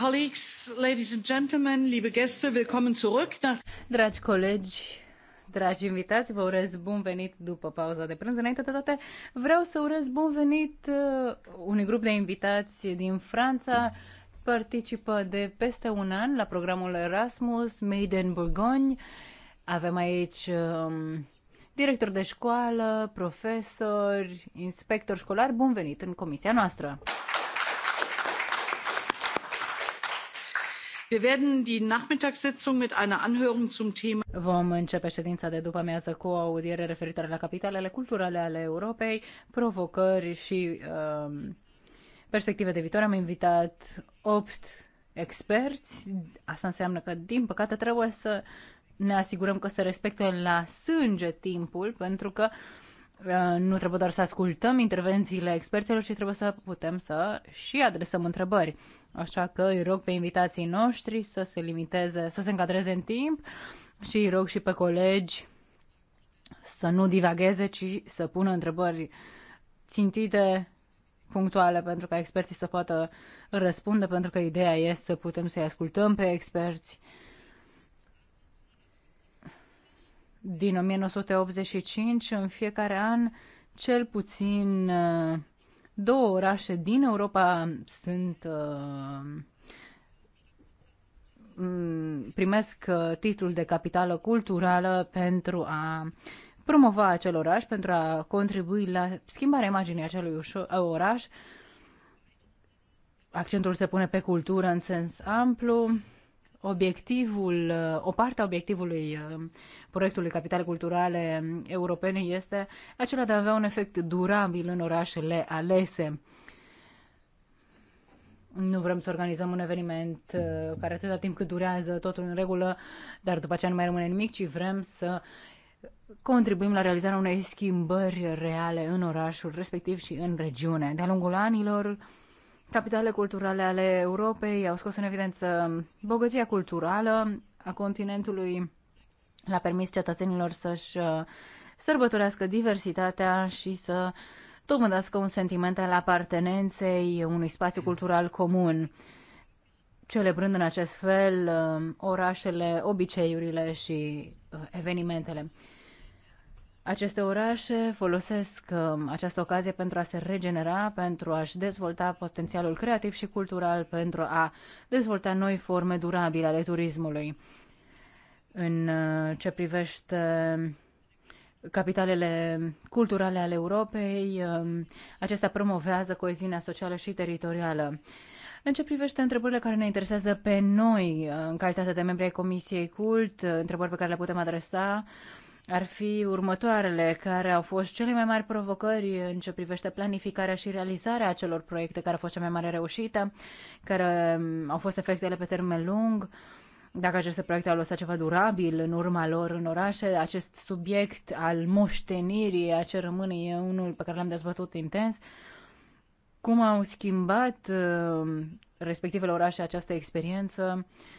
colleagues, ladies and gentlemen, Dragi colegi, dragi invitați, vă urez bun venit după pauza de prânz. Înainte de toate, vreau să urez bun venit uh, unui grup de invitați din Franța. Participă de peste un an la programul Erasmus, Made in Bourgogne. Avem aici um, director de școală, profesori, inspector școlar. Bun venit în comisia noastră! Wir werden die Nachmittagssitzung mit einer Anhörung zum Thema Vom începe ședința de după amiază cu o audiere referitoare la capitalele culturale ale Europei, provocări și um, perspective de viitor. Am invitat opt experți. Asta înseamnă că, din păcate, trebuie să ne asigurăm că se respectă la sânge timpul, pentru că uh, nu trebuie doar să ascultăm intervențiile experților, ci trebuie să putem să și adresăm întrebări. Așa că îi rog pe invitații noștri să se limiteze, să se încadreze în timp și îi rog și pe colegi să nu divagheze, ci să pună întrebări țintite, punctuale, pentru ca experții să poată răspunde, pentru că ideea este să putem să-i ascultăm pe experți. Din 1985, în fiecare an, cel puțin Două orașe din Europa sunt uh, primesc uh, titlul de capitală culturală pentru a promova acel oraș, pentru a contribui la schimbarea imaginii acelui uh, oraș. Accentul se pune pe cultură în sens amplu obiectivul, o parte a obiectivului uh, proiectului capital Culturale Europene este acela de a avea un efect durabil în orașele alese. Nu vrem să organizăm un eveniment uh, care atâta timp cât durează totul în regulă, dar după aceea nu mai rămâne nimic, ci vrem să contribuim la realizarea unei schimbări reale în orașul respectiv și în regiune. De-a lungul anilor, Capitalele culturale ale Europei au scos în evidență bogăția culturală a continentului, l-a permis cetățenilor să-și uh, sărbătorească diversitatea și să dobândească un sentiment al apartenenței unui spațiu cultural comun, celebrând în acest fel uh, orașele, obiceiurile și uh, evenimentele. Aceste orașe folosesc um, această ocazie pentru a se regenera, pentru a-și dezvolta potențialul creativ și cultural, pentru a dezvolta noi forme durabile ale turismului. În uh, ce privește capitalele culturale ale Europei, um, acestea promovează coeziunea socială și teritorială. În ce privește întrebările care ne interesează pe noi, uh, în calitate de membri ai Comisiei Cult, uh, întrebări pe care le putem adresa, uh, ar fi următoarele, care au fost cele mai mari provocări în ce privește planificarea și realizarea acelor proiecte, care au fost cea mai mare reușită, care um, au fost efectele pe termen lung, dacă aceste proiecte au lăsat ceva durabil în urma lor în orașe, acest subiect al moștenirii, a ce rămâne, e unul pe care l-am dezbătut intens. Cum au schimbat um, respectivele orașe această experiență? Uh,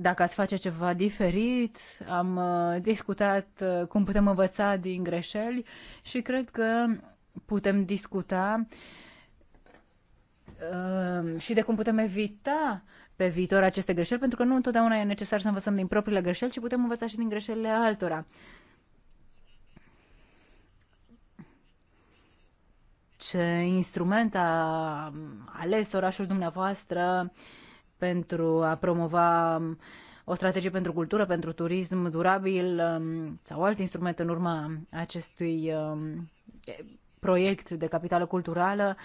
dacă ați face ceva diferit, am uh, discutat uh, cum putem învăța din greșeli și cred că putem discuta uh, și de cum putem evita pe viitor aceste greșeli, pentru că nu întotdeauna e necesar să învățăm din propriile greșeli, ci putem învăța și din greșelile altora. Ce instrument a ales orașul dumneavoastră uh, pentru a promova um, o strategie pentru cultură, pentru turism durabil um, sau alt instrument în urma acestui um, proiect de capitală culturală,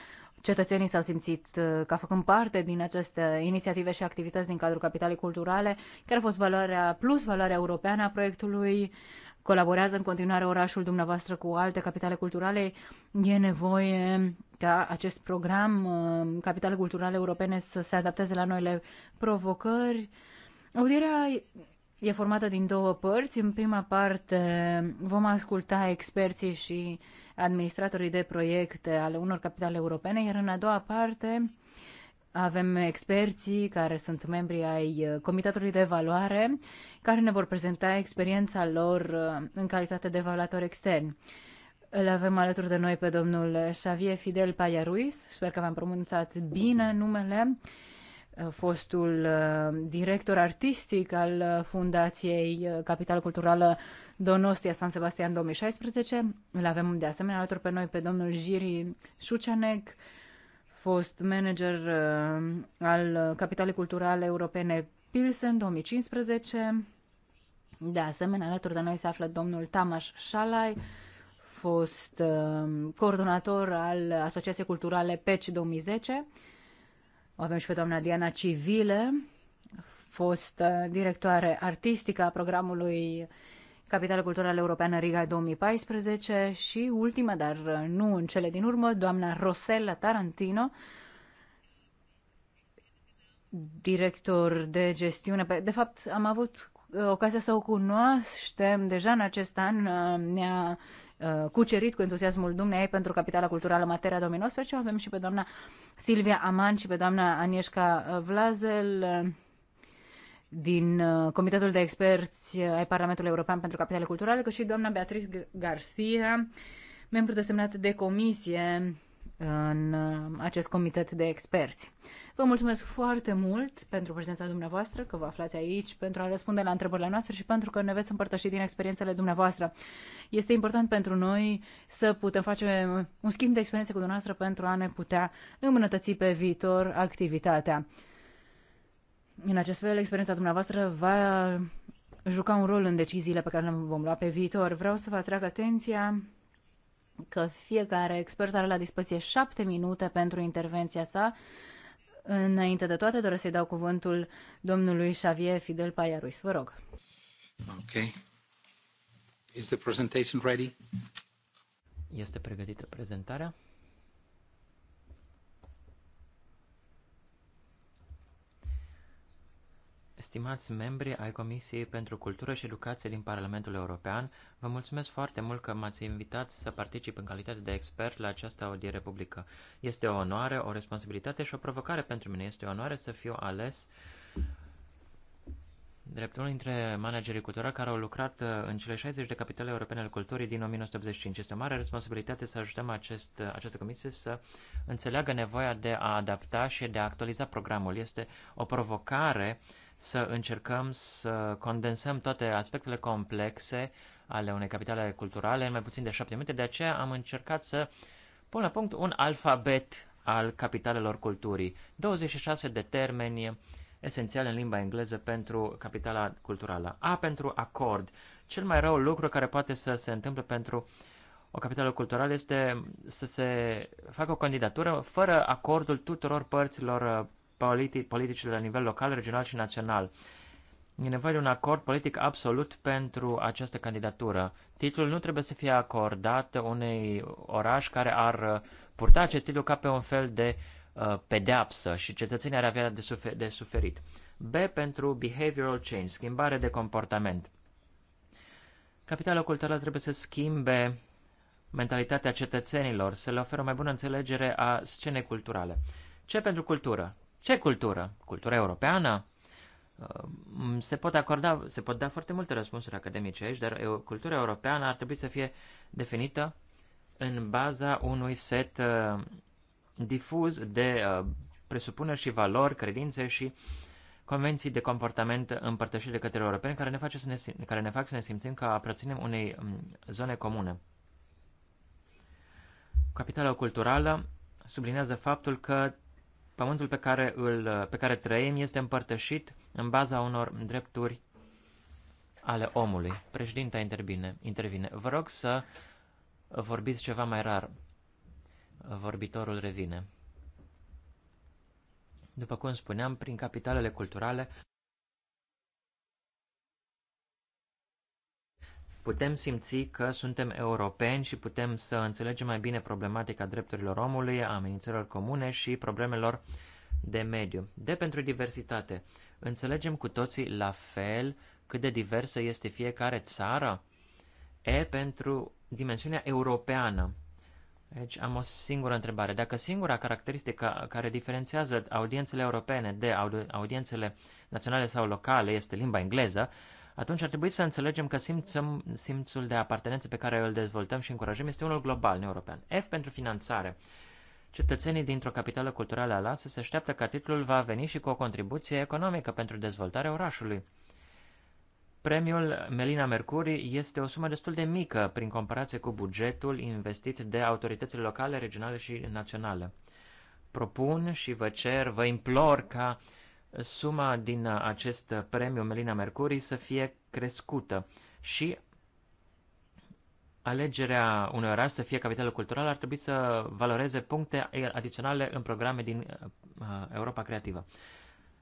cetățenii s-au simțit uh, ca făcând parte din aceste inițiative și activități din cadrul capitalei culturale, care a fost valoarea plus valoarea europeană a proiectului. Colaborează în continuare orașul dumneavoastră cu alte capitale culturale. E nevoie ca acest program uh, Capitale Culturale Europene să se adapteze la noile provocări. Audierea e formată din două părți. În prima parte vom asculta experții și administratorii de proiecte ale unor capitale europene, iar în a doua parte avem experții care sunt membri ai comitatului de Evaluare, care ne vor prezenta experiența lor uh, în calitate de evaluatori externi. Îl avem alături de noi pe domnul Xavier Fidel Paiaruis, sper că v-am pronunțat bine numele, uh, fostul uh, director artistic al uh, Fundației Capital Culturală Donostia San Sebastian 2016. Îl avem de asemenea alături pe noi pe domnul Jiri Șucianec, fost manager al Capitalei Culturale Europene Pilsen 2015. De asemenea, alături de noi se află domnul Tamas Șalai, fost um, coordonator al Asociației Culturale PECI 2010. O avem și pe doamna Diana Civile, fost uh, directoare artistică a programului Capitală Culturală Europeană Riga 2014 și ultima, dar uh, nu în cele din urmă, doamna Rosella Tarantino, director de gestiune. De fapt, am avut ocazia să o cunoaștem deja în acest an. Uh, ne-a Uh, cucerit cu entuziasmul dumneai pentru Capitala Culturală Materia 2019. Avem și pe doamna Silvia Aman și pe doamna Anieșca Vlazel uh, din uh, Comitetul de Experți ai Parlamentului European pentru Capitale Culturale, că și doamna Beatriz Garcia, membru desemnat de comisie în uh, acest comitet de experți. Vă mulțumesc foarte mult pentru prezența dumneavoastră, că vă aflați aici, pentru a răspunde la întrebările noastre și pentru că ne veți împărtăși din experiențele dumneavoastră. Este important pentru noi să putem face un schimb de experiențe cu dumneavoastră pentru a ne putea îmbunătăți pe viitor activitatea. În acest fel, experiența dumneavoastră va juca un rol în deciziile pe care le vom lua pe viitor. Vreau să vă atrag atenția că fiecare expert are la dispoziție șapte minute pentru intervenția sa. Înainte de toate, doresc să-i dau cuvântul domnului Xavier Fidel Paiaruis. Vă rog. Ok. Is the presentation ready? Este pregătită prezentarea? Stimați membri ai Comisiei pentru Cultură și Educație din Parlamentul European, vă mulțumesc foarte mult că m-ați invitat să particip în calitate de expert la această audiere publică. Este o onoare, o responsabilitate și o provocare pentru mine. Este o onoare să fiu ales drept unul dintre managerii culturali care au lucrat uh, în cele 60 de capitale europene ale culturii din 1985. Este o mare responsabilitate să ajutăm acest, uh, această comisie să înțeleagă nevoia de a adapta și de a actualiza programul. Este o provocare uh, să încercăm să condensăm toate aspectele complexe ale unei capitale culturale în mai puțin de șapte minute, de aceea am încercat să pun la punct un alfabet al capitalelor culturii. 26 de termeni esențiale în limba engleză pentru capitala culturală. A pentru acord. Cel mai rău lucru care poate să se întâmple pentru o capitală culturală este să se facă o candidatură fără acordul tuturor părților politi- politicile la nivel local, regional și național. E nevoie de un acord politic absolut pentru această candidatură. Titlul nu trebuie să fie acordat unei oraș care ar uh, purta acest titlu ca pe un fel de uh, pedeapsă și cetățenii ar avea de, sufer- de suferit. B pentru behavioral change, schimbare de comportament. Capitala culturală trebuie să schimbe mentalitatea cetățenilor, să le oferă o mai bună înțelegere a scenei culturale. C pentru cultură. Ce cultură? Cultura europeană? Ehm, se pot, acorda, se pot da foarte multe răspunsuri academice aici, dar cultura europeană ar trebui să fie definită în baza unui set ehm, difuz de ehm, presupuneri și valori, credințe și convenții de comportament împărtășite de către europeni care ne, face să ne, care ne fac să ne simțim că aparținem unei mm, zone comune. Capitala culturală sublinează faptul că Pământul pe care, îl, pe care trăim este împărtășit în baza unor drepturi ale omului. Președinta intervine. intervine. Vă rog să vorbiți ceva mai rar. Vorbitorul revine. După cum spuneam, prin capitalele culturale putem simți că suntem europeni și putem să înțelegem mai bine problematica drepturilor omului, a amenințărilor comune și problemelor de mediu. De pentru diversitate, înțelegem cu toții la fel cât de diversă este fiecare țară? E pentru dimensiunea europeană. Deci am o singură întrebare. Dacă singura caracteristică care diferențiază audiențele europene de audiențele naționale sau locale este limba engleză, uh, atunci ar trebui să înțelegem că simțăm, simțul de apartenență pe care îl dezvoltăm și încurajăm este unul global european. F pentru finanțare. Cetățenii dintr-o capitală culturală alasă se așteaptă că titlul va veni și cu o contribuție economică pentru dezvoltarea orașului. Premiul Melina Mercuri este o sumă destul de mică prin comparație cu bugetul investit de autoritățile locale, regionale și naționale. Propun și vă cer, vă implor ca uh, suma din uh, acest premiu Melina Mercuri să fie crescută și alegerea unui oraș să fie capitală culturală ar trebui să valoreze puncte adiționale în programe din uh, uh, Europa Creativă.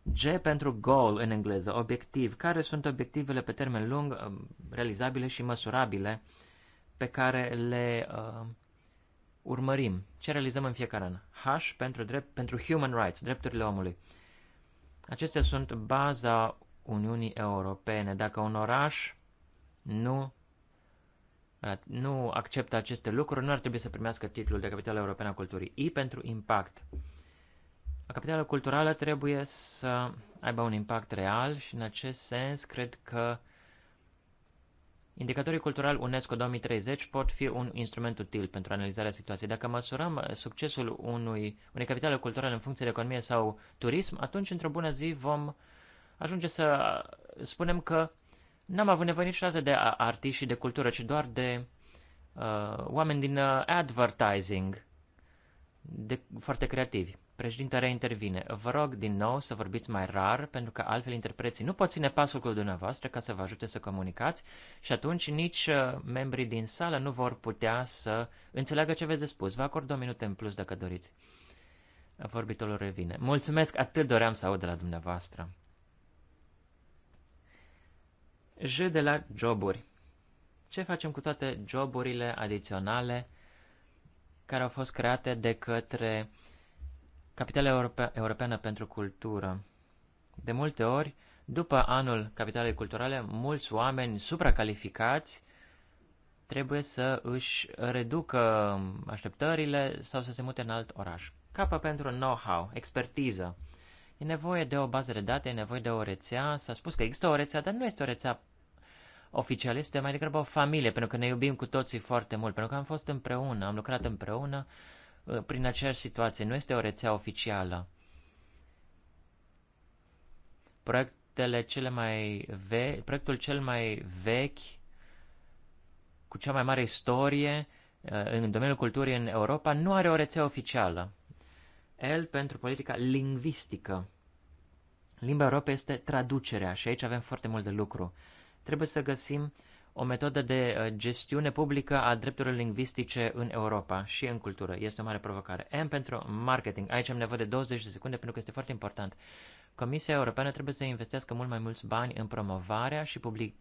G pentru goal în engleză, obiectiv. Care sunt obiectivele pe termen lung, realizabile și măsurabile pe care le uh, urmărim? Ce realizăm în fiecare an? H pentru, drept, pentru human rights, drepturile omului. Acestea sunt baza Uniunii Europene. Dacă un oraș nu, nu acceptă aceste lucruri, nu ar trebui să primească titlul de Capitală Europeană a Culturii. I pentru impact. O capitală culturală trebuie să aibă un impact real și în acest sens cred că Indicatorii culturali UNESCO 2030 pot fi un instrument util pentru analizarea situației. Dacă măsurăm succesul unui, unei capitale culturale în funcție de economie sau turism, atunci într-o bună zi vom ajunge să spunem că n-am avut nevoie niciodată de artiști și de cultură, ci doar de uh, oameni din uh, advertising, de, foarte creativi. Președintele intervine. Vă rog din nou să vorbiți mai rar, pentru că altfel interpreții nu pot ține pasul cu dumneavoastră ca să vă ajute să comunicați și atunci nici uh, membrii din sală nu vor putea să înțeleagă ce veți de spus. Vă acord două minute în plus dacă doriți. Vorbitorul revine. Mulțumesc, atât doream să aud de la dumneavoastră. J de la joburi. Ce facem cu toate joburile adiționale care au fost create de către Capitala Europe- Europeană pentru Cultură. De multe ori, după anul capitalei culturale, mulți oameni supracalificați trebuie să își reducă așteptările sau să se mute în alt oraș. Capă pentru know-how, expertiză. E nevoie de o bază de date, e nevoie de o rețea. S-a spus că există o rețea, dar nu este o rețea oficială, este mai degrabă o familie, pentru că ne iubim cu toții foarte mult, pentru că am fost împreună, am lucrat împreună, Uh, prin aceeași situație. Nu este o rețea oficială. Proiectele cele mai ve- proiectul cel mai vechi, cu cea mai mare istorie uh, în domeniul culturii în Europa, nu are o rețea oficială. El pentru politica lingvistică. Limba Europei este traducerea și aici avem foarte mult de lucru. Trebuie să găsim uh, o metodă de uh, gestiune publică a drepturilor lingvistice în Europa și în cultură. Este o mare provocare. M pentru marketing. Aici am nevoie de 20 de secunde pentru că este foarte important. Comisia Europeană trebuie să investească mult mai mulți bani în promovarea și public,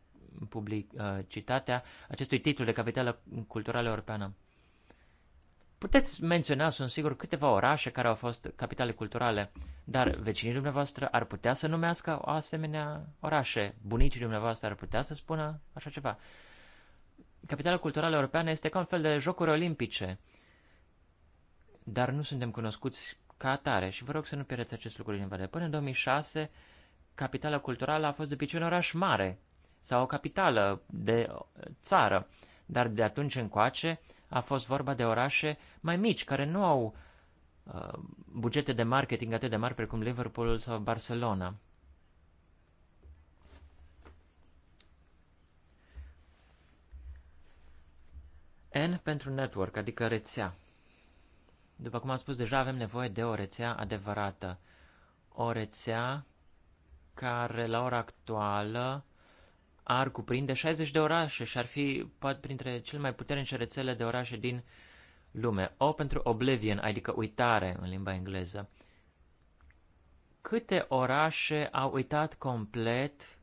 publicitatea acestui titlu de capitală culturală europeană. Puteți menționa, sunt sigur, câteva orașe care au fost capitale culturale, dar vecinii dumneavoastră ar putea să numească o asemenea orașe. Bunicii dumneavoastră ar putea să spună așa ceva. Capitala culturală europeană este ca un fel de jocuri olimpice, dar nu suntem cunoscuți ca atare și vă rog să nu pierdeți acest lucru din vedere. Până în 2006, capitala culturală a fost de obicei un oraș mare sau o capitală de țară, dar de atunci încoace a fost vorba de orașe mai mici, care nu au uh, bugete de marketing atât de mari precum Liverpool sau Barcelona. N pentru network, adică rețea. După cum am spus deja, avem nevoie de o rețea adevărată. O rețea care la ora actuală ar cuprinde 60 de orașe și ar fi poate printre cele mai puternice rețele de orașe din lume. O pentru oblivion, adică uitare în limba engleză. Câte orașe au uitat complet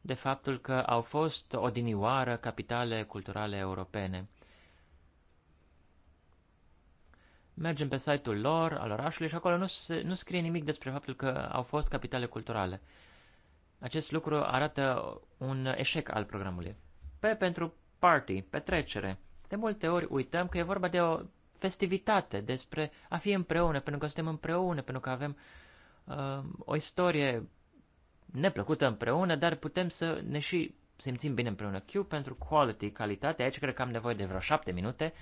de faptul că au fost odinioară capitale culturale europene? Mergem pe site-ul lor, al orașului, și acolo nu, se, nu scrie nimic despre faptul că au fost capitale culturale. Acest lucru arată un eșec al programului. P pentru party, petrecere. De multe ori uităm că e vorba de o festivitate, despre a fi împreună, pentru că suntem împreună, pentru că avem uh, o istorie neplăcută împreună, dar putem să ne și simțim bine împreună. Q pentru quality, calitate. Aici cred că am nevoie de vreo șapte minute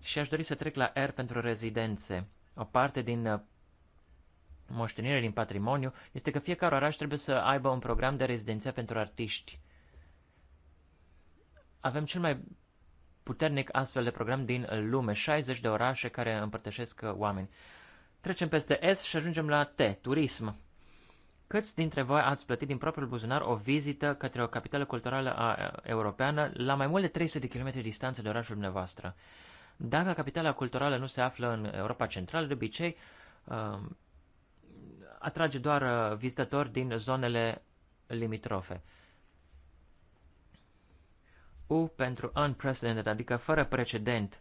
și aș dori să trec la R pentru rezidențe. O parte din uh, moștenire din patrimoniu este că fiecare oraș trebuie să aibă un program de rezidenție pentru artiști. Avem cel mai puternic astfel de program din lume, 60 de orașe care împărtășesc oameni. Trecem peste S și ajungem la T, turism. Câți dintre voi ați plătit din propriul buzunar o vizită către o capitală culturală a, europeană la mai mult de 300 de km distanță de orașul dumneavoastră? Dacă capitala culturală nu se află în Europa Centrală, de obicei, um, atrage doar uh, vizitatori din zonele limitrofe. U pentru unprecedented, adică fără precedent.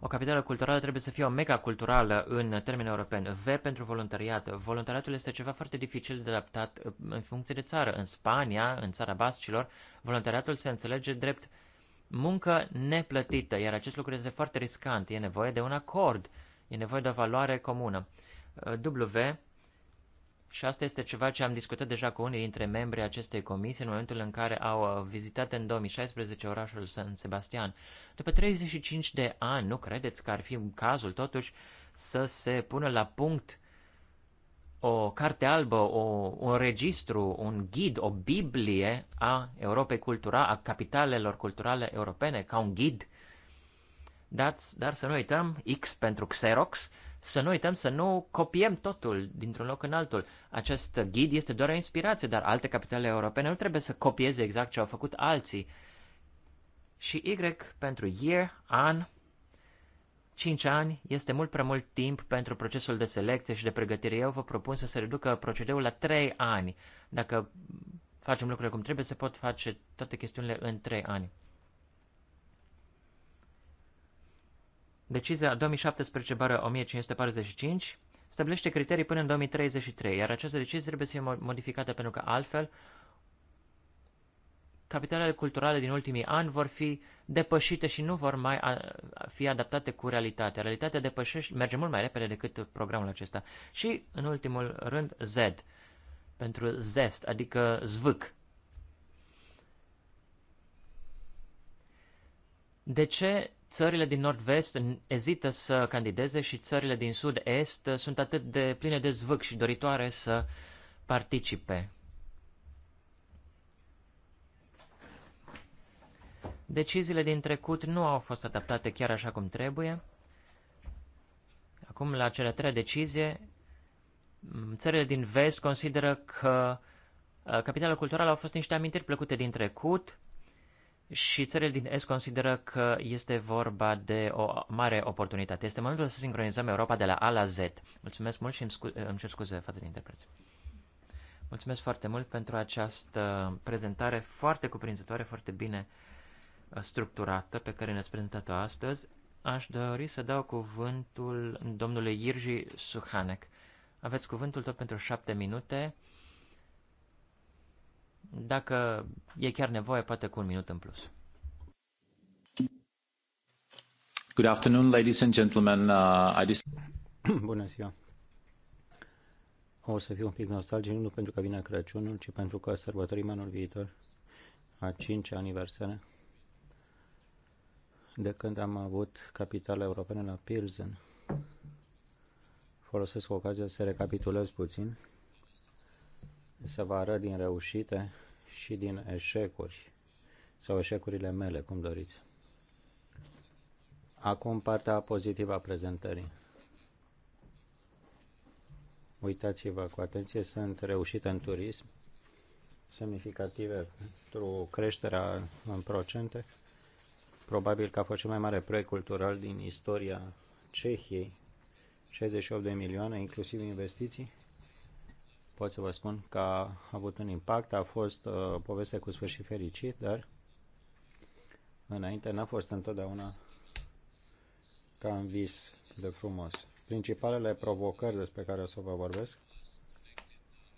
O capitală culturală trebuie să fie o mega culturală în termeni europeni. V pentru voluntariat. Voluntariatul este ceva foarte dificil de adaptat uh, în funcție de țară. În Spania, în țara bascilor, voluntariatul se înțelege drept muncă neplătită, iar acest lucru este foarte riscant. E nevoie de un acord, e nevoie de o valoare comună. Uh, w și asta este ceva ce am discutat deja cu unii dintre membrii acestei comisii în momentul în care au uh, vizitat în 2016 orașul San Sebastian. După 35 de ani, nu credeți că ar fi cazul totuși să se pună la punct o carte albă, o, un registru, un ghid, o Biblie a Europei culturale, a capitalelor culturale europene, ca un ghid. Dați, dar să nu uităm, X pentru Xerox, să nu uităm să nu copiem totul dintr-un loc în altul. Acest ghid este doar o inspirație, dar alte capitale europene nu trebuie să copieze exact ce au făcut alții. Și Y pentru year, an, 5 ani este mult prea mult timp pentru procesul de selecție și de pregătire. Eu vă propun să se reducă procedeul la 3 ani. Dacă facem lucrurile cum trebuie, se pot face toate chestiunile în 3 ani. Decizia 2017-1545 stabilește criterii până în 2033, iar această decizie trebuie să fie modificată pentru că altfel capitalele culturale din ultimii ani vor fi depășite și nu vor mai fi adaptate cu realitatea. Realitatea depășește, merge mult mai repede decât programul acesta. Și, în ultimul rând, Z, pentru zest, adică zvâc. De ce Țările din nord-vest ezită să candideze și țările din sud-est sunt atât de pline de zvâc și doritoare să participe. Deciziile din trecut nu au fost adaptate chiar așa cum trebuie. Acum, la cele trei decizie, țările din vest consideră că uh, capitala culturală au fost niște amintiri plăcute din trecut, și țările din Est consideră că este vorba de o mare oportunitate. Este momentul să sincronizăm Europa de la A la Z. Mulțumesc mult și îmi, scu- îmi cer scuze față de interpreți. Mulțumesc foarte mult pentru această prezentare foarte cuprinzătoare, foarte bine uh, structurată pe care ne-ați prezentat-o astăzi. Aș dori să dau cuvântul domnului Irji Suhanek. Aveți cuvântul tot pentru șapte minute dacă e chiar nevoie, poate cu un minut în plus. Good afternoon, ladies and gentlemen. Uh, I just... Bună ziua. O să fiu un pic nostalgic, nu pentru că vine Crăciunul, ci pentru că sărbătorim anul viitor a 5 aniversare de când am avut capitala europeană la Pilsen. Folosesc ocazia să recapitulez puțin să vă arăt din reușite și din eșecuri sau eșecurile mele, cum doriți. Acum partea pozitivă a prezentării. Uitați-vă cu atenție, sunt reușite în turism, semnificative pentru creșterea în procente. Probabil că a fost cel mai mare proiect cultural din istoria Cehiei, 68 de milioane, inclusiv investiții pot să vă spun că a avut un impact, a fost uh, poveste cu sfârșit fericit, dar înainte n-a fost întotdeauna ca în vis de frumos. Principalele provocări despre care o să vă vorbesc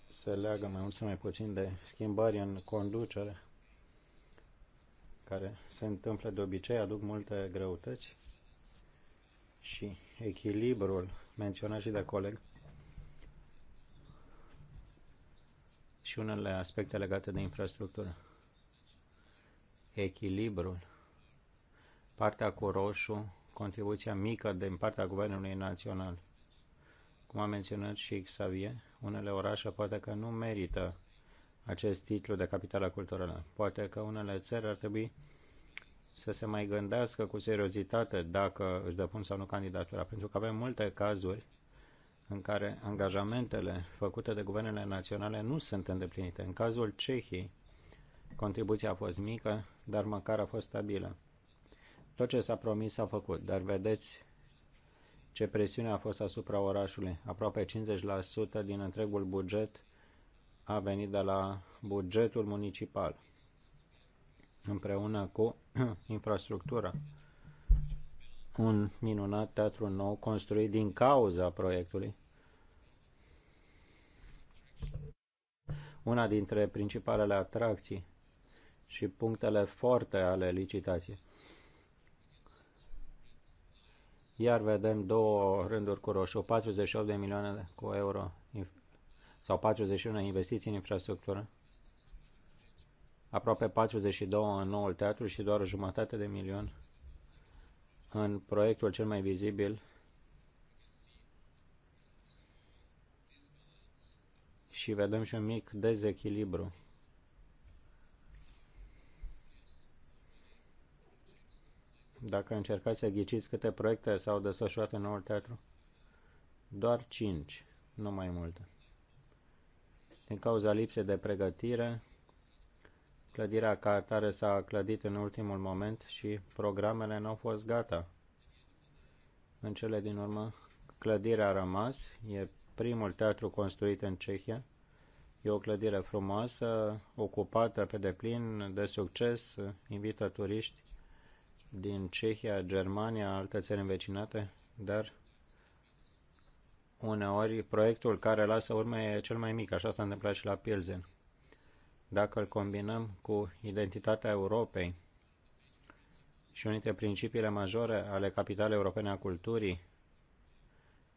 se leagă mai mult sau mai puțin de schimbări în conducere care se întâmplă de obicei, aduc multe greutăți și echilibrul menționat și de coleg și unele aspecte legate de infrastructură. Echilibrul, partea cu roșu, contribuția mică din partea Guvernului Național. Cum a menționat și Xavier, unele orașe poate că nu merită acest titlu de capitală culturală. Poate că unele țări ar trebui să se mai gândească cu seriozitate dacă își depun sau nu candidatura, pentru că avem multe cazuri în care angajamentele făcute de guvernele naționale nu sunt îndeplinite. În cazul Cehiei, contribuția a fost mică, dar măcar a fost stabilă. Tot ce s-a promis s-a făcut, dar vedeți ce presiune a fost asupra orașului. Aproape 50% din întregul buget a venit de la bugetul municipal, împreună cu infrastructura un minunat teatru nou construit din cauza proiectului. Una dintre principalele atracții și punctele forte ale licitației. Iar vedem două rânduri cu roșu, 48 de milioane cu euro sau 41 investiții în infrastructură, aproape 42 în noul teatru și doar jumătate de milion în proiectul cel mai vizibil și vedem și un mic dezechilibru. Dacă încercați să ghiciți câte proiecte s-au desfășurat în noul teatru, doar 5, nu mai multe. Din cauza lipsei de pregătire, Clădirea ca atare s-a clădit în ultimul moment și programele nu au fost gata. În cele din urmă, clădirea a rămas, e primul teatru construit în Cehia. E o clădire frumoasă, ocupată pe deplin, de succes, invită turiști din Cehia, Germania, alte țări învecinate, dar uneori proiectul care lasă urme e cel mai mic, așa s-a întâmplat și la Pilzen dacă îl combinăm cu identitatea Europei și unite principiile majore ale capitalei europene a culturii,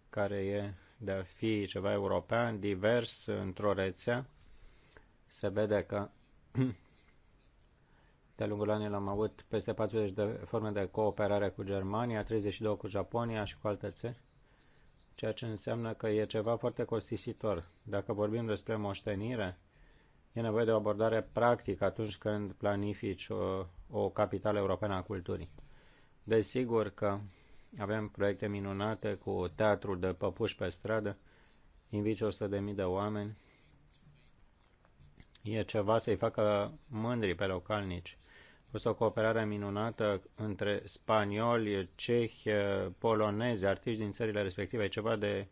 care e de a fi ceva european, divers într-o rețea, se vede că de-a lungul anilor am avut peste 40 de forme de cooperare cu Germania, 32 cu Japonia și cu alte țări, ceea ce înseamnă că e ceva foarte costisitor. Dacă vorbim despre moștenire, E nevoie de o abordare practică atunci când planifici o, uh, o capitală europeană a culturii. Desigur că avem proiecte minunate cu teatrul de păpuși pe stradă, inviți 100.000 de oameni. E ceva să-i facă mândri pe localnici. A să o cooperare minunată între spanioli, cehi, uh, polonezi, artiști din țările respective. E ceva de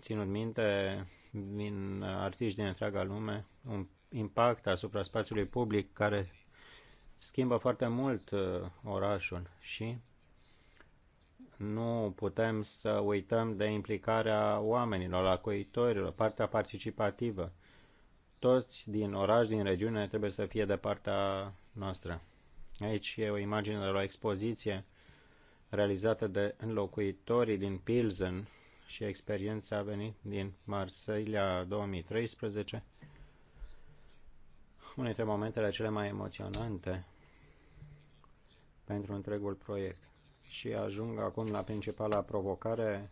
ținut minte vin artiști din întreaga lume, un impact asupra spațiului public care schimbă foarte mult uh, orașul și nu putem să uităm de implicarea oamenilor, a coitorilor, partea participativă. Toți din oraș, din regiune, trebuie să fie de partea noastră. Aici e o imagine de la o expoziție realizată de înlocuitorii din Pilsen, și experiența a venit din Marseilla 2013, unul dintre momentele cele mai emoționante pentru întregul proiect. Și ajung acum la principala provocare,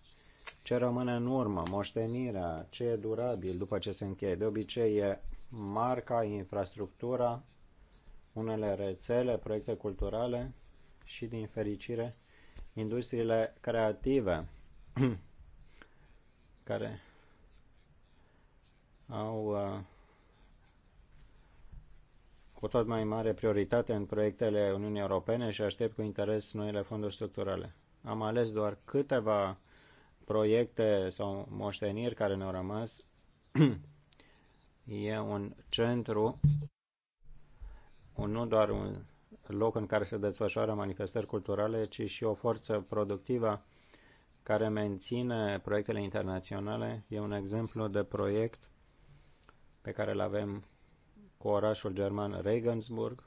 ce rămâne în urmă, moștenirea, ce e durabil după ce se încheie. De obicei e marca, infrastructura, unele rețele, proiecte culturale și, din fericire, industriile creative care au uh, cu tot mai mare prioritate în proiectele Uniunii Europene și aștept cu interes noile fonduri structurale. Am ales doar câteva proiecte sau moșteniri care ne-au rămas. e un centru, un, nu doar un loc în care se desfășoară manifestări culturale, ci și o forță productivă care menține proiectele internaționale. E un exemplu de proiect pe care îl avem cu orașul german Regensburg.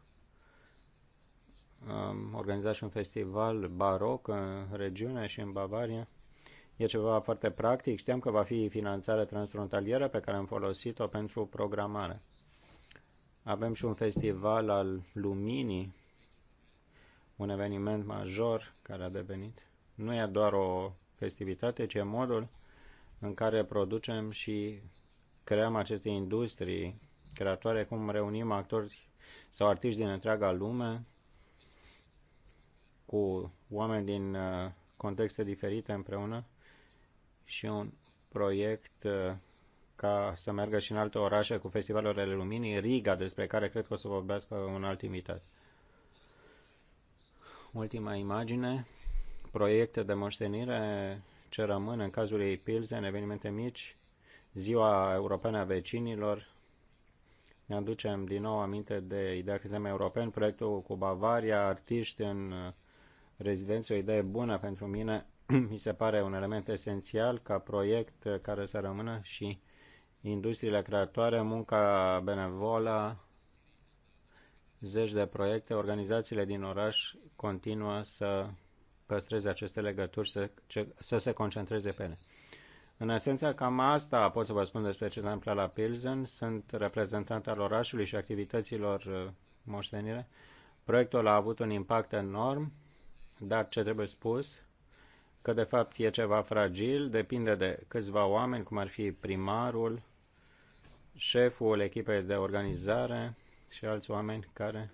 Am organizat și un festival baroc în regiune și în Bavaria. E ceva foarte practic. Știam că va fi finanțare transfrontalieră pe care am folosit-o pentru programare. Avem și un festival al luminii, un eveniment major care a devenit. Nu e doar o festivitate, ci în modul în care producem și creăm aceste industrii creatoare, cum reunim actori sau artiști din întreaga lume cu oameni din uh, contexte diferite împreună și un proiect uh, ca să meargă și în alte orașe cu festivalurile luminii, Riga, despre care cred că o să vorbească un alt invitat. Ultima imagine, proiecte de moștenire ce rămân în cazul ei Pilsen, evenimente mici, Ziua Europeană a Vecinilor, ne aducem din nou aminte de ideea că suntem europeni, proiectul cu Bavaria, artiști în uh, rezidență, o idee bună pentru mine, mi se pare un element esențial ca proiect uh, care să rămână și industriile creatoare, munca benevolă, zeci de proiecte, organizațiile din oraș continuă să păstreze aceste legături, să, ce, să se concentreze pe ele. În esență, cam asta pot să vă spun despre ce se la Pilsen. Sunt reprezentant al orașului și activităților uh, moștenire. Proiectul a avut un impact enorm, dar ce trebuie spus, că de fapt e ceva fragil, depinde de câțiva oameni, cum ar fi primarul, șeful echipei de organizare și alți oameni care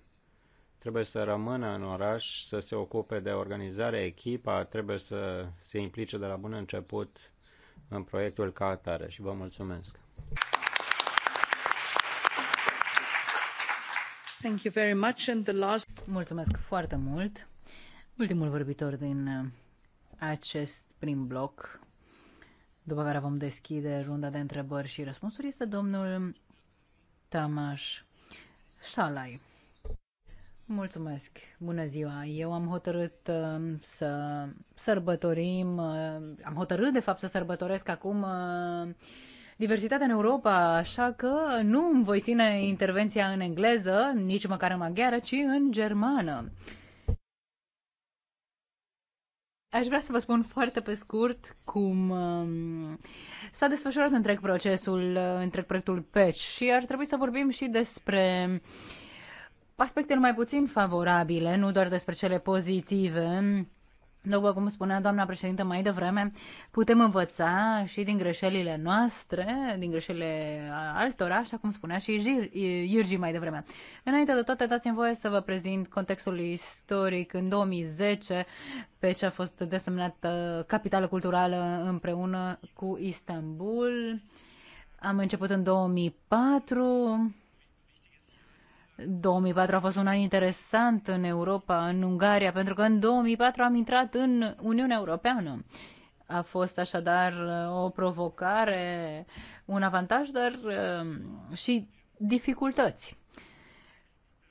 trebuie să rămână în oraș, să se ocupe de organizarea echipa, trebuie să se implice de la bun început în proiectul ca atare și vă mulțumesc. Thank you very much and the last... Mulțumesc foarte mult. Ultimul vorbitor din uh, acest prim bloc, după care vom deschide runda de întrebări și răspunsuri, este domnul Tamaș Salai. Mulțumesc! Bună ziua! Eu am hotărât uh, să sărbătorim, uh, am hotărât de fapt să sărbătoresc acum uh, diversitatea în Europa, așa că nu îmi voi ține intervenția în engleză, nici măcar în maghiară, ci în germană. Aș vrea să vă spun foarte pe scurt cum um, s-a desfășurat întreg procesul, uh, întreg proiectul PECH și ar trebui să vorbim și despre uh, aspectele mai puțin favorabile, nu doar despre cele pozitive. După cum spunea doamna președintă mai devreme, putem învăța și din greșelile noastre, din greșelile altora, așa cum spunea și Iurgi mai devreme. Înainte de toate, dați-mi voie să vă prezint contextul istoric în 2010, pe ce a fost desemnată capitală culturală împreună cu Istanbul. Am început în 2004 2004 a fost un an interesant în Europa, în Ungaria, pentru că în 2004 am intrat în Uniunea Europeană. A fost așadar uh, o provocare, un avantaj, dar uh, și dificultăți.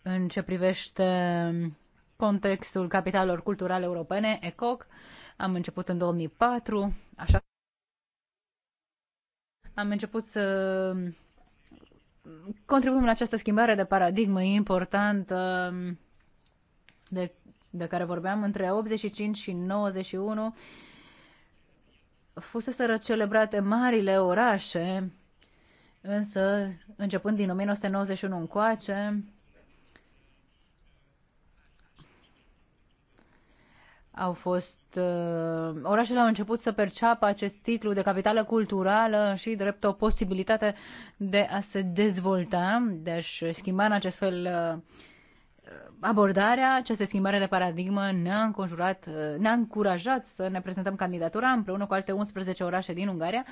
În ce privește contextul capitalelor culturale europene, ECOC, am început în 2004, așa am început să contribuim la această schimbare de paradigmă importantă um, de, de care vorbeam între 85 și 91 fuseseră celebrate marile orașe, însă începând din 1991 încoace, au fost uh, orașele au început să perceapă acest titlu de capitală culturală și drept o posibilitate de a se dezvolta, de a-și schimba în acest fel uh, abordarea, această schimbare de paradigmă ne-a înconjurat, uh, ne-a încurajat să ne prezentăm candidatura împreună cu alte 11 orașe din Ungaria.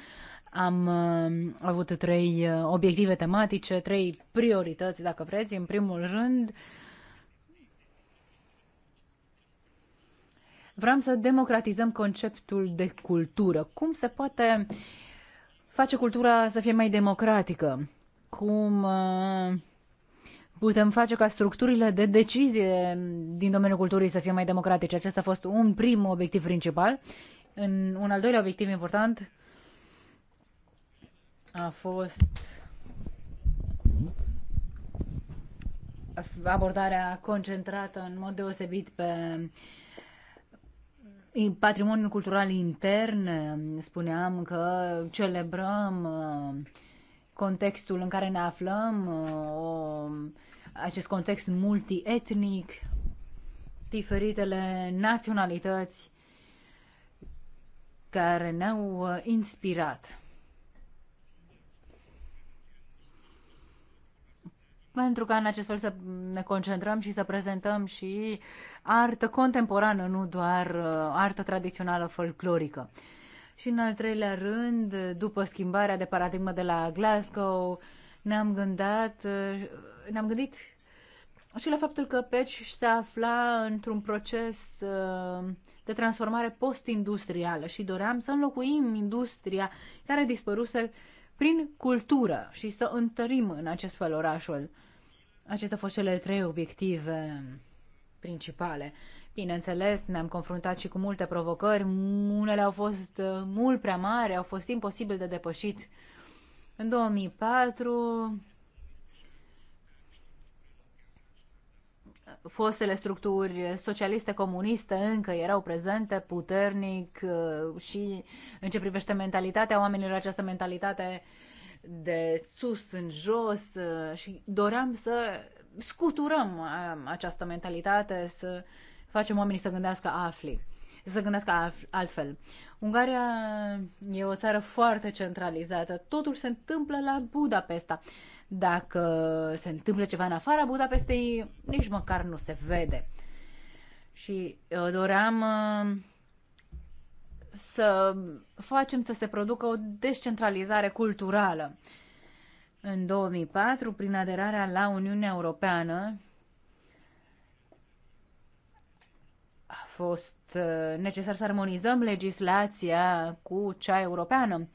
Am uh, avut trei uh, obiective tematice, trei priorități, dacă vreți. În primul rând, uh, Vrem să democratizăm conceptul de cultură. Cum se poate face cultura să fie mai democratică? Cum uh, putem face ca structurile de decizie din domeniul culturii să fie mai democratice? Acesta a fost un prim obiectiv principal. În un al doilea obiectiv important a fost abordarea concentrată în mod deosebit pe patrimoniul cultural intern, eh, spuneam că celebrăm eh, contextul în care ne aflăm, eh, o, acest context multietnic, diferitele naționalități care ne-au inspirat. Pentru ca în acest fel să ne concentrăm și să prezentăm și uh, artă contemporană, nu doar uh, artă tradițională folclorică. Și în al treilea rând, după schimbarea de paradigmă de la Glasgow, ne-am gândit, uh, ne-am gândit și la faptul că Peci se afla într-un proces uh, de transformare post-industrială și doream să înlocuim industria care dispăruse prin cultură și să întărim în acest fel orașul. Acestea au fost cele trei obiective principale. Bineînțeles, ne-am confruntat și cu multe provocări, unele au fost uh, mult prea mari, au fost imposibil de depășit. În 2004, fostele structuri socialiste comuniste încă erau prezente puternic uh, și în ce privește mentalitatea oamenilor, această mentalitate de sus în jos uh, și doream să scuturăm uh, această mentalitate, să facem oamenii să gândească afli, să gândească altfel. Ungaria e o țară foarte centralizată, totul se întâmplă la Budapesta. Dacă se întâmplă ceva în afara Budapestei, nici măcar nu se vede. Și eu uh, doream uh, să facem să se producă o descentralizare culturală în 2004 prin aderarea la Uniunea Europeană a fost uh, necesar să armonizăm legislația cu cea europeană.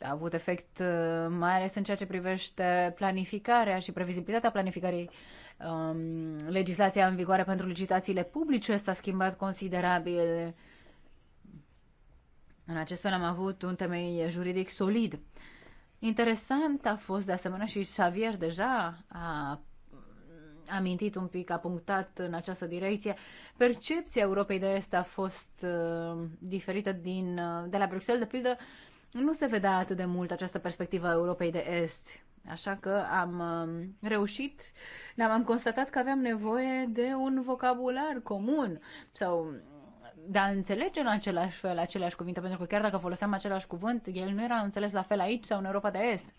A avut efect uh, mai ales în ceea ce privește planificarea și previzibilitatea planificării. Um, legislația în vigoare pentru licitațiile publice s-a schimbat considerabil. În acest fel am avut un temei juridic solid. Interesant a fost de asemenea și Xavier deja a amintit un pic, a punctat în această direcție. Percepția Europei de Est a fost uh, diferită din, uh, de la Bruxelles, de pildă, nu se vedea atât de mult această perspectivă a Europei de Est. Așa că am uh, reușit, ne-am constatat că aveam nevoie de un vocabular comun sau de a înțelege în același fel aceleași cuvinte, pentru că chiar dacă foloseam același cuvânt, el nu era înțeles la fel aici sau în Europa de Est.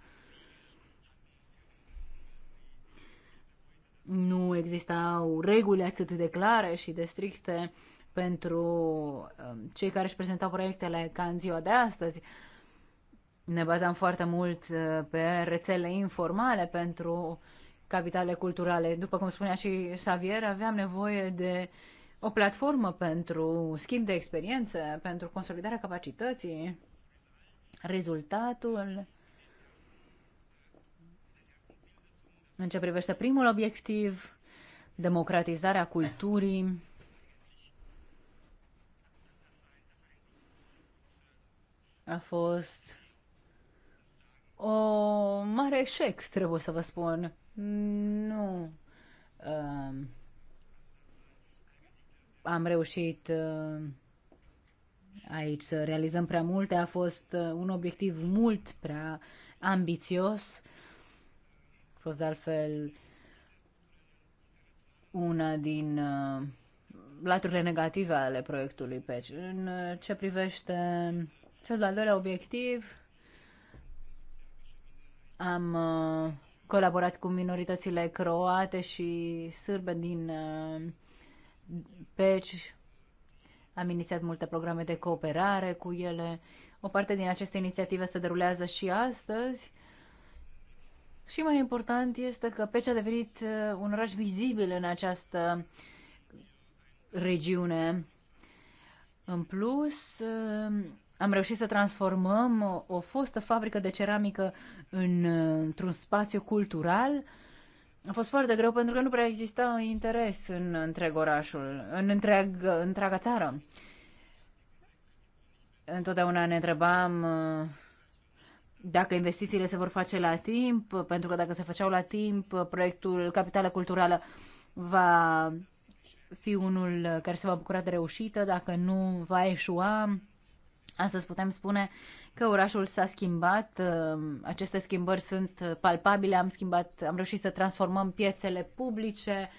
Nu existau reguli atât de clare și de stricte pentru um, cei care își prezentau proiectele ca în ziua de astăzi. Ne bazam foarte mult uh, pe rețele informale pentru capitale culturale. După cum spunea și Xavier, aveam nevoie de uh, o platformă pentru schimb de experiențe, pentru consolidarea capacității, rezultatul în ce privește primul obiectiv, democratizarea culturii, a fost o mare eșec, trebuie să vă spun. Nu. Uh, am reușit uh, aici să realizăm prea multe. A fost uh, un obiectiv mult prea ambițios. A fost de altfel una din uh, laturile negative ale proiectului PECI. În ce privește cel de-al doilea obiectiv, am colaborat cu minoritățile croate și sârbe din peci am inițiat multe programe de cooperare cu ele. O parte din aceste inițiative se derulează și astăzi. Și mai important este că Peci a devenit uh, un oraș vizibil în această regiune. În plus, uh, am reușit să transformăm o fostă fabrică de ceramică în, uh, într-un spațiu cultural a fost foarte greu pentru că nu prea exista interes în întreg orașul, în întreg, întreaga țară. Întotdeauna ne întrebam uh, dacă investițiile se vor face la timp, pentru că dacă se făceau la timp, uh, proiectul Capitală Culturală va fi unul care se va bucura de reușită, dacă nu va eșua. Astăzi putem spune că orașul s-a schimbat, um, aceste schimbări sunt palpabile, am schimbat, am reușit să transformăm piețele publice,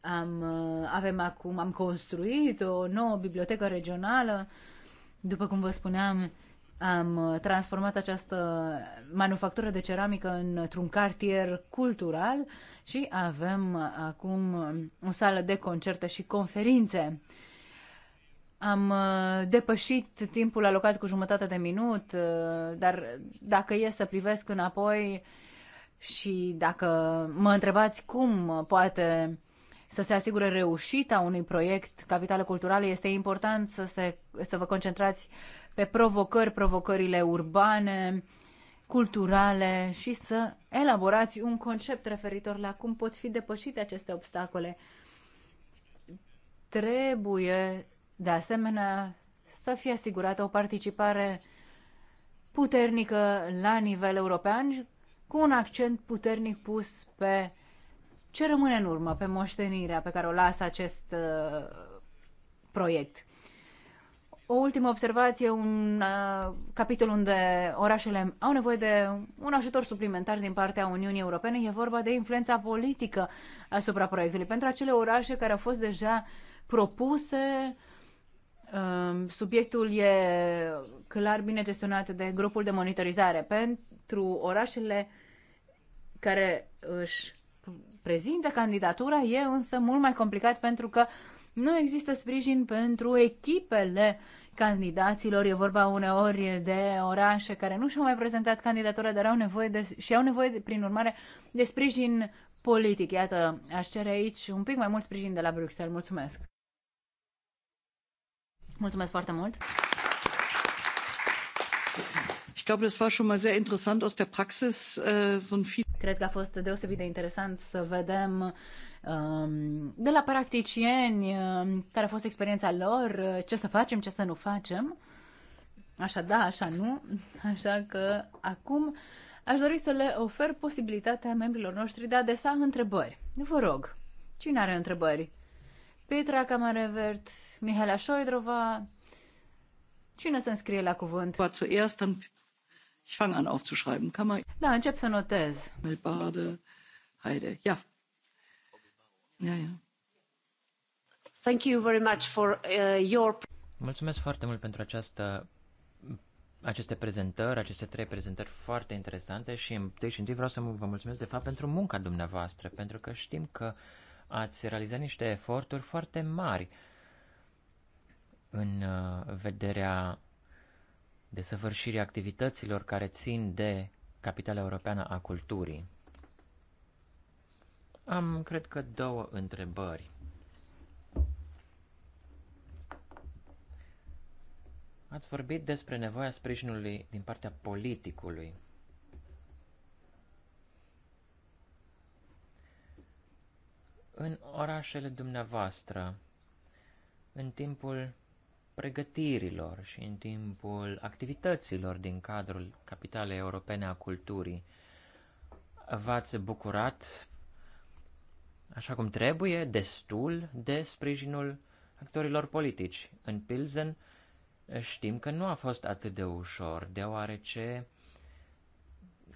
am, uh, avem acum, am construit o nouă bibliotecă regională, după cum vă spuneam, am uh, transformat această manufactură de ceramică într-un cartier cultural și avem acum um, o sală de concerte și conferințe. Am uh, depășit timpul alocat cu jumătate de minut, uh, dar dacă e să privesc înapoi și dacă mă întrebați cum poate să se asigure reușita unui proiect capitală culturală, este important să, se, să vă concentrați pe provocări, provocările urbane, culturale și să elaborați un concept referitor la cum pot fi depășite aceste obstacole. Trebuie de asemenea, să fie asigurată o participare puternică la nivel european, cu un accent puternic pus pe ce rămâne în urmă, pe moștenirea pe care o lasă acest uh, proiect. O ultimă observație, un uh, capitol unde orașele au nevoie de un ajutor suplimentar din partea Uniunii Europene, e vorba de influența politică asupra proiectului. Pentru acele orașe care au fost deja propuse, Um, subiectul e clar bine gestionat de grupul de monitorizare pentru orașele care își prezintă candidatura e însă mult mai complicat pentru că nu există sprijin pentru echipele candidaților. E vorba uneori de orașe care nu și-au mai prezentat candidatura, dar au nevoie de, și au nevoie, de, prin urmare, de sprijin politic. Iată, aș cere aici un pic mai mult sprijin de la Bruxelles. Mulțumesc! Mulțumesc foarte mult! Ich glaube, das war schon mal sehr interessant aus der Praxis, äh, so ein viel Cred că a fost deosebit de interesant să vedem um, de la practicieni um, care a fost experiența lor, uh, ce să facem, ce să nu facem. Așa da, așa nu. Așa că acum aș dori să le ofer posibilitatea membrilor noștri de a adresa întrebări. Vă rog, cine are întrebări? Petra Camarevert, Mihaela Șoidrova. Cine se înscrie la cuvânt? Zuerst, ich fang an aufzuschreiben. man... Da, încep să notez. Melbade, Heide, ja. Ja, ja. Thank you very much for uh, your... Mulțumesc foarte mult pentru această aceste prezentări, aceste trei prezentări foarte interesante și deși întâi vreau să vă mulțumesc de fapt pentru munca dumneavoastră, pentru că știm că uh, ați realizat niște eforturi foarte mari în uh, vederea desăvârșirii activităților care țin de capitala europeană a culturii. Am, cred că, două întrebări. Ați vorbit despre nevoia sprijinului din partea politicului în orașele dumneavoastră, în timpul pregătirilor și în timpul activităților din cadrul Capitalei Europene a Culturii, v-ați bucurat așa cum trebuie, destul de sprijinul actorilor politici. În Pilsen știm că nu a fost atât de ușor, deoarece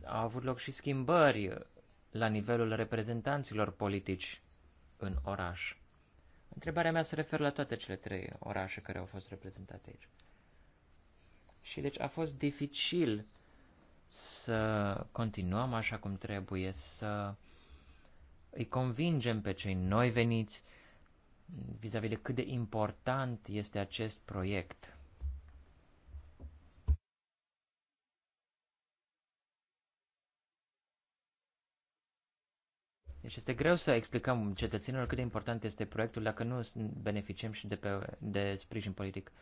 au avut loc și schimbări la nivelul reprezentanților politici în oraș. Întrebarea mea se referă la toate cele trei orașe care au fost reprezentate aici. Și deci a fost dificil să continuăm așa cum trebuie, să îi convingem pe cei noi veniți vis-a-vis -vis de cât de important este acest proiect Deci este greu să explicăm cetățenilor cât de important este proiectul dacă nu beneficiem și de, pe, de sprijin politic.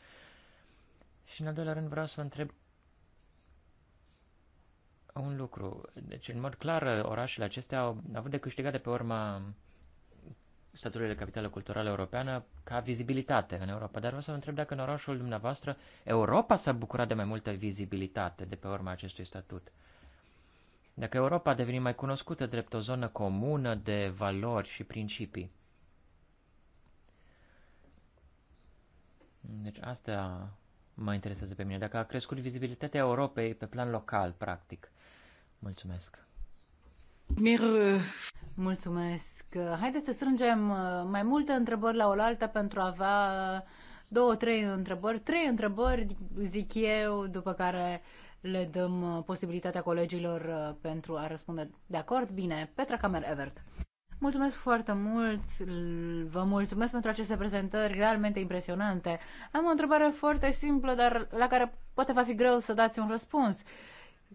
Și în al doilea rând vreau să vă întreb un lucru. Deci, în mod clar, orașele acestea au avut de câștigat de pe urma statului de capitală culturală europeană ca vizibilitate în Europa. Dar vreau să vă întreb dacă în orașul dumneavoastră Europa s-a bucurat de mai multă vizibilitate de pe urma acestui statut. Uh, dacă Europa a devenit mai cunoscută drept o zonă comună de valori și principii. Deci asta mă interesează pe mine. Dacă a crescut vizibilitatea Europei pe plan local, practic. Mulțumesc. Mir. Mulțumesc. Haideți să strângem uh, mai multe întrebări la oaltă pentru a avea două, trei întrebări, trei întrebări, zic eu, după care le dăm uh, posibilitatea colegilor uh, pentru a răspunde de acord. Bine, Petra Camer Evert. Mulțumesc foarte mult, vă mulțumesc pentru aceste prezentări realmente impresionante. Am o întrebare foarte simplă, dar la care poate va fi greu să dați un răspuns.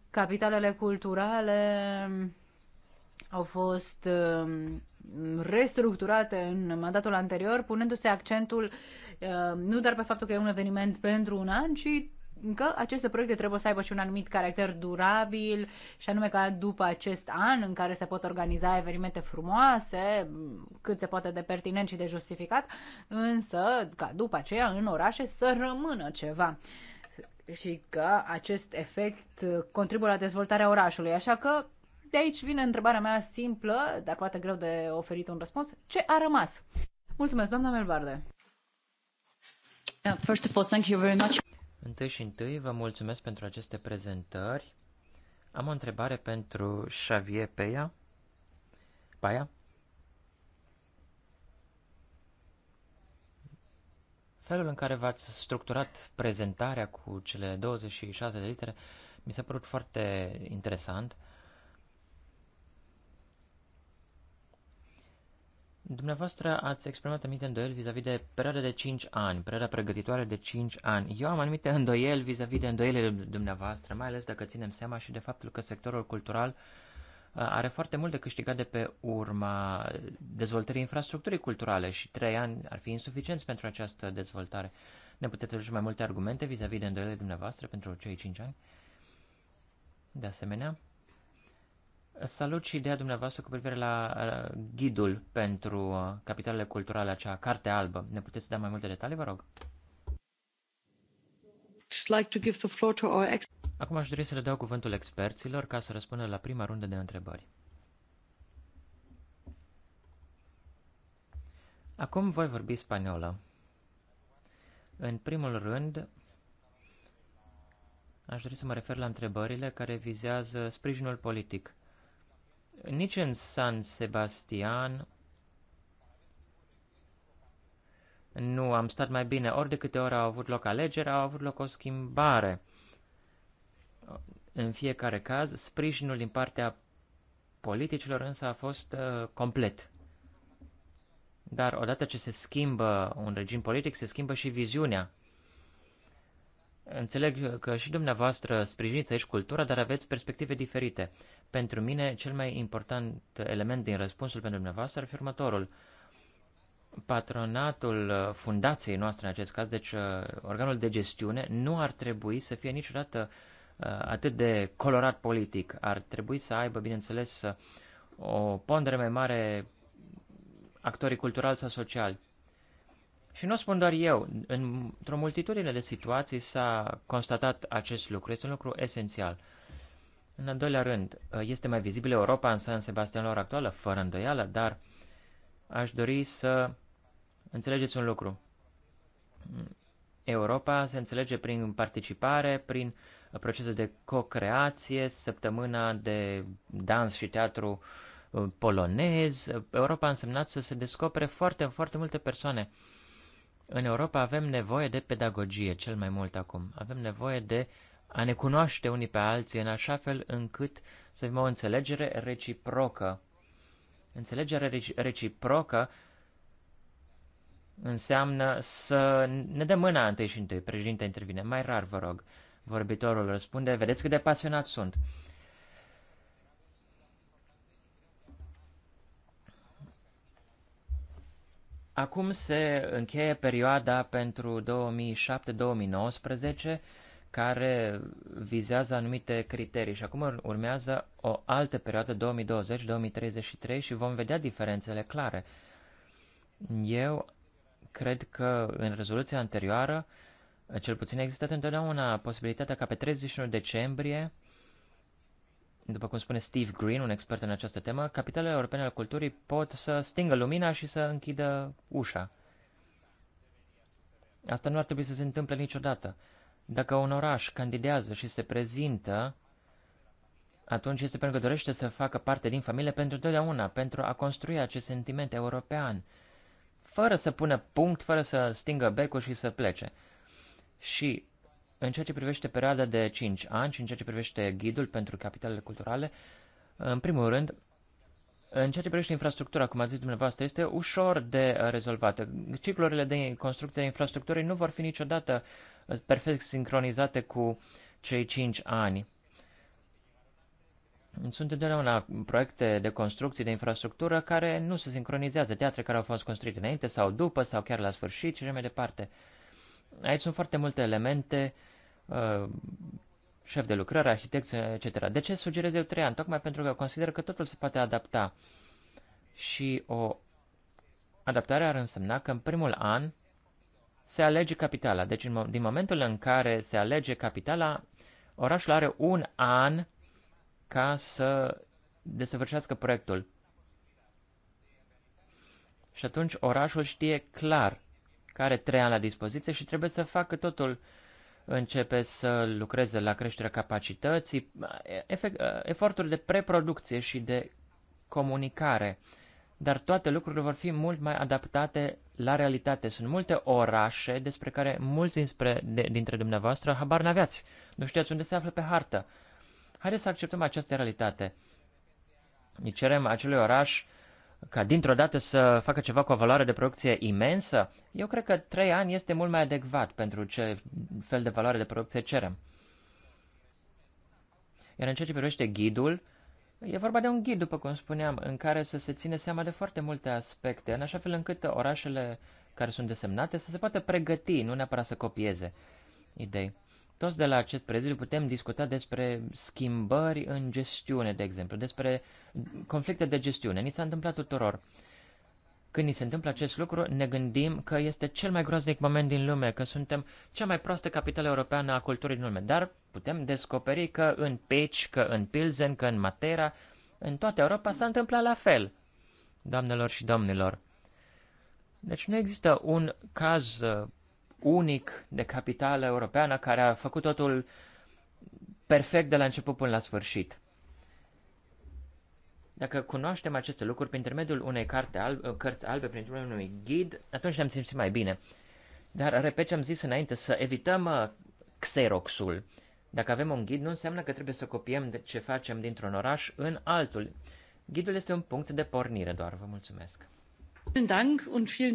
Capitalele culturale au fost um, restructurate în mandatul anterior, punându-se accentul um, nu doar pe faptul că e un eveniment pentru un an, ci că aceste proiecte trebuie să aibă și un anumit caracter durabil și anume ca după acest an în care se pot organiza evenimente frumoase, cât se poate de pertinent și de justificat, însă ca după aceea în orașe să rămână ceva și că acest efect contribuie la dezvoltarea orașului. Așa că de aici vine întrebarea mea simplă, dar poate greu de oferit un răspuns. Ce a rămas? Mulțumesc, doamna Melbarde. Uh, first of all, thank you very much. Întâi și întâi vă mulțumesc pentru aceste prezentări. Am o întrebare pentru Xavier Peia. Paia? Felul în care v-ați structurat prezentarea cu cele 26 de litere mi s-a părut foarte interesant Dumneavoastră ați exprimat anumite îndoieli vis-a-vis de perioada de 5 ani, perioada pregătitoare de 5 ani. Eu am anumite îndoieli vis-a-vis de îndoielile dumneavoastră, mai ales dacă ținem seama și de faptul că sectorul cultural uh, are foarte mult de câștigat de pe urma dezvoltării infrastructurii culturale și 3 ani ar fi insuficienți pentru această dezvoltare. Ne puteți aduce mai multe argumente vis-a-vis de îndoielile dumneavoastră pentru cei 5 ani? De asemenea, Salut și ideea dumneavoastră cu privire la ghidul pentru capitalele culturale, acea carte albă. Ne puteți da mai multe detalii, vă rog? Acum aș dori să le dau cuvântul experților ca să răspundă la prima rundă de întrebări. Acum voi vorbi spaniolă. În primul rând, aș dori să mă refer la întrebările care vizează sprijinul politic nici în San Sebastian nu am stat mai bine. Ori de câte ori au avut loc alegeri, au avut loc o schimbare. În fiecare caz, sprijinul din partea politicilor însă a fost uh, complet. Dar odată ce se schimbă un regim politic, se schimbă și viziunea Înțeleg că și dumneavoastră sprijiniți aici cultura, dar aveți perspective diferite. Pentru mine, cel mai important element din răspunsul pentru dumneavoastră ar fi următorul. Patronatul uh, fundației noastre, în acest caz, deci uh, organul de gestiune, nu ar trebui să fie niciodată uh, atât de colorat politic. Ar trebui să aibă, bineînțeles, o pondere mai mare actorii culturali sau sociali. Și nu spun doar eu, într-o multitudine de situații s-a constatat acest lucru, este un lucru esențial. În al doilea rând, este mai vizibil Europa în San Sebastian la ora actuală, fără îndoială, dar aș dori să înțelegeți un lucru. Europa se înțelege prin participare, prin procese de co-creație, săptămâna de dans și teatru uh, polonez. Europa a însemnat să se descopere foarte, foarte multe persoane. În Europa avem nevoie de pedagogie cel mai mult acum. Avem nevoie de a ne cunoaște unii pe alții în așa fel încât să avem o înțelegere reciprocă. Înțelegerea reciprocă înseamnă să ne dăm mâna întâi și întâi. Președinte intervine. Mai rar, vă rog. Vorbitorul răspunde, vedeți cât de pasionat sunt. Acum se încheie perioada pentru 2007-2019 care vizează anumite criterii și acum urmează o altă perioadă 2020-2033 și vom vedea diferențele clare. Eu cred că în rezoluția anterioară, cel puțin a existat întotdeauna posibilitatea ca pe 31 decembrie după cum spune Steve Green, un expert în această temă, capitalele europene al culturii pot să stingă lumina și să închidă ușa. Asta nu ar trebui să se întâmple niciodată. Dacă un oraș candidează și se prezintă, atunci este pentru că dorește să facă parte din familie pentru totdeauna, pentru a construi acest sentiment european, fără să pună punct, fără să stingă becul și să plece. Și în ceea ce privește perioada de 5 ani și în ceea ce privește ghidul pentru capitalele culturale, în primul rând, în ceea ce privește infrastructura, cum ați zis dumneavoastră, este ușor de rezolvată. Ciclurile de construcție a infrastructurii nu vor fi niciodată perfect sincronizate cu cei 5 ani. Sunt întotdeauna proiecte de construcții de infrastructură care nu se sincronizează, teatre care au fost construite înainte sau după sau chiar la sfârșit și mai departe. Uh, Aici sunt foarte multe elemente, uh, șef de lucrare, arhitect, etc. De ce sugerez eu trei ani? Tocmai pentru că consider că totul se poate adapta. Și o adaptare ar însemna că în primul an se alege capitala. Deci din momentul în care se alege capitala, orașul are un an ca să desăvârșească proiectul. Și atunci orașul știe clar care trei ani la dispoziție și trebuie să facă totul. Începe să lucreze la creșterea capacității, efect, eforturi de preproducție și de comunicare. Dar toate lucrurile vor fi mult mai adaptate la realitate. Sunt multe orașe despre care mulți dinspre, de, dintre dumneavoastră habar n-aveați. Nu știați unde se află pe hartă. Haideți să acceptăm această realitate. Îi cerem acelui oraș ca dintr-o dată să facă ceva cu o valoare de producție imensă, eu cred că 3 ani este mult mai adecvat pentru ce fel de valoare de producție cerem. Iar în ceea ce privește ghidul, e vorba de un ghid, după cum spuneam, în care să se ține seama de foarte multe aspecte, în așa fel încât orașele care sunt desemnate să se poată pregăti, nu neapărat să copieze idei. Toți de la acest prezidiu putem discuta despre schimbări în gestiune, de exemplu, despre conflicte de gestiune. Ni s-a întâmplat tuturor. Când ni se întâmplă acest lucru, ne gândim că este cel mai groaznic moment din lume, că suntem cea mai proastă capitală europeană a culturii din lume, dar putem descoperi că în Peci, că în Pilsen, că în Matera, în toată Europa s-a întâmplat la fel, doamnelor și domnilor. Deci nu există un caz unic de capitală europeană care a făcut totul perfect de la început până la sfârșit. Dacă cunoaștem aceste lucruri prin intermediul unei carte alb, cărți albe, prin intermediul unui ghid, atunci ne-am simțit mai bine. Dar, repet ce am zis înainte, să evităm uh, xeroxul. Dacă avem un ghid, nu înseamnă că trebuie să copiem de ce facem dintr-un oraș în altul. Ghidul este un punct de pornire doar. Vă mulțumesc.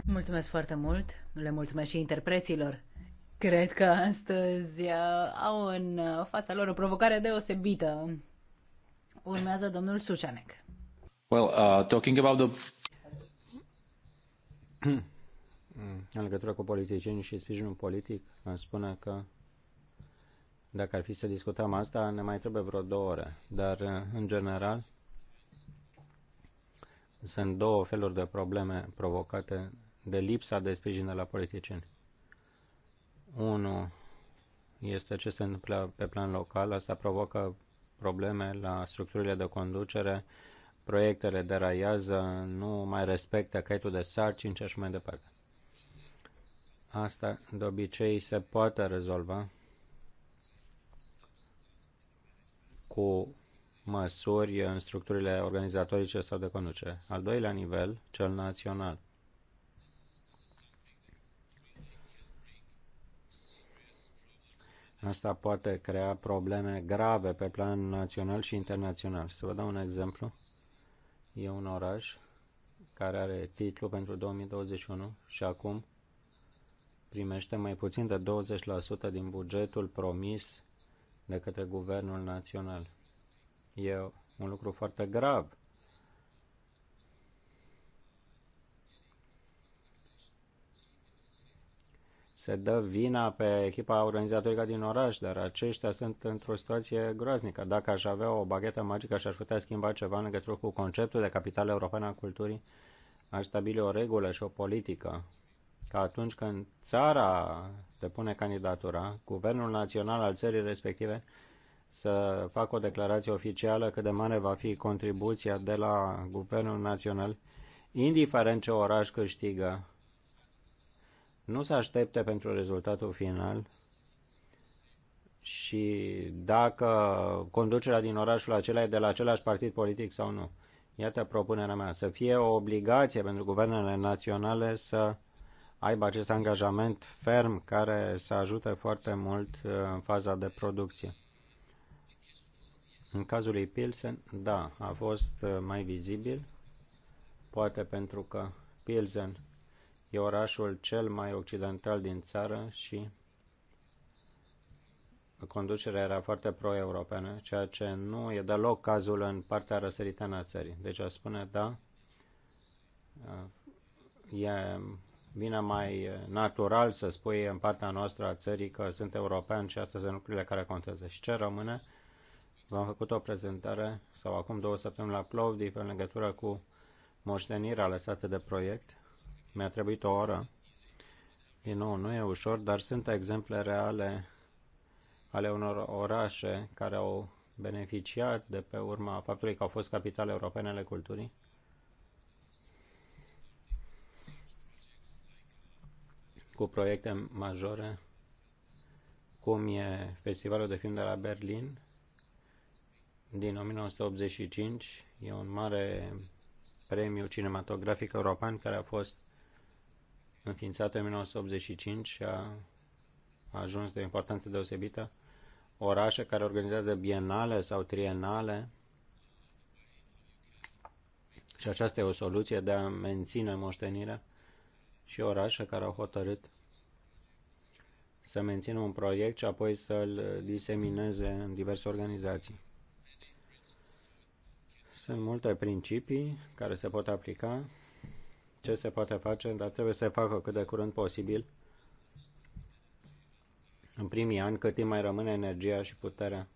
Mulțumesc foarte mult, le mulțumesc și interpreților. Cred că astăzi uh, au în fața lor o provocare deosebită. Urmează domnul Sucianec. Well, uh, talking about the... în legătură cu politicieni și sprijinul politic, îmi spune că dacă ar fi să discutăm asta, ne mai trebuie vreo două ore. Dar, uh, în general, sunt două feluri de probleme provocate de lipsa de sprijin de la politicieni. Unul este ce se întâmplă pe plan local, asta provocă probleme la structurile de conducere, proiectele deraiază, nu mai respectă caietul de sarcini și așa mai departe. Asta de obicei se poate rezolva cu măsuri în structurile organizatorice sau de conducere. Al doilea nivel, cel național. Asta poate crea probleme grave pe plan național și internațional. Să vă dau un exemplu. E un oraș care are titlu pentru 2021 și acum primește mai puțin de 20% din bugetul promis de către Guvernul Național. E un lucru foarte grav. se dă vina pe echipa organizatorică din oraș, dar aceștia sunt într-o situație groaznică. Dacă aș avea o baghetă magică și aș putea schimba ceva în legătură cu conceptul de capitală europeană a culturii, aș stabili o regulă și o politică ca atunci când țara depune candidatura, guvernul național al țării respective să facă o declarație oficială cât de mare va fi contribuția de la Guvernul Național, indiferent ce oraș câștigă. Nu se aștepte pentru rezultatul final și dacă conducerea din orașul acela e de la același partid politic sau nu. Iată propunerea mea, să fie o obligație pentru guvernele naționale să aibă acest angajament ferm care să ajute foarte mult uh, în faza de producție. În cazul lui Pilsen, da, a fost uh, mai vizibil, poate pentru că Pilsen e orașul cel mai occidental din țară și conducerea era foarte pro-europeană, ceea ce nu e deloc cazul în partea răsăritană a țării. Deci a spune, da, uh, e vine mai uh, natural să spui în partea noastră a țării că sunt european și astea sunt lucrurile care contează. Și ce rămâne? V-am făcut o prezentare, sau acum două săptămâni la Plovdiv, în legătură cu moștenirea lăsată de proiect. Mi-a trebuit o oră. Din nou, nu e ușor, dar sunt exemple reale ale unor orașe care au beneficiat de pe urma faptului că au fost capitale europene ale culturii. cu proiecte majore, cum e Festivalul de Film de la Berlin, din 1985. E un mare premiu cinematografic european care a fost înființat în 1985 și a ajuns de o importanță deosebită. Orașe care organizează bienale sau trienale și aceasta e o soluție de a menține moștenirea și orașe care au hotărât să mențină un proiect și apoi să-l disemineze în diverse organizații. Sunt multe principii care se pot aplica, ce se poate face, dar trebuie să se facă cât de curând posibil. În primii ani, cât timp mai rămâne energia și puterea.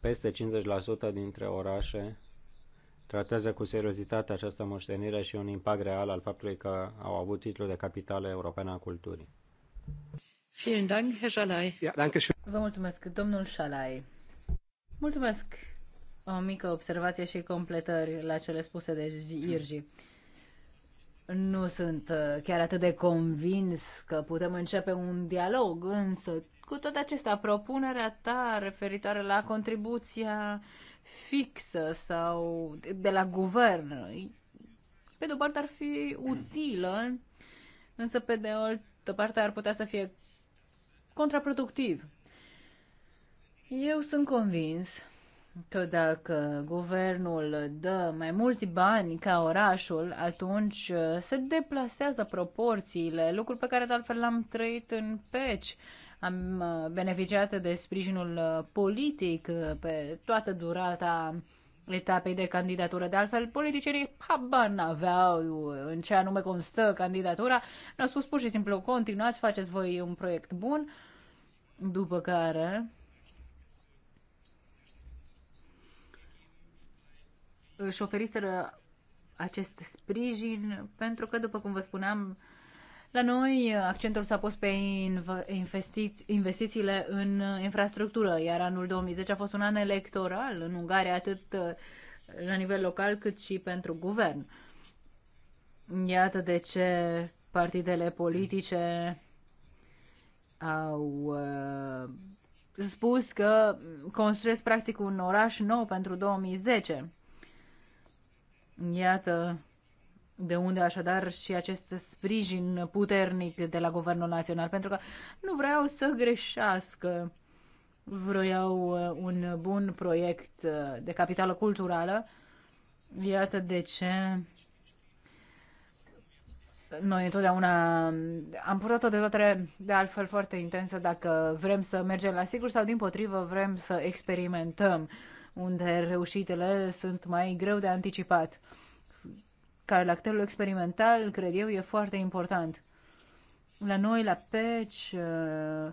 Peste 50% dintre orașe tratează cu seriozitate această moștenire și un impact real al faptului că au avut titlul de capitală europeană a culturii. Vă mulțumesc, domnul Șalai. Mulțumesc! O mică observație și completări la cele spuse de Irgi. Nu sunt uh, chiar atât de convins că putem începe un dialog, însă cu toate acestea, propunerea ta referitoare la contribuția fixă sau de la guvern, pe de o parte ar fi utilă, însă pe de altă parte ar putea să fie contraproductiv. Eu sunt convins că dacă guvernul dă mai mulți bani ca orașul, atunci uh, se deplasează proporțiile, lucru pe care de altfel l-am trăit în peci. Am uh, beneficiat de sprijinul uh, politic pe toată durata etapei de candidatură. De altfel, politicienii habar n-aveau în ce anume constă candidatura. Ne-au spus pur și simplu, continuați, faceți voi un proiect bun, după care își oferiseră acest sprijin pentru că, după cum vă spuneam, la noi accentul s-a pus pe investiți, investițiile în infrastructură, iar anul 2010 a fost un an electoral în Ungaria, atât uh, la nivel local cât și pentru guvern. Iată de ce partidele politice au uh, spus că construiesc practic un oraș nou pentru 2010. Iată de unde așadar și acest sprijin puternic de la Guvernul Național, pentru că nu vreau să greșească. Vroiau uh, un bun proiect uh, de capitală culturală. Iată de ce noi întotdeauna am purtat o dezbatere de altfel foarte intensă dacă vrem să mergem la sigur sau din potrivă vrem să experimentăm. Uh, unde reușitele sunt mai greu de anticipat. Caracterul experimental, cred eu, e foarte important. La noi, la uh,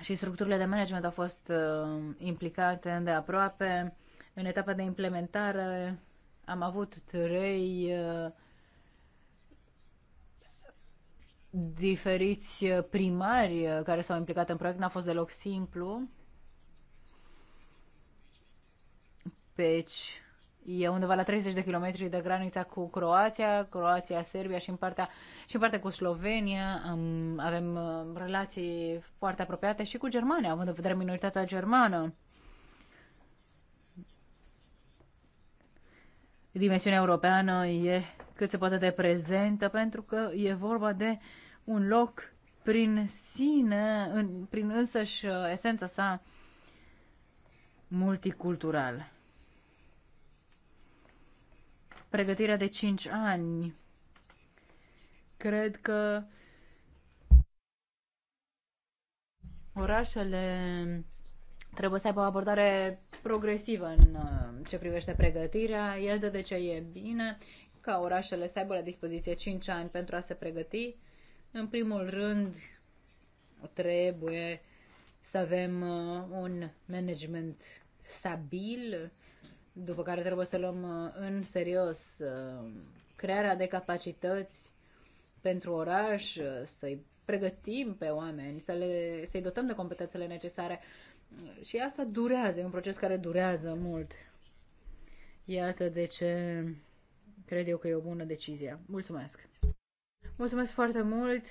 și structurile de management au fost uh, implicate de aproape. În etapa de implementare am avut trei uh, diferiți uh, primari uh, care s-au implicat în proiect. N-a fost deloc simplu. Peci e undeva la 30 de kilometri de granița cu Croația, Croația, Serbia și în partea, și în partea cu Slovenia. Am, avem uh, relații foarte apropiate și cu Germania, având în vedere minoritatea germană. Dimensiunea europeană e cât se poate de prezentă pentru că e vorba de un loc prin sine, în, prin însăși uh, esența sa multicultural pregătirea de 5 ani. Cred că orașele trebuie să aibă o abordare progresivă în uh, ce privește pregătirea. Iată de ce e bine ca orașele să aibă la dispoziție 5 ani pentru a se pregăti. În primul rând, trebuie să avem uh, un management stabil după care trebuie să luăm uh, în serios uh, crearea de capacități pentru oraș, uh, să-i pregătim pe oameni, să le, să-i dotăm de competențele necesare. Și asta durează, e un proces care durează mult. Iată de ce cred eu că e o bună decizie. Mulțumesc! Mulțumesc foarte mult!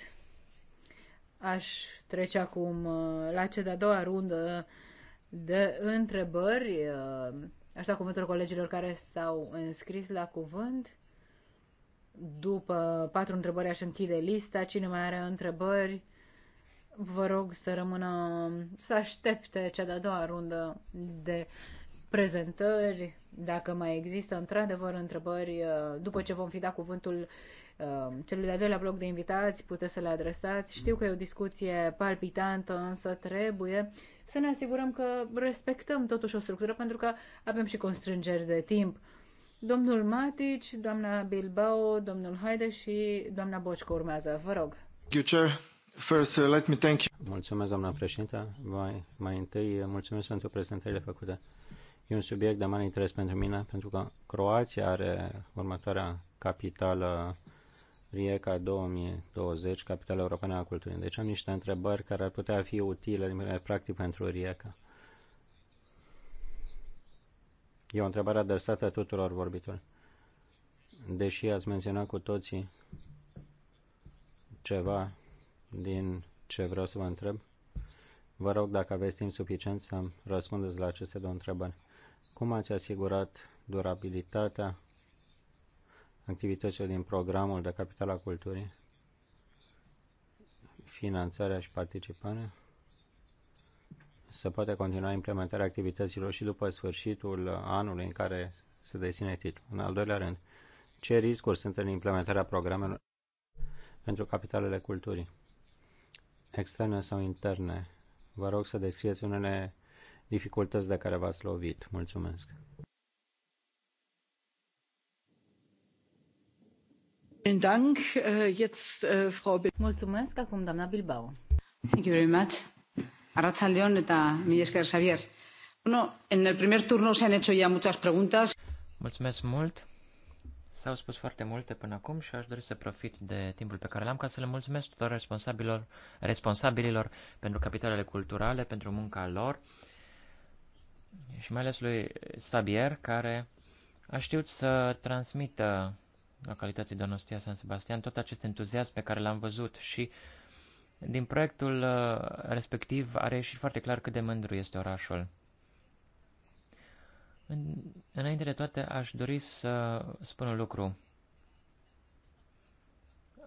Aș trece acum la cea de-a doua rundă de întrebări Aș da cuvântul colegilor care s-au înscris la cuvânt. După patru întrebări aș închide lista. Cine mai are întrebări, vă rog să rămână, să aștepte cea de-a doua rundă de prezentări, dacă mai există într-adevăr întrebări, uh, după ce vom fi dat cuvântul uh, celui de-al doilea bloc de invitați, puteți să le adresați. Știu că e o discuție palpitantă, însă trebuie să ne asigurăm că respectăm totuși o structură, pentru că avem și constrângeri de timp. Domnul Matici, doamna Bilbao, domnul Haide și doamna Bocco urmează. Vă rog. Future. First, uh, let me thank you. Mulțumesc, doamna președintă. Mai, mai întâi, uh, mulțumesc pentru prezentările făcute. E un subiect de mare interes pentru mine, pentru că Croația are următoarea capitală RIECA 2020, Capitala Europeană a Culturii. Deci am niște întrebări care ar putea fi utile din practic pentru RIECA. E o întrebare adresată tuturor vorbitorilor. Deși ați menționat cu toții ceva din ce vreau să vă întreb, vă rog dacă aveți timp suficient să răspundeți la aceste două întrebări. Cum ați asigurat durabilitatea activităților din programul de capitala culturii, finanțarea și participarea, se poate continua implementarea activităților și după sfârșitul anului în care se deține titlul. În al doilea rând, ce riscuri sunt în implementarea programelor pentru capitalele culturii, externe sau interne? Vă rog să descrieți unele dificultăți de care v-ați lovit. Mulțumesc! Äh, äh, mulțumesc, acum doamna Bilbao. Thank you very much. Arratsaldeon eta mila esker, Xavier. Bueno, en el primer turno se han hecho ya muchas preguntas. Mulțumesc mult. S-au spus foarte multe până acum și aș dori să profit de timpul pe care l-am ca să le mulțumesc tuturor responsabililor, responsabililor pentru capitalele culturale, pentru munca lor și mai ales lui Sabier, care a știut să transmită localității Donostia San Sebastian, tot acest entuziasm pe care l-am văzut și din proiectul uh, respectiv a reieșit foarte clar cât de mândru este orașul. În, înainte de toate, aș dori să spun un lucru.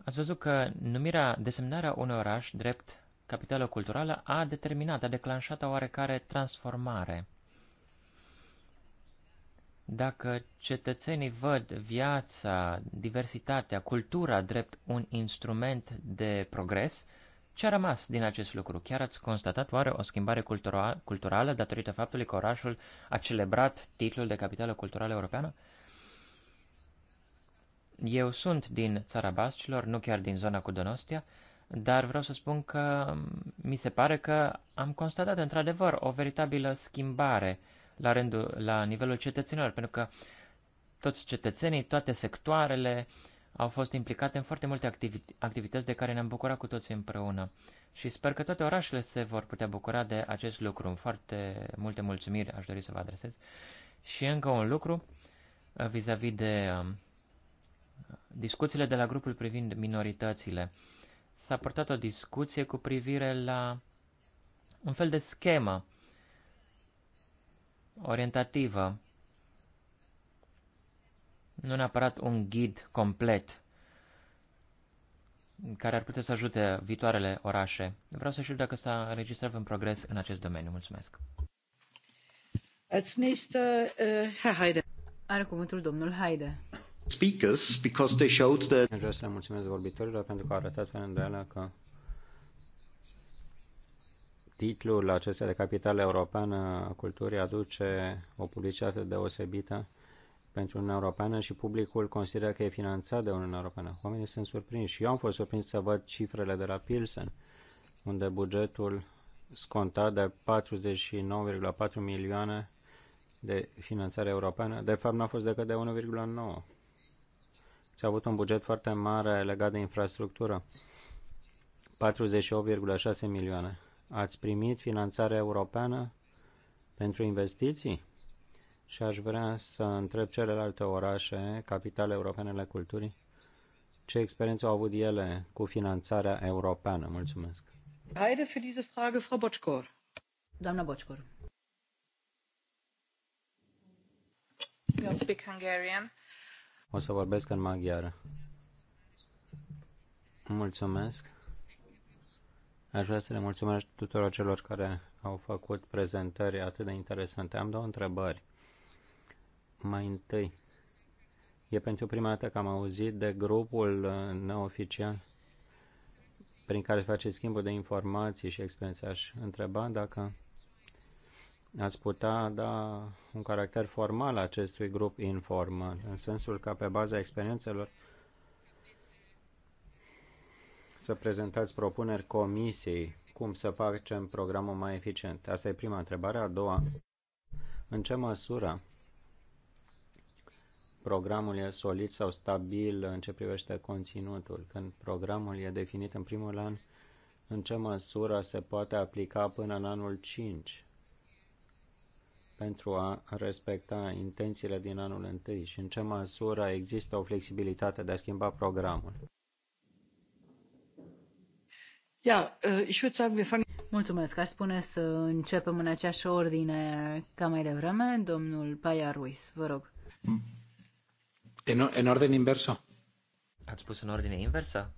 Ați văzut că numirea, desemnarea unui oraș drept capitală culturală a determinat, a declanșat o oarecare transformare – dacă cetățenii văd viața, diversitatea, cultura drept un instrument de progres, ce a rămas din acest lucru? Chiar ați constatat oare o schimbare cultura- culturală datorită faptului că orașul a celebrat titlul de capitală culturală europeană? Eu sunt din țara Bascilor, nu chiar din zona cu Donostia, dar vreau să spun că mi se pare că am constatat într-adevăr o veritabilă schimbare la, rândul, la nivelul cetățenilor, pentru că toți cetățenii, toate sectoarele au fost implicate în foarte multe activi activități de care ne-am bucurat cu toții împreună. Și sper că toate orașele se vor putea bucura de acest lucru. În foarte multe mulțumiri aș dori să vă adresez. Și încă un lucru uh, vis-a-vis -vis de um, discuțiile de la grupul privind minoritățile. S-a portat o discuție cu privire la un fel de schemă orientativă. Nu neapărat un ghid complet care ar putea să ajute viitoarele orașe. Vreau să știu dacă s-a înregistrat în progres în acest domeniu. Mulțumesc. Äh, Are cuvântul domnul Haide. Speakers, because they showed that... Vreau să le mulțumesc vorbitorilor pentru că au arătat fără îndoială că titlul acesta de capitală europeană a culturii aduce o publicitate deosebită pentru Uniunea Europeană și publicul consideră că e finanțat de Uniunea Europeană. Oamenii sunt surprinși și eu am fost surprins să văd cifrele de la Pilsen, unde bugetul scontat de 49,4 milioane de finanțare europeană, de fapt n-a fost decât de 1,9. S-a avut un buget foarte mare legat de infrastructură, 48,6 milioane. Ați primit finanțare europeană pentru investiții? Și aș vrea să întreb celelalte orașe, capitale europene ale culturii, ce experiență au avut ele cu finanțarea europeană? Mulțumesc. Haide für diese Frage, Frau Botschkor. Doamna Botschkor. I'll speak Hungarian. O să vorbesc în maghiară. Mulțumesc. Aș vrea să le mulțumesc tuturor celor care au făcut prezentări atât de interesante. Am două întrebări. Mai întâi, e pentru prima dată că am auzit de grupul neoficial prin care face schimbul de informații și experiențe. Aș întreba dacă ați putea da un caracter formal acestui grup informal, în sensul că pe baza experiențelor să prezentați propuneri comisiei cum să facem programul mai eficient? Asta e prima întrebare. A doua, în ce măsură programul e solid sau stabil în ce privește conținutul? Când programul e definit în primul an, în ce măsură se poate aplica până în anul 5 pentru a respecta intențiile din anul 1 și în ce măsură există o flexibilitate de a schimba programul? Äh, mulțumesc. Aș spune să începem în aceeași ordine ca mai devreme. Domnul Paia Ruiz, vă rog. În, în ordine inversă? Ați spus în ordine inversă?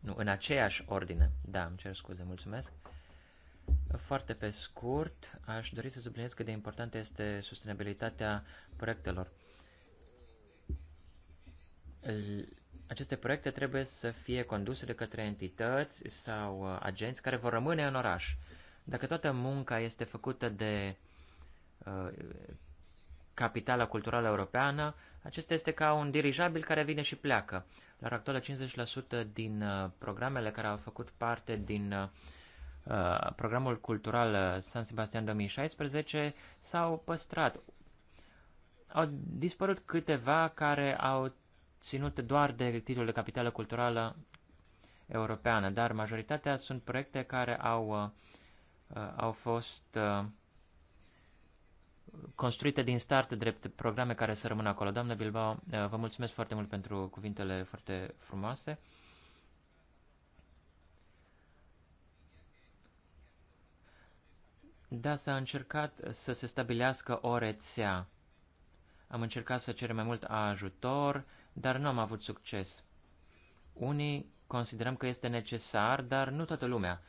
Nu, în aceeași ordine. Da, îmi cer scuze, mulțumesc. Foarte pe scurt, aș dori să subliniez cât de importantă este sustenabilitatea proiectelor aceste proiecte trebuie să fie conduse de către entități sau uh, agenți care vor rămâne în oraș. Dacă toată munca este făcută de uh, capitala culturală europeană, acesta este ca un dirijabil care vine și pleacă. La actuală, 50% din uh, programele care au făcut parte din uh, uh programul cultural uh, San Sebastian 2016 s-au păstrat. Au dispărut câteva care au ținute doar de titlul de capitală culturală europeană, dar majoritatea sunt proiecte care au, uh, uh, au fost uh, construite din start drept programe care să rămână acolo. Doamna Bilbao, vă mulțumesc foarte mult pentru cuvintele foarte frumoase. Da, s-a încercat să se stabilească o rețea. Am încercat să cerem mai mult ajutor, dar nu am avut succes. Unii considerăm că este necesar, dar nu toată lumea.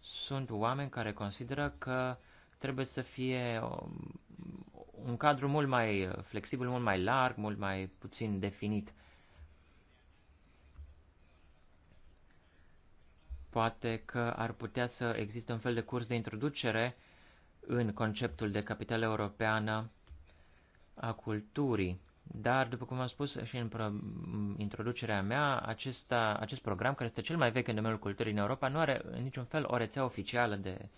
Sunt oameni care consideră că trebuie să fie um, un cadru mult mai flexibil, mult mai larg, mult mai puțin definit. Poate că ar putea să existe un fel de curs de introducere în conceptul de capitală europeană a culturii. Dar, după cum am spus și în introducerea mea, acesta, acest program, care este cel mai vechi în domeniul culturii în Europa, nu are în niciun fel o rețea oficială de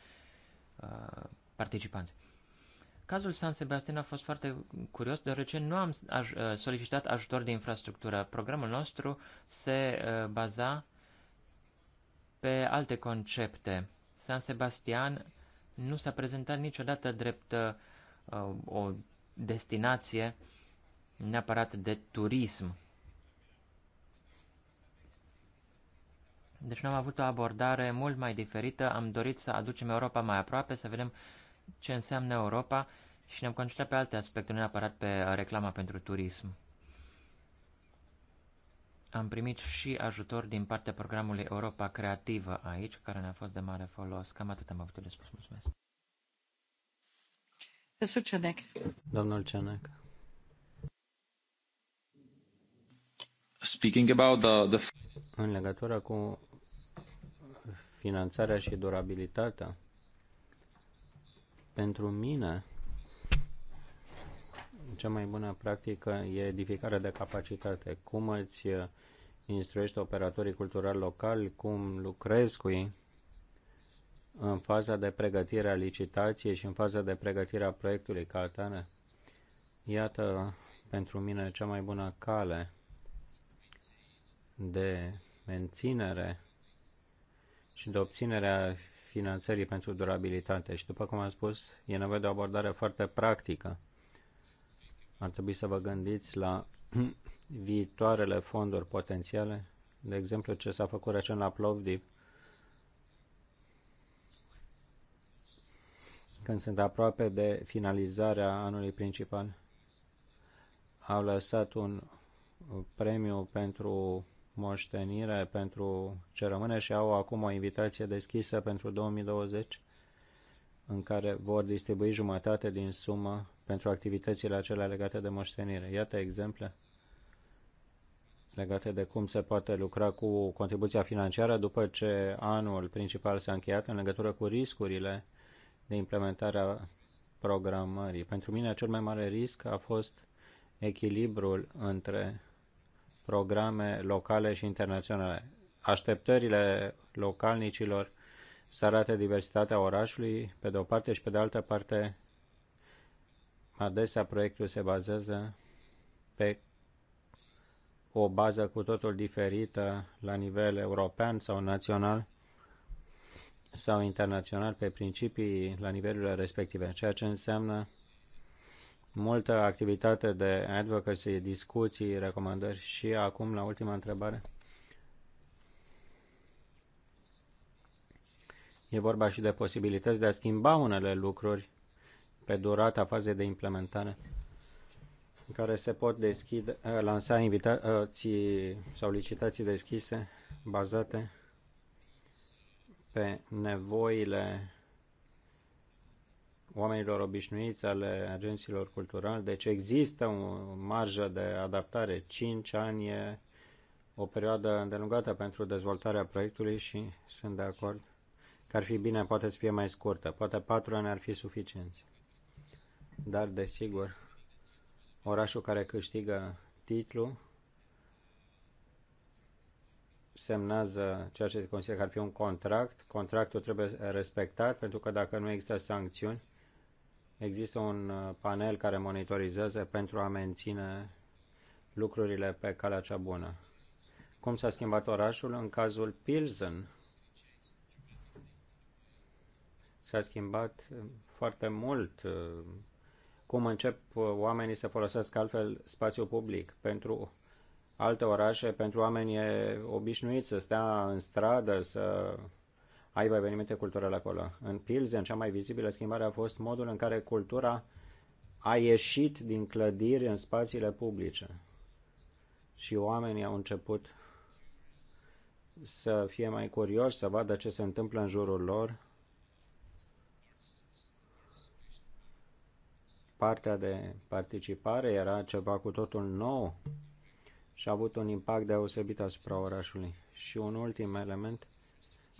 uh, participanți. Cazul San Sebastian a fost foarte curios, deoarece nu am aj- uh, solicitat ajutor de infrastructură. Programul nostru se uh, baza pe alte concepte. San Sebastian nu s-a prezentat niciodată drept uh, o destinație uh, neapărat de turism. Deci noi am avut o abordare mult mai diferită, am dorit să aducem Europa mai aproape, să vedem ce înseamnă Europa și ne-am concentrat pe alte aspecte, nu neapărat pe reclama pentru turism. Am primit și ajutor din partea programului Europa Creativă aici, care ne-a fost de mare folos. Cam atât am avut de spus. Mulțumesc. Domnul Cenec. Speaking about the, the... În legătură cu finanțarea și durabilitatea, pentru mine, cea mai bună practică e edificarea de capacitate. Cum îți instruiești operatorii culturali locali, cum lucrezi cu ei în faza de pregătire a licitației și în faza de pregătire a proiectului ca atare. Iată, pentru mine, cea mai bună cale de menținere și de obținerea finanțării pentru durabilitate. Și după cum am spus, e nevoie de o abordare foarte practică. Ar trebui să vă gândiți la viitoarele fonduri potențiale, de exemplu ce s-a făcut recent la Plovdiv, când sunt aproape de finalizarea anului principal, au lăsat un premiu pentru moștenire pentru ce rămâne și au acum o invitație deschisă pentru 2020 în care vor distribui jumătate din sumă pentru activitățile acelea legate de moștenire. Iată exemple legate de cum se poate lucra cu contribuția financiară după ce anul principal s-a încheiat în legătură cu riscurile de implementare a programării. Pentru mine cel mai mare risc a fost echilibrul între programe locale și internaționale. Așteptările localnicilor să arate diversitatea orașului, pe de o parte și pe de altă parte, adesea proiectul se bazează pe o bază cu totul diferită la nivel european sau național sau internațional pe principii la nivelurile respective, ceea ce înseamnă multă activitate de advocacy, discuții, recomandări. Și acum, la ultima întrebare. E vorba și de posibilități de a schimba unele lucruri pe durata fazei de implementare în care se pot deschide, eh, lansa invitații sau licitații deschise bazate pe nevoile oamenilor obișnuiți, ale agenților culturali. Deci există o marjă de adaptare. 5 ani e o perioadă îndelungată pentru dezvoltarea proiectului și sunt de acord că ar fi bine poate să fie mai scurtă. Poate 4 ani ar fi suficienți. Dar, desigur, orașul care câștigă titlul semnează ceea ce se consideră că ar fi un contract. Contractul trebuie respectat pentru că dacă nu există sancțiuni, Există un uh, panel care monitorizează pentru a menține lucrurile pe calea cea bună. Cum s-a schimbat orașul? În cazul Pilsen s-a schimbat uh, foarte mult uh, cum încep oamenii să folosească altfel spațiul public. Pentru alte orașe, pentru oameni e obișnuit să stea în stradă, să aibă evenimente culturale acolo. În Pilsen, cea mai vizibilă schimbare a fost modul în care cultura a ieșit din clădiri în spațiile publice și oamenii au început să fie mai curioși, să vadă ce se întâmplă în jurul lor. Partea de participare era ceva cu totul nou și a avut un impact deosebit asupra orașului. Și un ultim element –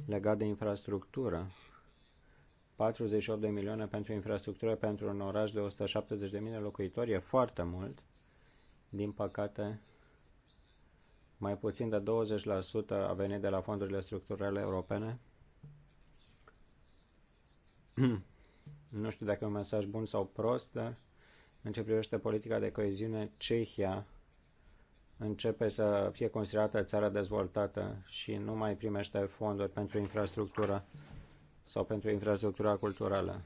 legat de infrastructură. 48 de milioane pentru infrastructură pentru un oraș de mii de locuitori e foarte mult. Din păcate, mai puțin de 20% a venit de la fondurile structurale europene. nu știu dacă e un mesaj bun sau prost, dar în ce privește politica de coeziune, Cehia începe să fie considerată țară dezvoltată și nu mai primește fonduri pentru infrastructură sau pentru infrastructura culturală.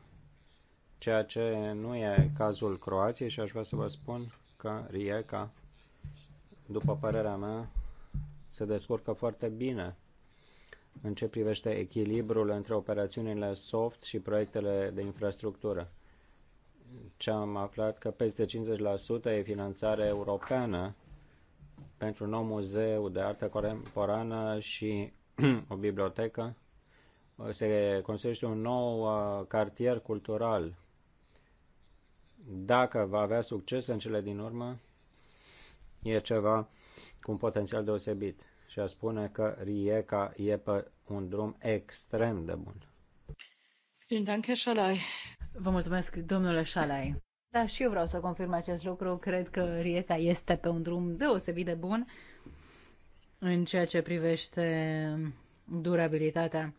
Ceea ce nu e cazul Croației și aș vrea să vă spun că Rijeka, după părerea mea, se descurcă foarte bine în ce privește echilibrul între operațiunile soft și proiectele de infrastructură. Ce am aflat că peste 50% e finanțare europeană pentru un nou muzeu de artă contemporană și o bibliotecă, se construiește un nou uh, cartier cultural. Dacă va avea succes în cele din urmă, e ceva cu un potențial deosebit și a spune că Rieca e pe un drum extrem de bun. Vă mulțumesc, domnule Șalai. Da, și eu vreau să confirm acest lucru. Cred că Rieta este pe un drum deosebit de bun în ceea ce privește durabilitatea.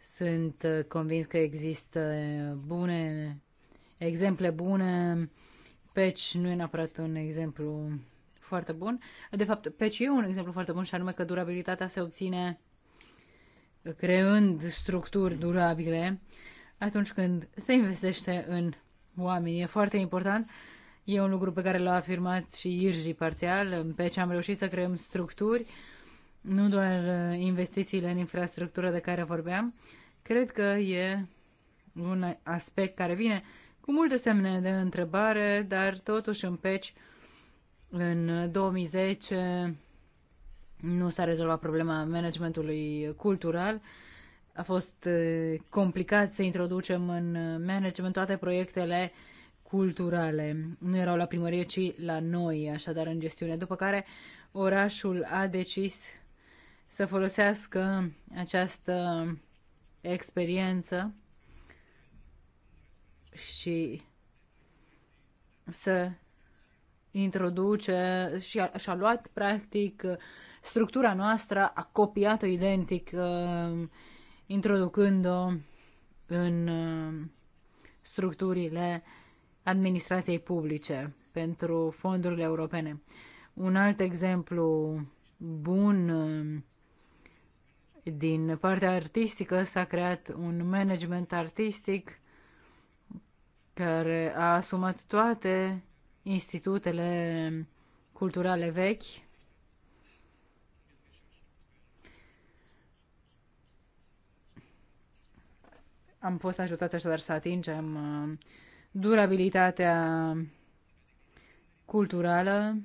Sunt uh, convins că există bune exemple bune. Peci nu e neapărat un exemplu foarte bun. De fapt, peci e un exemplu foarte bun și anume că durabilitatea se obține creând structuri durabile atunci când se investește în oameni. E foarte important. E un lucru pe care l-a afirmat și Irji parțial, pe ce am reușit să creăm structuri, nu doar uh, investițiile în infrastructură de care vorbeam. Cred că e un aspect care vine cu multe semne de întrebare, dar totuși în peci în 2010 nu s-a rezolvat problema managementului cultural a fost complicat să introducem în management toate proiectele culturale. Nu erau la primărie, ci la noi, așadar, în gestiune. După care orașul a decis să folosească această experiență și să introduce și a, și-a luat practic structura noastră, a copiat-o identic uh, introducând-o în uh, structurile administrației publice pentru fondurile europene. Un alt exemplu bun uh, din partea artistică s-a creat un management artistic care a asumat toate institutele culturale vechi Am fost ajutați așadar să atingem uh, durabilitatea culturală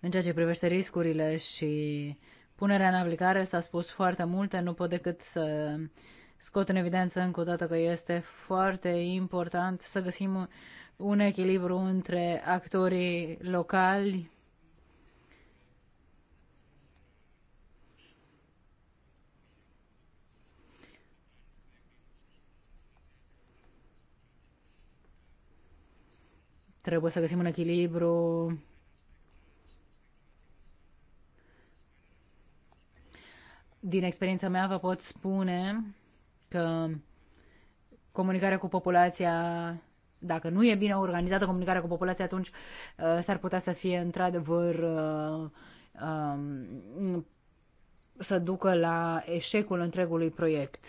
în ceea ce privește riscurile și punerea în aplicare. S-a spus foarte multe, nu pot decât să scot în evidență încă o dată că este foarte important să găsim un echilibru între actorii locali, Trebuie să găsim un echilibru din experiența mea vă pot spune că comunicarea cu populația, dacă nu e bine organizată comunicarea cu populația, atunci uh, s-ar putea să fie într-adevăr uh, um, să ducă la eșecul întregului proiect.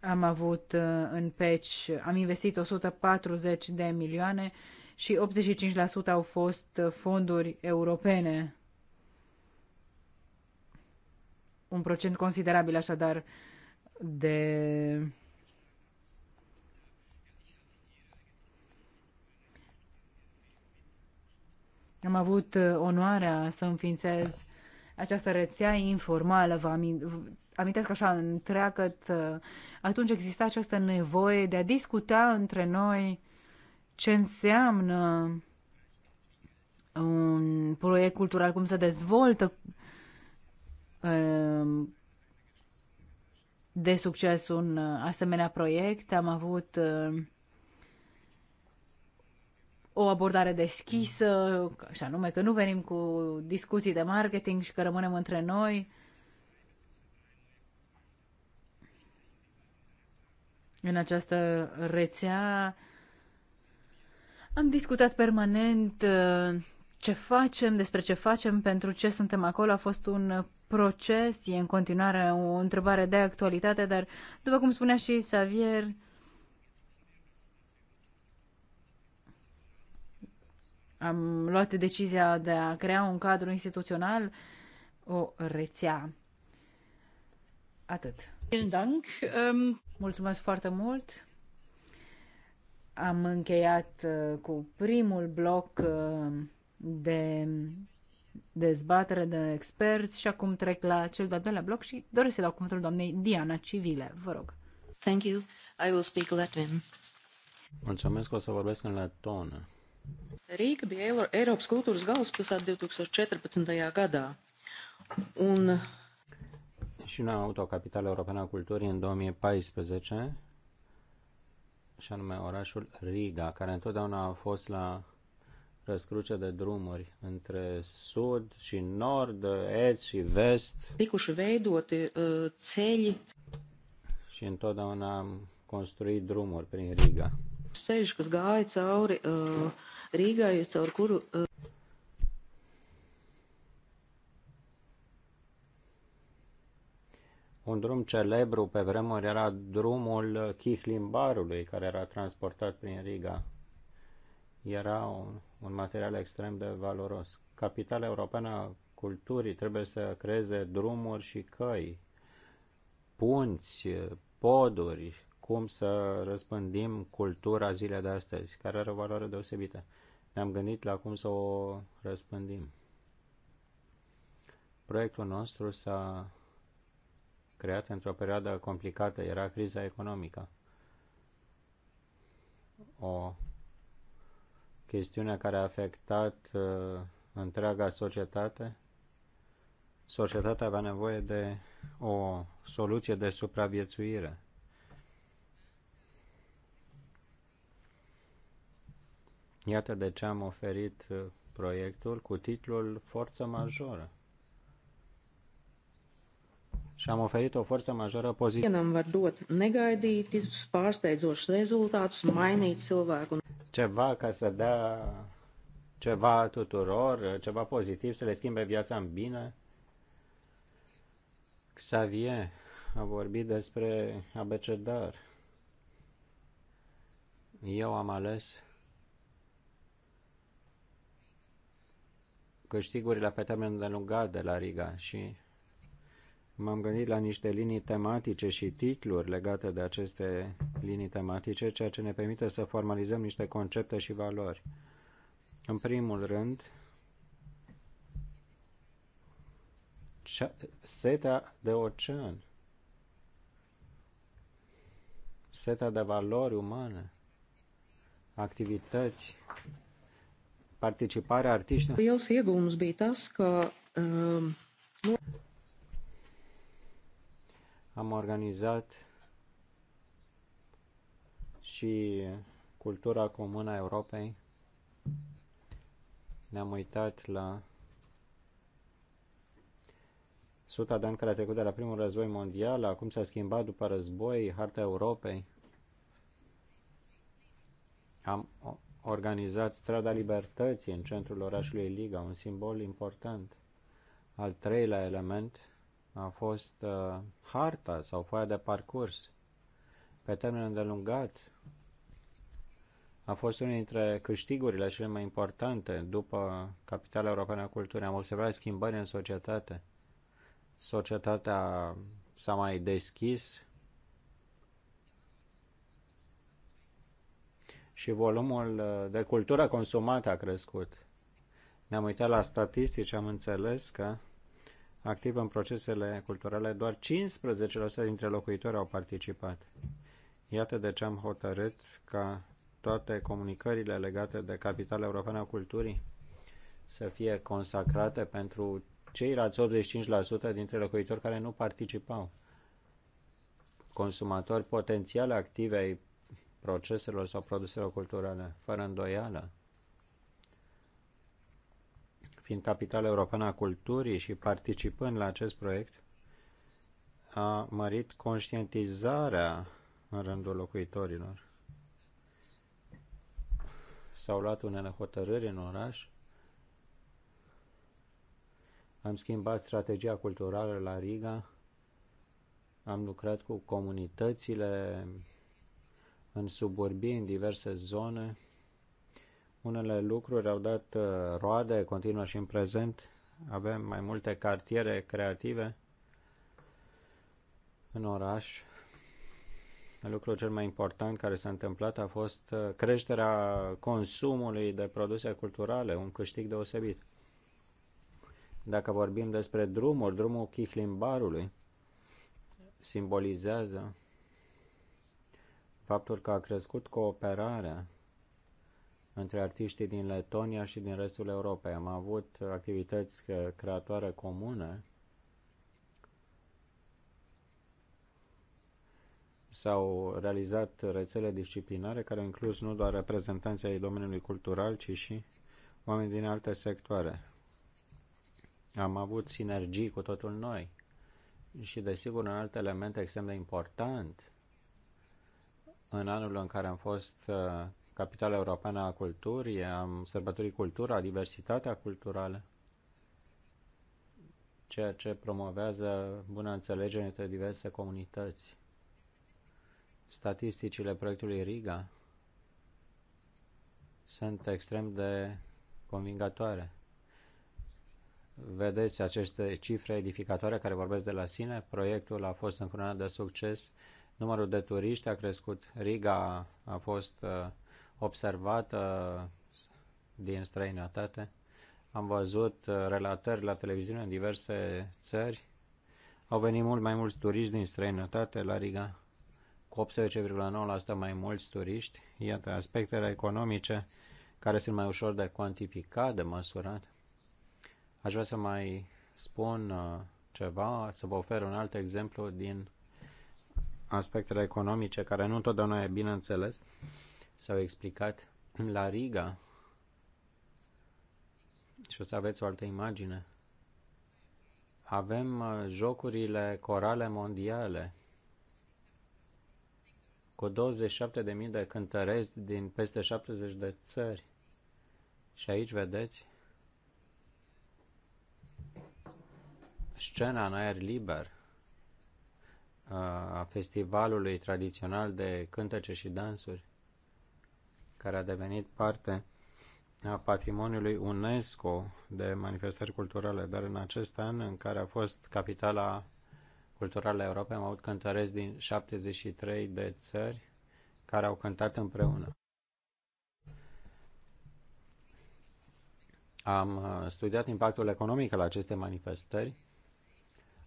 Am avut uh, în peci, am investit 140 de milioane și 85% au fost uh, fonduri europene. Un procent considerabil așadar de Am avut uh, onoarea să înființez această rețea informală, vă amintesc așa întreagă, uh, atunci exista această nevoie de a discuta între noi ce înseamnă un proiect cultural, cum se dezvoltă um, de succes un uh, asemenea proiect. Am avut uh, o abordare deschisă, și anume că nu venim cu discuții de marketing și că rămânem între noi. În această rețea am discutat permanent uh, ce facem, despre ce facem, pentru ce suntem acolo. A fost un proces, e în continuare o întrebare de actualitate, dar după cum spunea și Xavier, am luat decizia de a crea un cadru instituțional, o rețea. Atât. Ähm, Mulțumesc foarte mult. Am încheiat uh, cu primul bloc uh, de dezbatere de experți și acum trec la cel de-al doilea bloc și doresc să dau cuvântul doamnei Diana Civile. Vă rog. Thank you. I will speak Latin. Mulțumesc că o să vorbesc în latonă. Rīga bija Eiropas kultūras galvaspilsēta 2014. gadā. Un... Și una autocapitală europeană a culturii în 2014, și anume orașul Riga, care întotdeauna a fost la răscruce de drumuri între sud și nord, est și vest. Tikuši veidoti ă, ceļi. Și întotdeauna am construit drumuri prin Riga. Ceļš, kas gāja cauri uh, Rīgai, caur kuru. Eh, un drum celebru pe vremuri era drumul Chihlimbarului, care era transportat prin Riga. Era un, un material extrem de valoros. Capitala europeană a culturii trebuie să creeze drumuri și căi, punți, poduri, cum să răspândim cultura zilei de astăzi, care are o valoare deosebită. Ne-am gândit la cum să o răspândim. Proiectul nostru s-a creat într-o perioadă complicată, era criza economică. O chestiune care a afectat uh, întreaga societate. Societatea avea nevoie de o soluție de supraviețuire Iată de ce am oferit uh, proiectul cu titlul Forță Majoră. Și am oferit o forță majoră pozitivă. Ceva ca să dea ceva tuturor, ceva pozitiv, să le schimbe viața în bine. Xavier a vorbit despre abecedar. Eu am ales câștigurile pe termen îndelungat de la Riga și m-am gândit la niște linii tematice și titluri legate de aceste linii tematice, ceea ce ne permite să formalizăm niște concepte și valori. În primul rând, seta de ocean, seta de valori umane, activități participarea artiștilor. Liels iegūms bija tas, ka um, am organizat și cultura comună a Europei. Ne-am uitat la suta de ani care a trecut de la primul război mondial, acum s-a schimbat după război harta Europei. Am organizat Strada Libertății în centrul orașului Liga, un simbol important. Al treilea element a fost uh, harta sau foaia de parcurs. Pe termen îndelungat, a fost unul dintre câștigurile cele mai importante după Capitala Europeană a Culturii. Am observat schimbări în societate. Societatea s-a mai deschis și volumul uh, de cultură consumată a crescut. Ne-am uitat la statistici și am înțeles că activ în procesele culturale doar 15% dintre locuitori au participat. Iată de ce am hotărât ca toate comunicările legate de capitala europeană a culturii să fie consacrate pentru ceilalți 85% dintre locuitori care nu participau. Consumatori potențiali active ai proceselor sau produselor culturale, fără îndoială. Fiind capital europeană a culturii și participând la acest proiect, a mărit conștientizarea în rândul locuitorilor. S-au luat unele hotărâri în oraș. Am schimbat strategia culturală la Riga. Am lucrat cu comunitățile în suburbii, în diverse zone. Unele lucruri au dat uh, roade, continuă și în prezent. Avem mai multe cartiere creative în oraș. Lucrul cel mai important care s-a întâmplat a fost uh, creșterea consumului de produse culturale, un câștig deosebit. Dacă vorbim despre drumul, drumul Chihlimbarului simbolizează faptul că a crescut cooperarea între artiștii din Letonia și din restul Europei. Am avut activități creatoare comune s-au realizat rețele disciplinare care au inclus nu doar reprezentanții ai domeniului cultural, ci și oameni din alte sectoare. Am avut sinergii cu totul noi și, desigur, un alt element extrem de important în anul în care am fost uh, capitala europeană a culturii, am sărbătorit cultura, diversitatea culturală, ceea ce promovează bună înțelegere între diverse comunități. Statisticile proiectului Riga sunt extrem de convingătoare. Vedeți aceste cifre edificatoare care vorbesc de la sine. Proiectul a fost încurunat de succes Numărul de turiști a crescut. Riga a fost uh, observată din străinătate. Am văzut uh, relatări la televiziune în diverse țări. Au venit mult mai mulți turiști din străinătate la Riga, cu 18,9% mai mulți turiști. Iată, aspectele economice care sunt mai ușor de cuantificat, de măsurat. Aș vrea să mai spun uh, ceva, să vă ofer un alt exemplu din aspectele economice, care nu întotdeauna e bine înțeles, s-au explicat la Riga. Și o să aveți o altă imagine. Avem uh, jocurile corale mondiale cu 27.000 de cântăreți din peste 70 de țări. Și aici vedeți scena în aer liber a festivalului tradițional de cântece și dansuri, care a devenit parte a patrimoniului UNESCO de manifestări culturale, dar în acest an în care a fost capitala culturală a Europei, am avut cântăreți din 73 de țări care au cântat împreună. Am studiat impactul economic al acestei manifestări,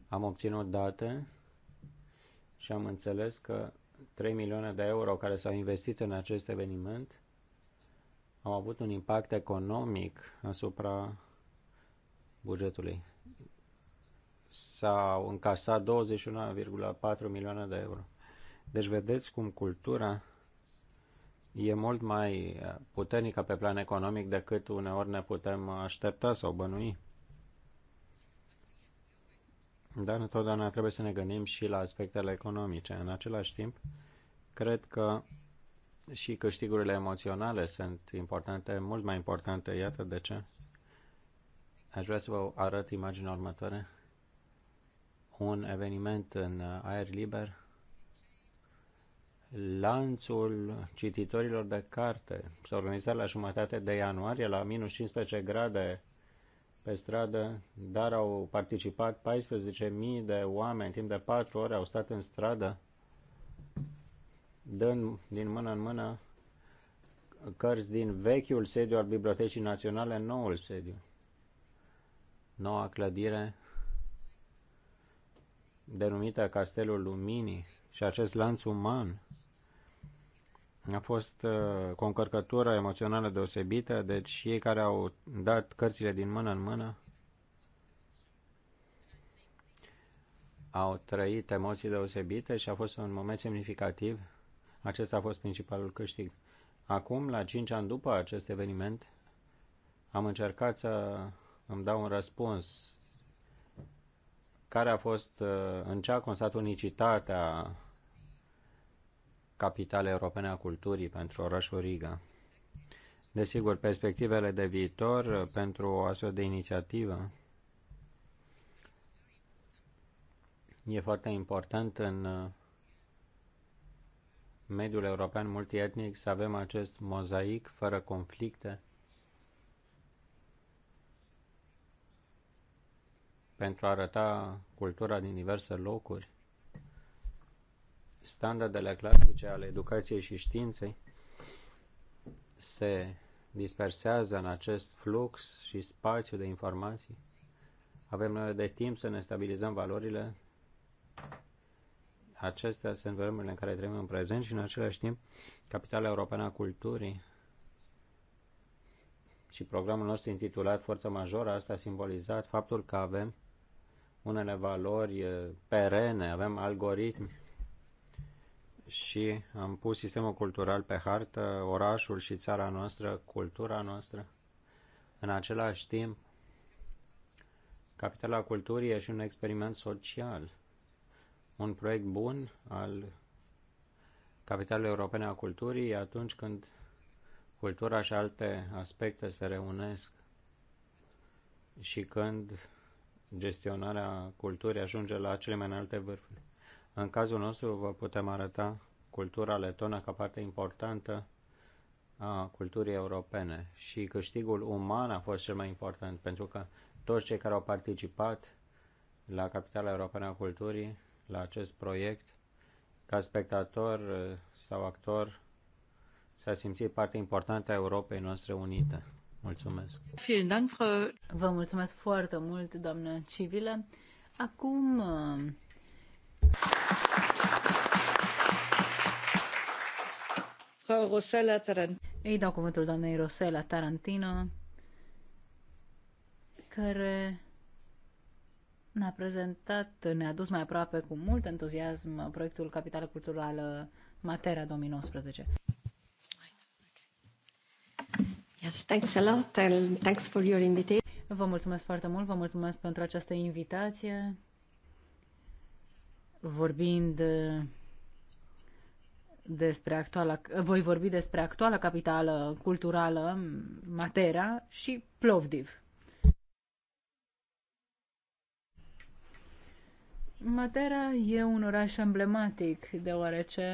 am obținut date și am înțeles că 3 milioane de euro care s-au investit în acest eveniment au avut un impact economic asupra bugetului. S-au încasat 21,4 milioane de euro. Deci vedeți cum cultura e mult mai puternică pe plan economic decât uneori ne putem aștepta sau bănui dar întotdeauna trebuie să ne gândim și la aspectele economice. În același timp, cred că și câștigurile emoționale sunt importante, mult mai importante. Iată de ce. Aș vrea să vă arăt imaginea următoare. Un eveniment în aer liber. Lanțul cititorilor de carte s-a organizat la jumătate de ianuarie la minus 15 grade pe stradă, dar au participat 14.000 de oameni. Timp de 4 ore au stat în stradă, dând din mână în mână cărți din vechiul sediu al Bibliotecii Naționale, noul sediu. Noua clădire denumită Castelul Luminii și acest lanț uman a fost uh, cu o încărcătură emoțională deosebită, deci ei care au dat cărțile din mână în mână au trăit emoții deosebite și a fost un moment semnificativ. Acesta a fost principalul câștig. Acum, la 5 ani după acest eveniment, am încercat să îmi dau un răspuns care a fost uh, în ce a constat unicitatea Capitale Europene a Culturii pentru orașul Riga. Desigur, perspectivele de viitor pentru o astfel de inițiativă e foarte important în uh, mediul european multietnic să avem acest mozaic fără conflicte pentru a arăta cultura din diverse locuri standardele clasice ale educației și științei se dispersează în acest flux și spațiu de informații. Avem nevoie de timp să ne stabilizăm valorile. Acestea sunt vremurile în care trăim în prezent și în același timp Capitala Europeană a Culturii și programul nostru intitulat Forța Majoră, asta a simbolizat faptul că avem unele valori eh, perene, avem algoritmi și am pus sistemul cultural pe hartă, orașul și țara noastră, cultura noastră. În același timp, Capitala Culturii e și un experiment social, un proiect bun al Capitalului Europene a Culturii atunci când cultura și alte aspecte se reunesc și când gestionarea culturii ajunge la cele mai înalte vârfuri. În cazul nostru vă putem arăta cultura letonă ca parte importantă a culturii europene și câștigul uman a fost cel mai important pentru că toți cei care au participat la Capitala Europeană a Culturii, la acest proiect, ca spectator eh, sau actor, s-a simțit parte importantă a Europei noastre unite. Mulțumesc! Vă mulțumesc foarte mult, doamnă Civile. Acum eh, Rosella Tarantino. Îi dau cuvântul doamnei Rosella Tarantino, care ne-a prezentat, ne-a dus mai aproape cu mult entuziasm proiectul Capitală Culturală Matera 2019. Yes, thanks a lot and thanks for your invitation. Vă mulțumesc foarte mult, vă mulțumesc pentru această invitație. Vorbind despre actuala, voi vorbi despre actuala capitală culturală, Matera și Plovdiv. Matera e un oraș emblematic, deoarece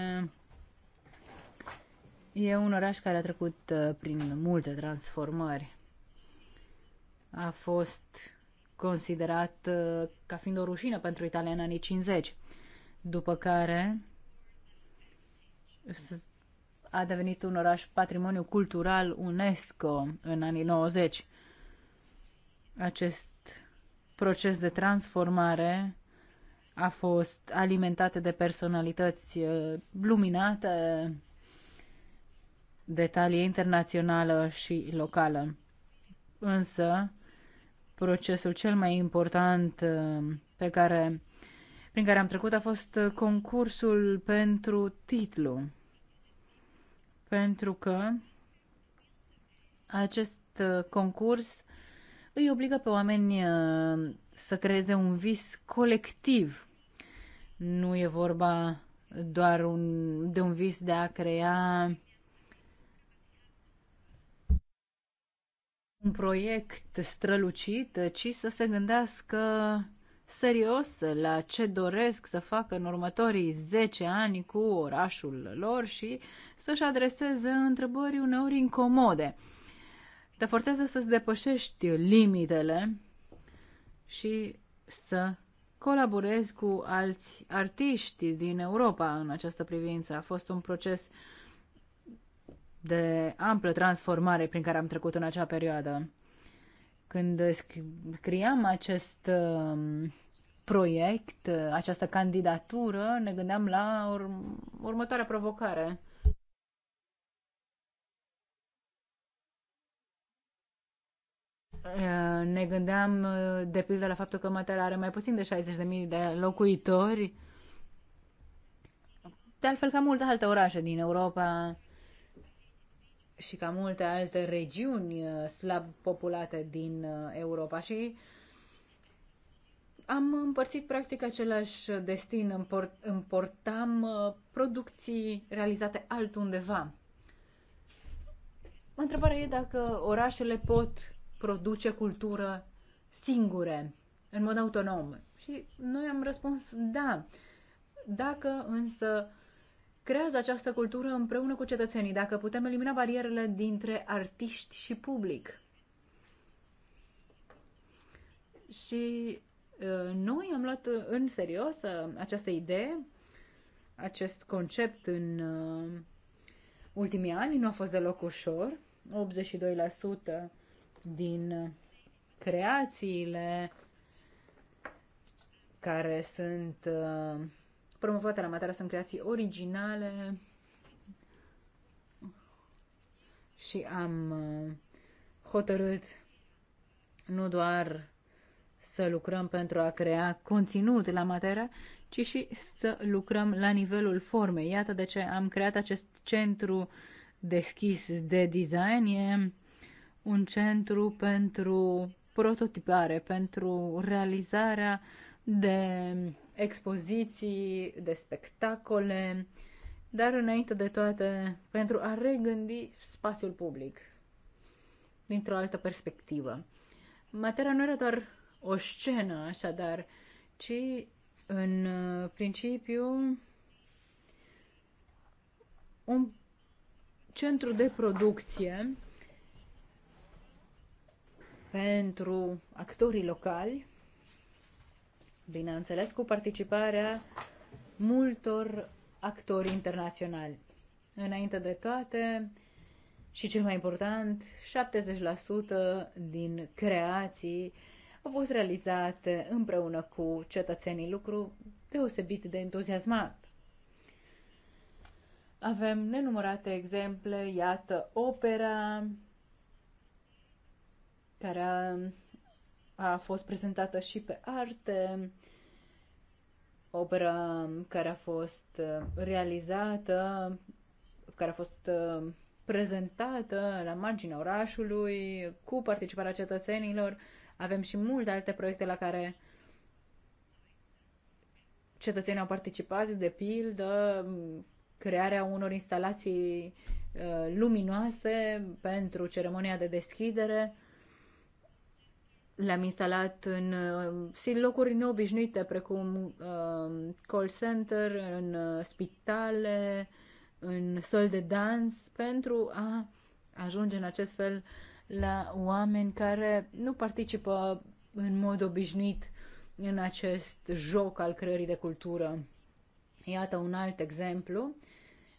e un oraș care a trecut uh, prin multe transformări. A fost considerat uh, ca fiind o rușină pentru italia în anii 50, după care a devenit un oraș patrimoniu cultural UNESCO în anii 90. Acest proces de transformare a fost alimentat de personalități uh, luminate, talie internațională și locală. Însă, procesul cel mai important uh, pe care, prin care am trecut a fost uh, concursul pentru titlu pentru că acest uh, concurs îi obligă pe oameni uh, să creeze un vis colectiv. Nu e vorba doar un, de un vis de a crea un proiect strălucit, ci să se gândească serios la ce doresc să facă în următorii 10 ani cu orașul lor și să-și adreseze întrebări uneori incomode. Te forțează să-ți depășești limitele și să colaborezi cu alți artiști din Europa în această privință. A fost un proces de amplă transformare prin care am trecut în acea perioadă. Când scriam acest um, proiect, această candidatură, ne gândeam la urm- următoarea provocare. Uh, ne gândeam, uh, de pildă, la faptul că Matera are mai puțin de 60.000 de locuitori, de altfel ca multe alte orașe din Europa și ca multe alte regiuni uh, slab populate din uh, Europa și am împărțit practic același destin, importam uh, producții realizate altundeva. Întrebarea e dacă orașele pot produce cultură singure, în mod autonom. Și noi am răspuns da. Dacă însă uh, creează această cultură împreună cu cetățenii, dacă putem elimina barierele dintre artiști și public. Și uh, noi am luat în serios uh, această idee, acest concept în uh, ultimii ani, nu a fost deloc ușor. 82% din creațiile care sunt promovate la Matera sunt creații originale și am uh, hotărât nu doar să lucrăm pentru a crea conținut la Matera, ci și să lucrăm la nivelul formei. Iată de ce am creat acest centru deschis de design. E un centru pentru prototipare, pentru realizarea de expoziții, de spectacole, dar înainte de toate pentru a regândi spațiul public dintr-o altă perspectivă. Matera nu era doar o scenă, așadar, ci în uh, principiu un centru de producție pentru actorii locali bineînțeles cu participarea multor actori internaționali. Înainte de toate, și cel mai important, 70% din creații au fost realizate împreună cu cetățenii, lucru deosebit de entuziasmat. Avem nenumărate exemple, iată opera care a a fost prezentată și pe arte, opera care a fost uh, realizată, care a fost uh, prezentată la marginea orașului, cu participarea cetățenilor. Avem și multe alte proiecte la care cetățenii au participat, de pildă crearea unor instalații uh, luminoase pentru ceremonia de deschidere le-am instalat în uh, locuri neobișnuite, precum uh, call center, în uh, spitale, în săli de dans, pentru a ajunge în acest fel la oameni care nu participă în mod obișnuit în acest joc al creării de cultură. Iată un alt exemplu.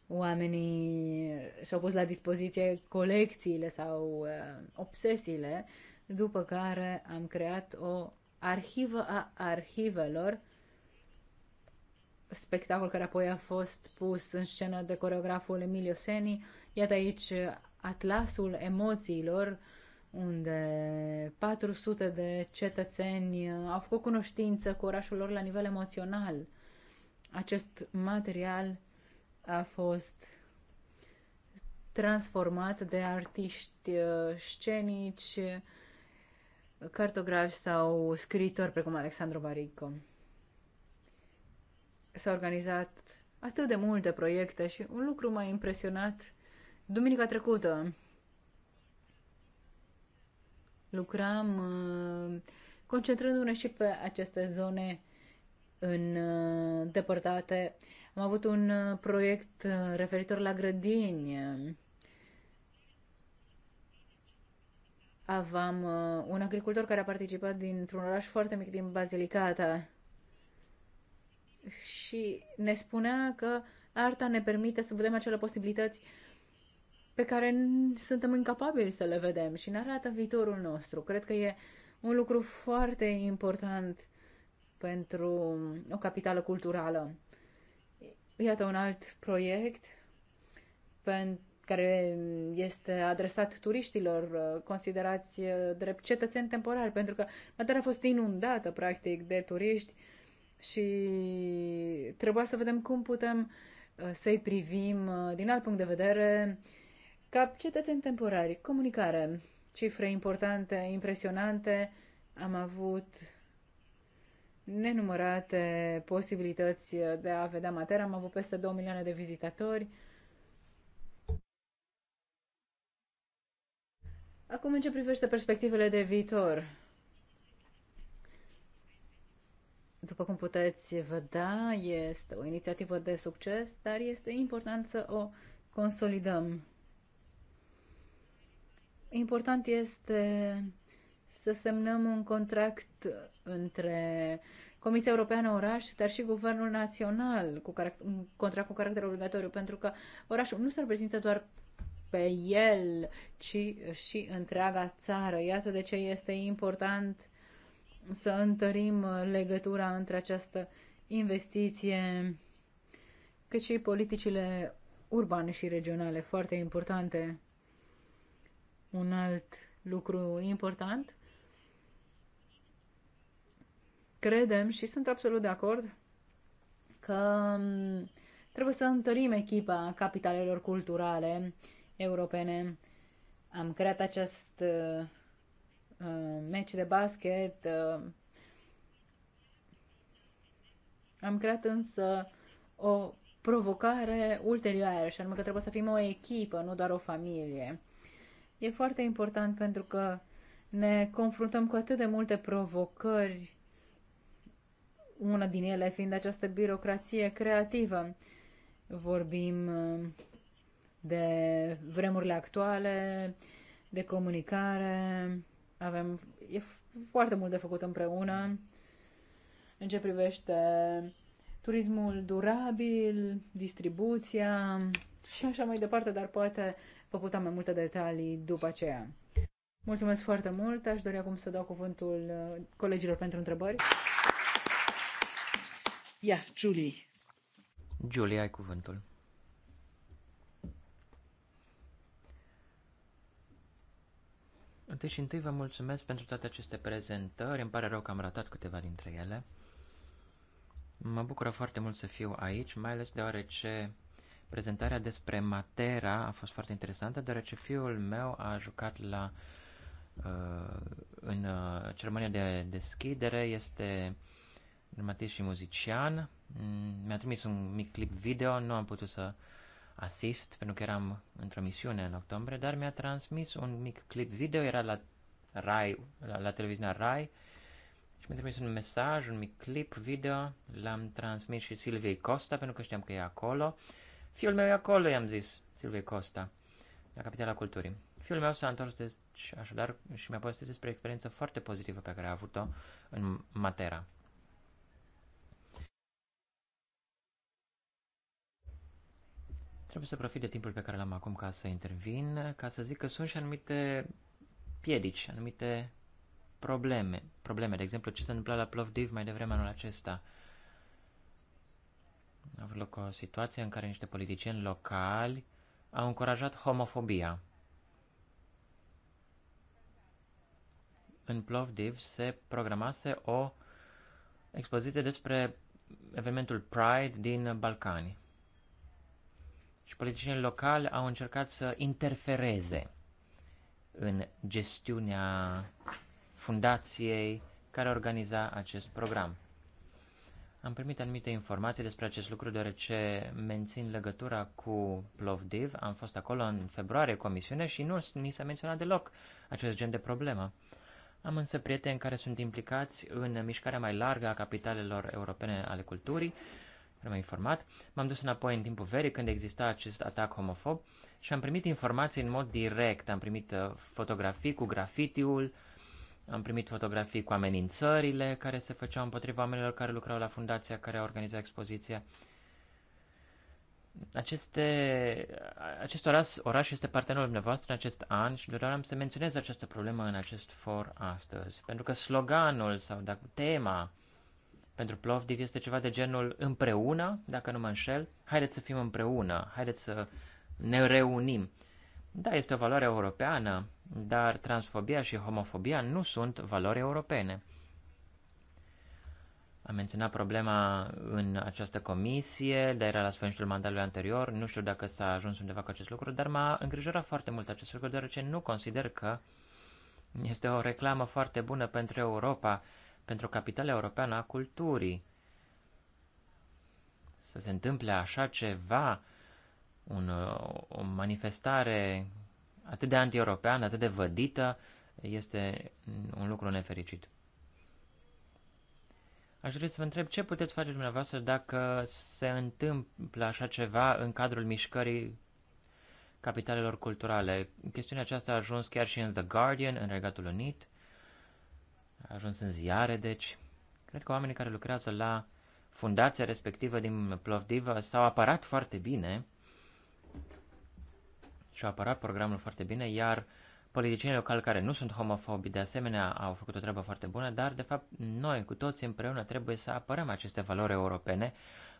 Oamenii și-au pus la dispoziție colecțiile sau obsesiile uh, după care am creat o arhivă a arhivelor, spectacol care apoi a fost pus în scenă de coreograful Emilio Seni. Iată aici Atlasul emoțiilor, unde 400 de cetățeni au făcut cunoștință cu orașul lor la nivel emoțional. Acest material a fost transformat de artiști uh, scenici, cartografi sau scriitori precum Alexandru Varico. S-a organizat atât de multe proiecte și un lucru m-a impresionat duminica trecută. Lucram uh, concentrându-ne și pe aceste zone uh, depărtate. Am avut un uh, proiect referitor la grădini aveam uh, un agricultor care a participat dintr-un oraș foarte mic din Basilicata și ne spunea că arta ne permite să vedem acele posibilități pe care suntem incapabili să le vedem și ne arată viitorul nostru. Cred că e un lucru foarte important pentru o capitală culturală. Iată un alt proiect pentru care este adresat turiștilor uh, considerați uh, drept cetățeni temporari, pentru că Madeira a fost inundată, practic, de turiști și trebuia să vedem cum putem uh, să-i privim din alt punct de vedere ca cetățeni temporari. Comunicare, cifre importante, impresionante. Am avut nenumărate posibilități de a vedea Matera. Am avut peste 2 milioane de vizitatori. Acum, în ce privește perspectivele de viitor, după cum puteți vedea, este o inițiativă de succes, dar este important să o consolidăm. Important este să semnăm un contract între Comisia Europeană Oraș, dar și Guvernul Național, cu un contract cu caracter obligatoriu, pentru că orașul nu se reprezintă doar pe el, ci și întreaga țară. Iată de ce este important să întărim legătura între această investiție, cât și politicile urbane și regionale, foarte importante. Un alt lucru important. Credem și sunt absolut de acord că trebuie să întărim echipa capitalelor culturale europene. Am creat acest uh, uh, meci de basket. Uh, am creat însă o provocare ulterioară și anume că trebuie să fim o echipă, nu doar o familie. E foarte important pentru că ne confruntăm cu atât de multe provocări, una din ele fiind această birocrație creativă. Vorbim uh, de vremurile actuale, de comunicare. Avem, e foarte mult de făcut împreună în ce privește turismul durabil, distribuția și așa mai departe, dar poate vă putea mai multe detalii după aceea. Mulțumesc foarte mult. Aș dori acum să dau cuvântul uh, colegilor pentru întrebări. Ia, Julie. Julie, ai cuvântul. Întâi și întâi vă mulțumesc pentru toate aceste prezentări. Îmi pare rău că am ratat câteva dintre ele. Mă bucură foarte mult să fiu aici, mai ales deoarece prezentarea despre Matera a fost foarte interesantă, deoarece fiul meu a jucat la uh, în uh, ceremonia de deschidere, este dramatist și muzician. Mm, mi-a trimis un mic clip video, nu am putut să asist pentru că eram într-o misiune în octombrie, dar mi-a transmis un mic clip video, era la Rai, la, la televiziunea Rai și mi-a trimis un mesaj, un mic clip video, l-am transmis și Silviei Costa pentru că știam că e acolo. Fiul meu e acolo, i-am zis, Silviei Costa, la Capitala Culturii. Fiul meu s-a întors deci, așadar și mi-a povestit despre experiență foarte pozitivă pe care a avut-o în Matera. Trebuie să profit de timpul pe care l-am acum ca să intervin, ca să zic că sunt și anumite piedici, anumite probleme. Probleme, de exemplu, ce s-a întâmplat la Plovdiv mai devreme anul acesta. A avut loc o situație în care niște politicieni locali au încurajat homofobia. În Plovdiv se programase o expoziție despre evenimentul Pride din Balcani și politicienii locali au încercat să interfereze în gestiunea fundației care organiza acest program. Am primit anumite informații despre acest lucru deoarece mențin legătura cu Plovdiv. Am fost acolo în februarie comisiune și nu ni s-a menționat deloc acest gen de problemă. Am însă prieteni care sunt implicați în mișcarea mai largă a capitalelor europene ale culturii rămâi informat. M-am dus înapoi în timpul verii când exista acest atac homofob și am primit informații în mod direct. Am primit uh, fotografii cu grafitiul, am primit fotografii cu amenințările care se făceau împotriva oamenilor care lucrau la fundația care a organizat expoziția. Aceste, acest oraș, oraș este partenerul dumneavoastră în acest an și doar am să menționez această problemă în acest for astăzi. Pentru că sloganul sau dacă tema pentru Plovdiv este ceva de genul împreună, dacă nu mă înșel, haideți să fim împreună, haideți să ne reunim. Da, este o valoare europeană, dar transfobia și homofobia nu sunt valori europene. Am menționat problema în această comisie, dar era la sfârșitul mandatului anterior, nu știu dacă s-a ajuns undeva cu acest lucru, dar m-a îngrijorat foarte mult acest lucru, deoarece nu consider că este o reclamă foarte bună pentru Europa pentru capitala europeană a culturii. Să se întâmple așa ceva, un, o manifestare atât de anti-europeană, atât de vădită, este un lucru nefericit. Aș dori să vă întreb ce puteți face dumneavoastră dacă se întâmplă așa ceva în cadrul mișcării capitalelor culturale. Chestiunea aceasta a ajuns chiar și în The Guardian, în Regatul Unit, a ajuns în ziare, deci cred că oamenii care lucrează la fundația respectivă din Plovdiv s-au apărat foarte bine și au apărat programul foarte bine, iar politicienii locali care nu sunt homofobi, de asemenea, au făcut o treabă foarte bună, dar, de fapt, noi cu toți împreună trebuie să apărăm aceste valori europene,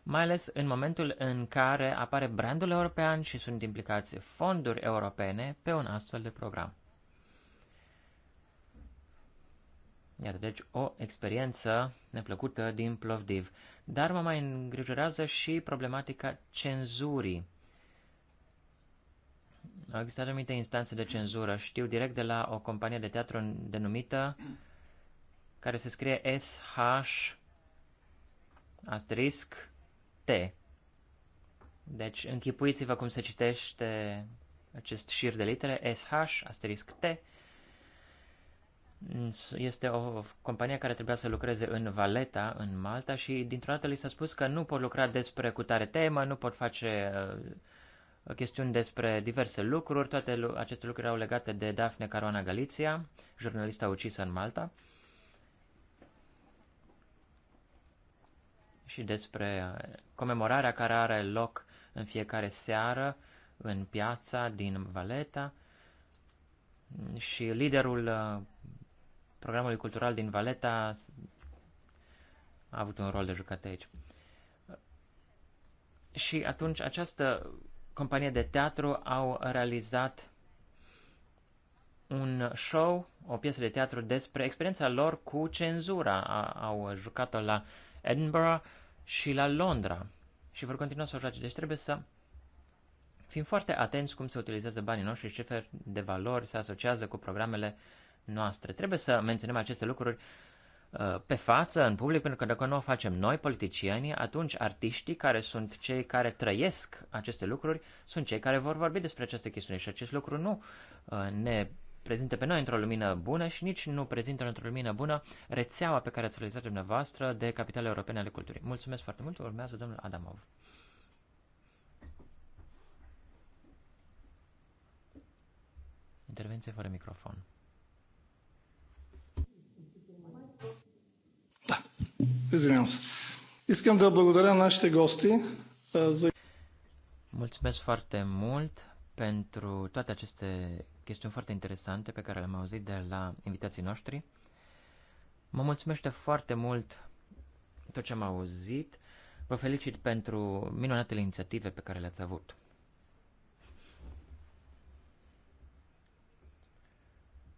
mai ales în momentul în care apare brandul european și sunt implicați fonduri europene pe un astfel de program. Iată, deci o experiență neplăcută din Plovdiv. Dar mă mai îngrijorează și problematica cenzurii. Au existat anumite instanțe de cenzură. Știu direct de la o companie de teatru denumită, care se scrie SH asterisc T. Deci închipuiți-vă cum se citește acest șir de litere, SH asterisc T, este o companie care trebuia să lucreze în Valeta, în Malta și dintr-o dată li s-a spus că nu pot lucra despre cutare temă, nu pot face uh, chestiuni despre diverse lucruri. Toate aceste lucruri erau legate de Daphne Caruana Galizia, jurnalista ucisă în Malta. Și despre uh, comemorarea care are loc în fiecare seară în piața din Valeta. Și liderul uh, programului cultural din Valeta a avut un rol de jucat aici. Și atunci această companie de teatru au realizat un show, o piesă de teatru despre experiența lor cu cenzura. a Au jucat-o la Edinburgh și la Londra și vor continua să o joace. Deci trebuie să fim foarte atenți cum se utilizează banii noștri și ce fel de valori se asociază cu programele uh, noastre. Trebuie să menționăm aceste lucruri uh, pe față, în public, pentru că dacă nu o facem noi, politicienii, atunci artiștii care sunt cei care trăiesc aceste lucruri, sunt cei care vor vorbi despre aceste chestiuni și acest lucru nu uh, ne prezintă pe noi într-o lumină bună și nici nu prezintă într-o lumină bună rețeaua pe care ați realizat dumneavoastră de capitale europene ale culturii. Mulțumesc foarte mult, urmează domnul Adamov. Intervenție fără microfon. Извинявам се. Искам да благодаря нашите гости за... Mulțumesc foarte mult pentru toate aceste chestiuni foarte interesante pe care le-am auzit de la invitații noștri. Mă mulțumește foarte mult tot ce am auzit. Vă felicit pentru minunatele inițiative pe care le-ați avut.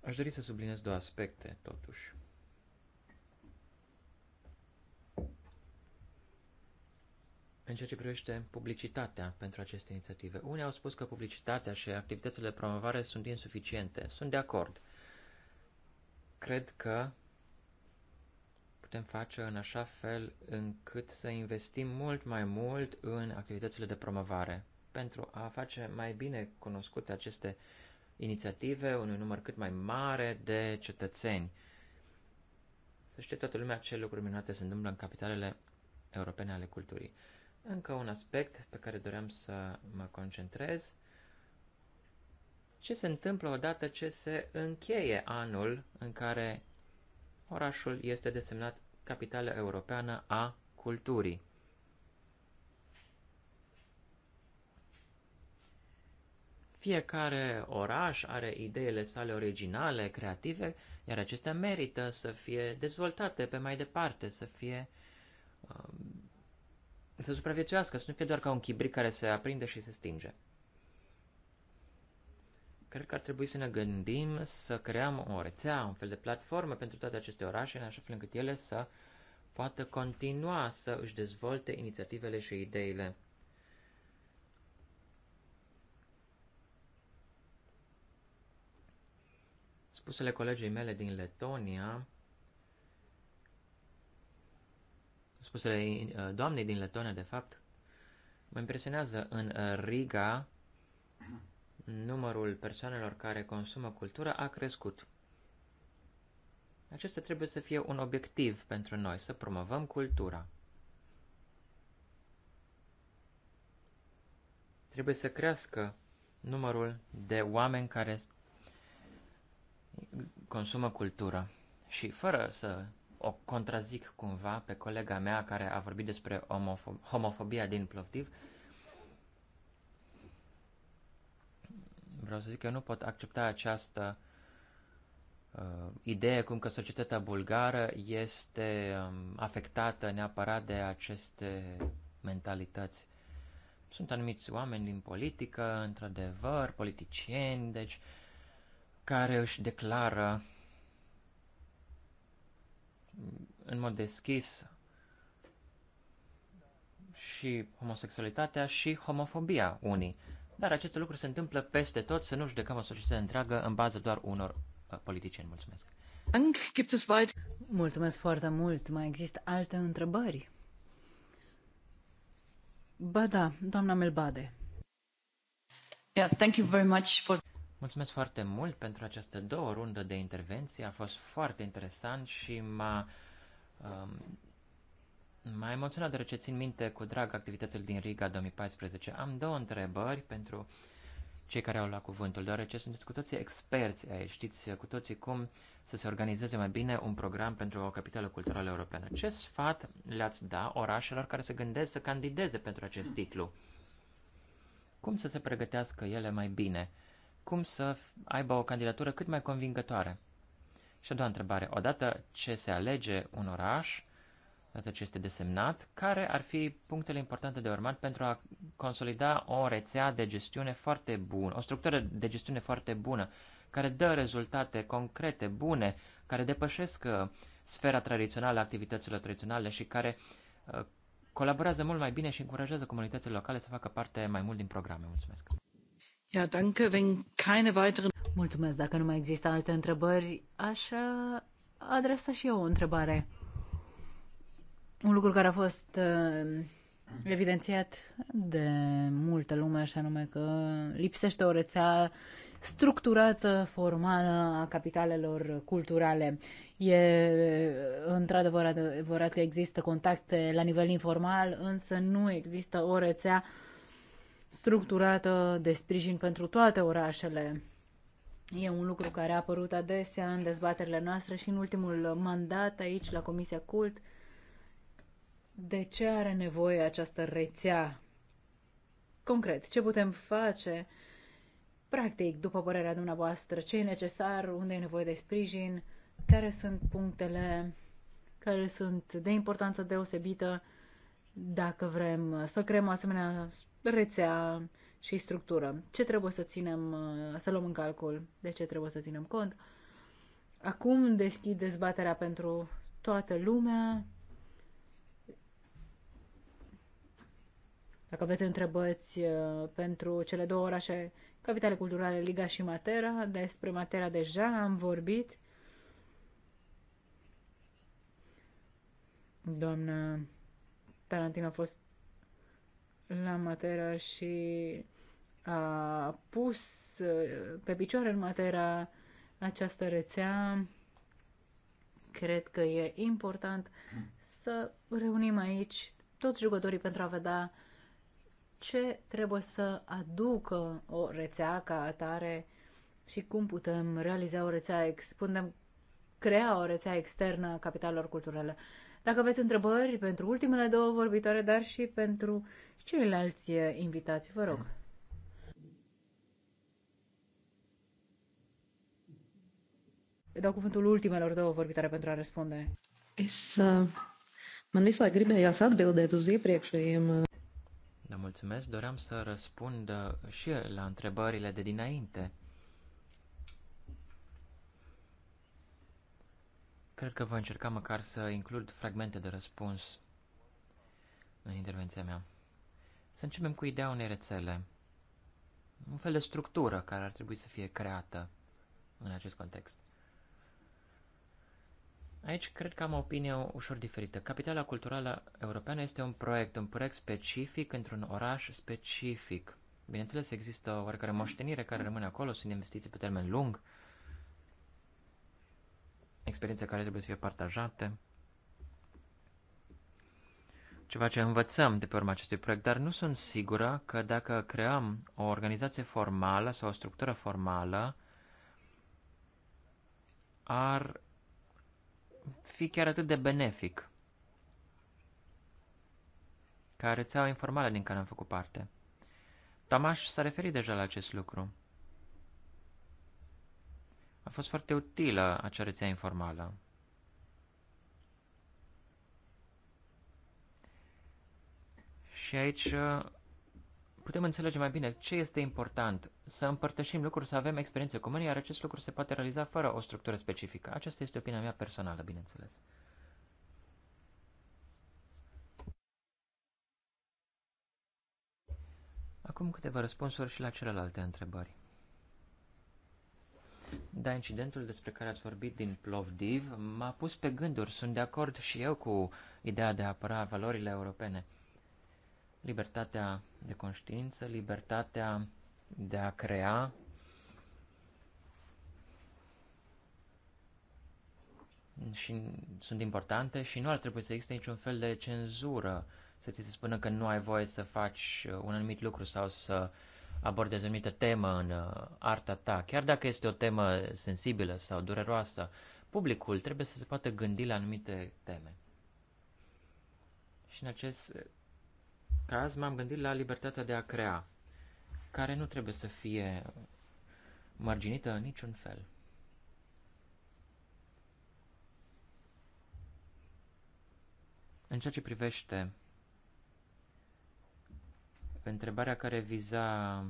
Aș dori să subliniez două aspecte, totuși. în ceea ce privește publicitatea pentru aceste inițiative. Unii au spus că publicitatea și activitățile de promovare sunt insuficiente. Sunt de acord. Cred că putem face în așa fel încât să investim mult mai mult în activitățile de promovare pentru a face mai bine cunoscute aceste inițiative unui număr cât mai mare de cetățeni. Să știe toată lumea ce lucruri minunate se întâmplă în capitalele europene ale culturii. Încă un aspect pe care doream să mă concentrez. Ce se întâmplă odată ce se încheie anul în care orașul este desemnat capitală europeană a culturii? Fiecare oraș are ideile sale originale, creative, iar acestea merită să fie dezvoltate pe mai departe, să fie um, să supraviețuiască, să nu fie doar ca un chibric care se aprinde și se stinge. Cred că ar trebui să ne gândim să creăm o rețea, un fel de platformă pentru toate aceste orașe, în așa fel încât ele să poată continua să își dezvolte inițiativele și ideile. Spusele colegii mele din Letonia spusele uh, doamnei din Letonia, de fapt, mă impresionează în uh, Riga numărul persoanelor care consumă cultură a crescut. Acesta trebuie să fie un obiectiv pentru noi, să promovăm cultura. Trebuie să crească numărul de oameni care consumă cultură. Și fără să o contrazic cumva pe colega mea care a vorbit despre homofob- homofobia din Plovdiv. Vreau să zic că eu nu pot accepta această uh, idee cum că societatea bulgară este um, afectată neapărat de aceste mentalități. Sunt anumiți oameni din politică, într-adevăr, politicieni, deci, care își declară în mod deschis și homosexualitatea și homofobia unii. Dar aceste lucruri se întâmplă peste tot, să nu judecăm o societate întreagă în bază doar unor uh, politicieni. Mulțumesc! Mulțumesc foarte mult! Mai există alte întrebări? Ba da, doamna Melbade. Yeah, thank you very much for... Mulțumesc foarte mult pentru această două rundă de intervenții. A fost foarte interesant și m-a um, m-a emoționat deoarece țin minte cu drag activitățile din Riga 2014. Am două întrebări pentru cei care au luat cuvântul, deoarece sunteți cu toții experți aici, știți cu toții cum să se organizeze mai bine un program pentru o capitală culturală europeană. Ce sfat le-ați da orașelor care se gândesc să candideze pentru acest titlu? Cum să se pregătească ele mai bine? cum să aibă o candidatură cât mai convingătoare. Și a doua întrebare, odată ce se alege un oraș, odată ce este desemnat, care ar fi punctele importante de urmat pentru a consolida o rețea de gestiune foarte bună, o structură de gestiune foarte bună, care dă rezultate concrete, bune, care depășesc uh, sfera tradițională, activitățile tradiționale și care uh, colaborează mult mai bine și încurajează comunitățile locale să facă parte mai mult din programe. Mulțumesc! Ja, danke. Wenn keine weiteren... Mulțumesc. Dacă nu mai există alte întrebări, aș uh, adresa și eu o întrebare. Un lucru care a fost uh, evidențiat de multă lume, așa nume că lipsește o rețea structurată, formală a capitalelor culturale. E într-adevăr adevărat că există contacte la nivel informal, însă nu există o rețea uh, structurată de sprijin pentru toate orașele. E un lucru care a apărut adesea în dezbaterile noastre și în ultimul mandat aici la Comisia Cult. De ce are nevoie această rețea? Concret, ce putem face? Practic, după părerea dumneavoastră, ce e necesar, unde e nevoie de sprijin, care sunt punctele care sunt de importanță deosebită dacă vrem să creăm o asemenea rețea și structură. Ce trebuie să ținem, să luăm în calcul, de ce trebuie să ținem cont. Acum deschid dezbaterea pentru toată lumea. Dacă aveți întrebări uh, pentru cele două orașe capitale culturale, Liga și Matera, despre Matera deja am vorbit. Doamna Tarantino a fost la Matera și a pus uh, pe picioare în Matera această rețea. Cred că e important să reunim aici toți jucătorii pentru a vedea ce trebuie să aducă o rețea ca atare și cum putem realiza o rețea, putem crea o rețea externă a capitalelor culturale. Dacă aveți întrebări pentru ultimele două vorbitoare, dar și pentru ceilalți eh, invitați, vă rog. Îi dau cuvântul ultimelor două vorbitoare pentru a răspunde. Es, eh, man visu laiku gribējās atbildēt uz iepriekšējiem. Eh, da, mulțumesc. Doream să răspund și la întrebările de dinainte. Cred că voi încerca măcar să includ fragmente de răspuns în intervenția mea. Să începem cu ideea unei rețele. Un fel de structură care ar trebui să fie creată în acest context. Aici cred că am o opinie ușor diferită. Capitala culturală europeană este un proiect, un proiect specific într-un oraș specific. Bineînțeles, există o oarecare moștenire care rămâne acolo, sunt investiții pe termen lung, experiențe care trebuie să fie partajate, ceva ce învățăm de pe urma acestui proiect, dar nu sunt sigură că dacă creăm o organizație formală sau o structură formală, ar fi chiar atât de benefic ca rețeaua informală din care am făcut parte. Tamaș s-a referit deja la acest lucru fost foarte utilă acea rețea informală. Și aici uh, putem înțelege mai bine ce este important, să împărtășim lucruri, să avem experiențe comune, iar acest lucru se poate realiza fără o structură specifică. Aceasta este opinia mea personală, bineînțeles. Acum câteva răspunsuri și la celelalte întrebări. Da, incidentul despre care ați vorbit din Plovdiv m-a pus pe gânduri. Sunt de acord și eu cu ideea de a apăra valorile europene. Libertatea de conștiință, libertatea de a crea. Și sunt importante și nu ar trebui să existe niciun fel de cenzură, să ți se spună că nu ai voie să faci un anumit lucru sau să uh, abordezi o anumită temă în uh, arta ta, chiar dacă este o temă sensibilă sau dureroasă, publicul trebuie să se poată gândi la anumite teme. Și în acest uh, caz m-am gândit la libertatea de a crea, care nu trebuie să fie marginită în niciun fel. În ceea ce privește pe întrebarea care viza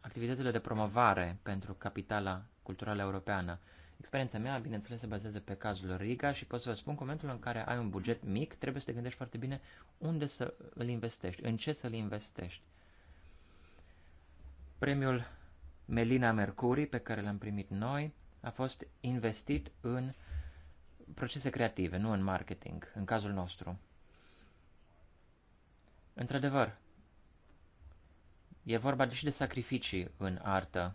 activitățile de promovare pentru capitala culturală europeană, experiența mea, bineînțeles, se bazează pe cazul Riga și pot să vă spun că în momentul în care ai un buget mic, trebuie să te gândești foarte bine unde să îl investești, în ce să îl investești. Premiul Melina Mercuri, pe care l-am primit noi, a fost investit în procese creative, nu în marketing, în cazul nostru. Într-adevăr, e vorba și de sacrificii în artă.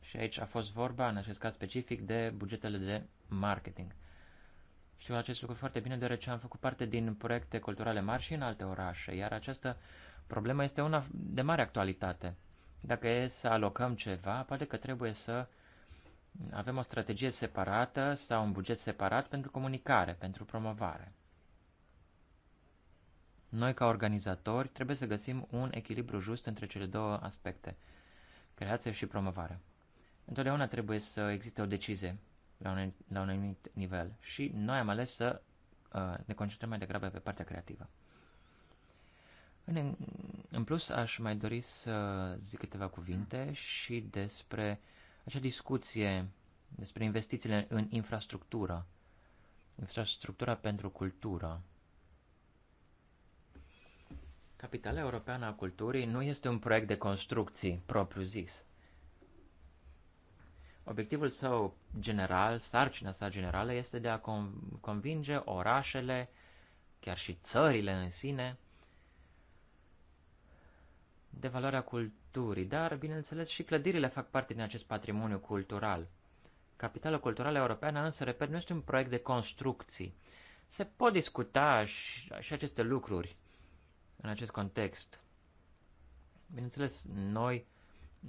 Și aici a fost vorba, în acest caz specific, de bugetele de marketing. Știu acest lucru foarte bine, deoarece am făcut parte din proiecte culturale mari și în alte orașe, iar această problemă este una de mare actualitate. Dacă e să alocăm ceva, poate că trebuie să avem o strategie separată sau un buget separat pentru comunicare, pentru promovare. Noi, ca organizatori, trebuie să găsim un echilibru just între cele două aspecte, creație și promovare. Întotdeauna trebuie să existe o decizie la un, la un anumit nivel și noi am ales să uh, ne concentrăm mai degrabă pe partea creativă. În, în plus, aș mai dori să zic câteva cuvinte și despre acea discuție despre investițiile în infrastructură, infrastructura pentru cultură, Capitala Europeană a Culturii nu este un proiect de construcții propriu-zis. Obiectivul său general, sarcina sa generală, este de a convinge orașele, chiar și țările în sine, de valoarea culturii, dar, bineînțeles, și clădirile fac parte din acest patrimoniu cultural. Capitala culturală europeană, însă, repet, nu este un proiect de construcții. Se pot discuta și, și aceste lucruri în acest context. Bineînțeles, noi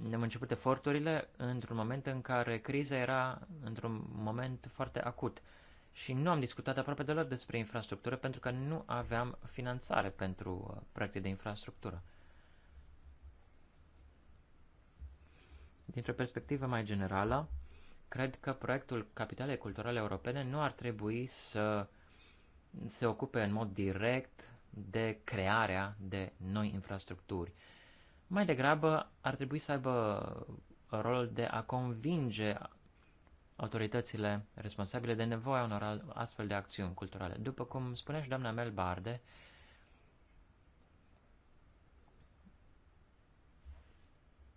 ne-am început eforturile într-un moment în care criza era într-un moment foarte acut și nu am discutat aproape deloc despre infrastructură pentru că nu aveam finanțare pentru uh, proiecte de infrastructură. Dintr-o perspectivă mai generală, cred că proiectul Capitale Culturale Europene nu ar trebui să se ocupe în mod direct de crearea de noi infrastructuri. Mai degrabă ar trebui să aibă rolul de a convinge autoritățile responsabile de nevoia unor astfel de acțiuni culturale. După cum spunea și doamna Mel Barde,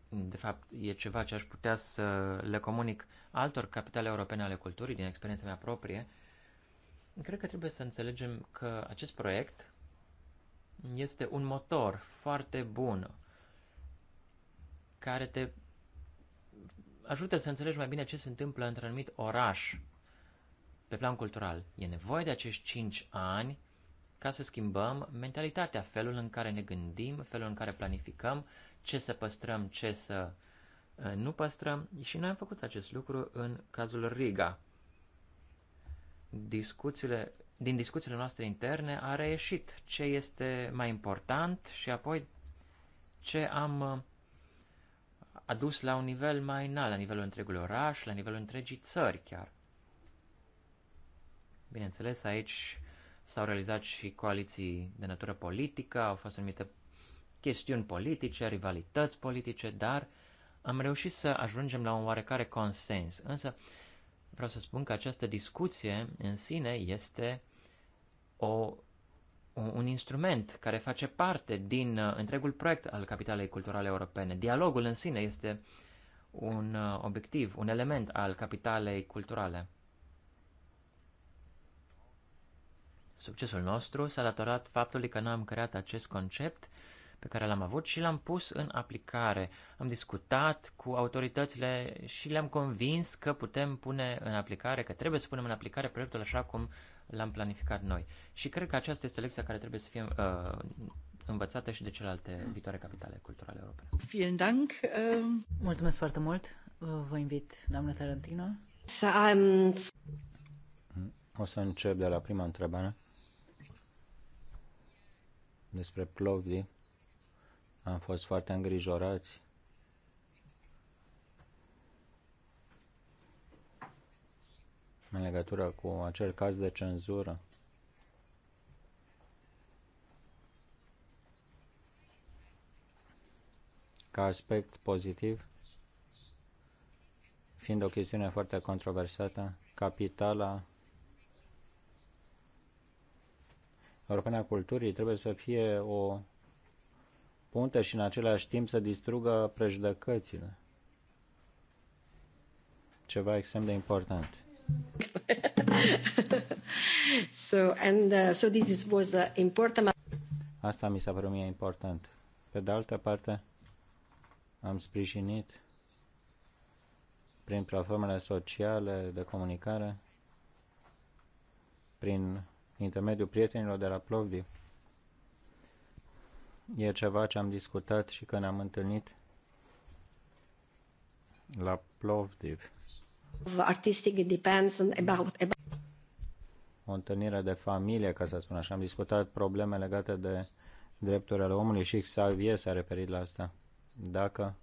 de fapt e ceva ce aș putea să le comunic altor capitale europene ale culturii din experiența mea proprie, cred că trebuie să înțelegem că acest proiect este un motor foarte bun care te ajută să înțelegi mai bine ce se întâmplă într-un anumit oraș pe plan cultural. E nevoie de acești 5 ani ca să schimbăm mentalitatea, felul în care ne gândim, felul în care planificăm, ce să păstrăm, ce să uh, nu păstrăm și noi am făcut acest lucru în cazul Riga. Discuțiile din discuțiile noastre interne a reieșit ce este mai important și apoi ce am uh, adus la un nivel mai înalt, la nivelul întregului oraș, la nivelul întregii țări chiar. Bineînțeles, aici s-au realizat și coaliții de natură politică, au fost anumite chestiuni politice, rivalități politice, dar am reușit să ajungem la un oarecare consens. Însă, vreau să spun că această discuție în sine este o, un instrument care face parte din uh, întregul proiect al capitalei culturale europene. Dialogul în sine este un uh, obiectiv, un element al capitalei culturale. Succesul nostru s-a datorat faptului că noi am creat acest concept pe care l-am avut și l-am pus în aplicare. Am discutat cu autoritățile și le-am convins că putem pune în aplicare, că trebuie să punem în aplicare proiectul așa cum l-am planificat noi. Și cred că aceasta este lecția care trebuie să fie uh, învățată și de celelalte viitoare capitale culturale europene. Vielen Dank. Uh, Mulțumesc foarte mult. Vă invit, doamna Tarantino. Să am... O să încep de la prima întrebare despre Plovdiv. Am fost foarte îngrijorați în legătură cu acel caz de cenzură. Ca aspect pozitiv, fiind o chestiune foarte controversată, capitala europeană a culturii trebuie să fie o punte și în același timp să distrugă prejudecățile. Ceva extrem de important. so, and, uh, so this was uh, important. Asta mi s-a părut mie important. Pe de altă parte, am sprijinit prin platformele sociale de comunicare, prin intermediul prietenilor de la Plovdiv. E ceva ce am discutat și când am întâlnit la Plovdiv. Artistic depends about, about o întâlnire de familie, ca să spun așa. Am discutat probleme legate de drepturile omului și Xavier s-a referit la asta. Dacă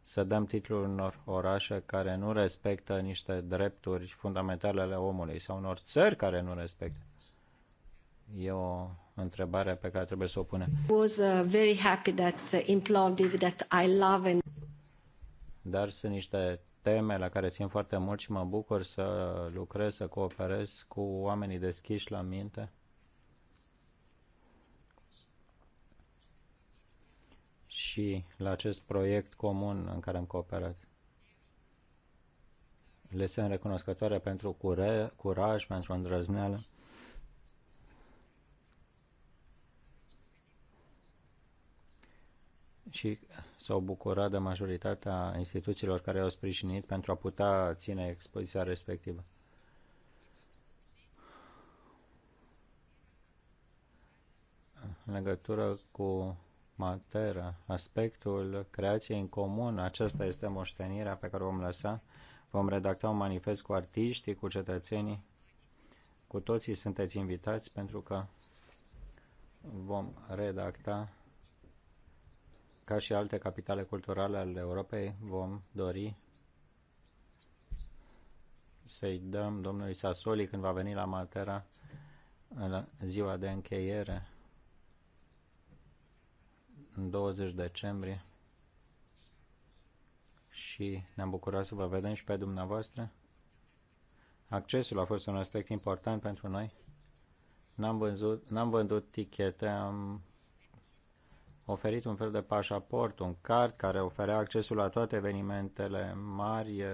să dăm titlul unor orașe care nu respectă niște drepturi fundamentale ale omului sau unor țări care nu respectă. E o întrebare pe care trebuie să o punem. Was uh, very happy that uh, imploded that I love and... Dar sunt niște teme la care țin foarte mult și mă bucur să lucrez, să cooperez cu oamenii deschiși la minte. și la acest proiect comun în care am cooperat. Le sunt recunoscătoare pentru curaj, pentru îndrăzneală. Și s-au bucurat de majoritatea instituțiilor care au sprijinit pentru a putea ține expoziția respectivă. În legătură cu matera, aspectul creației în comun, aceasta este moștenirea pe care o vom lăsa. Vom redacta un manifest cu artiștii, cu cetățenii. Cu toții sunteți invitați pentru că vom redacta ca și alte capitale culturale ale Europei, vom dori să-i dăm domnului Sasoli când va veni la Matera în ziua de încheiere în 20 decembrie și ne-am bucurat să vă vedem și pe dumneavoastră. Accesul a fost un aspect important pentru noi. N-am, vândut n-am vândut tichete, am oferit un fel de pașaport, un card care oferea accesul la toate evenimentele mari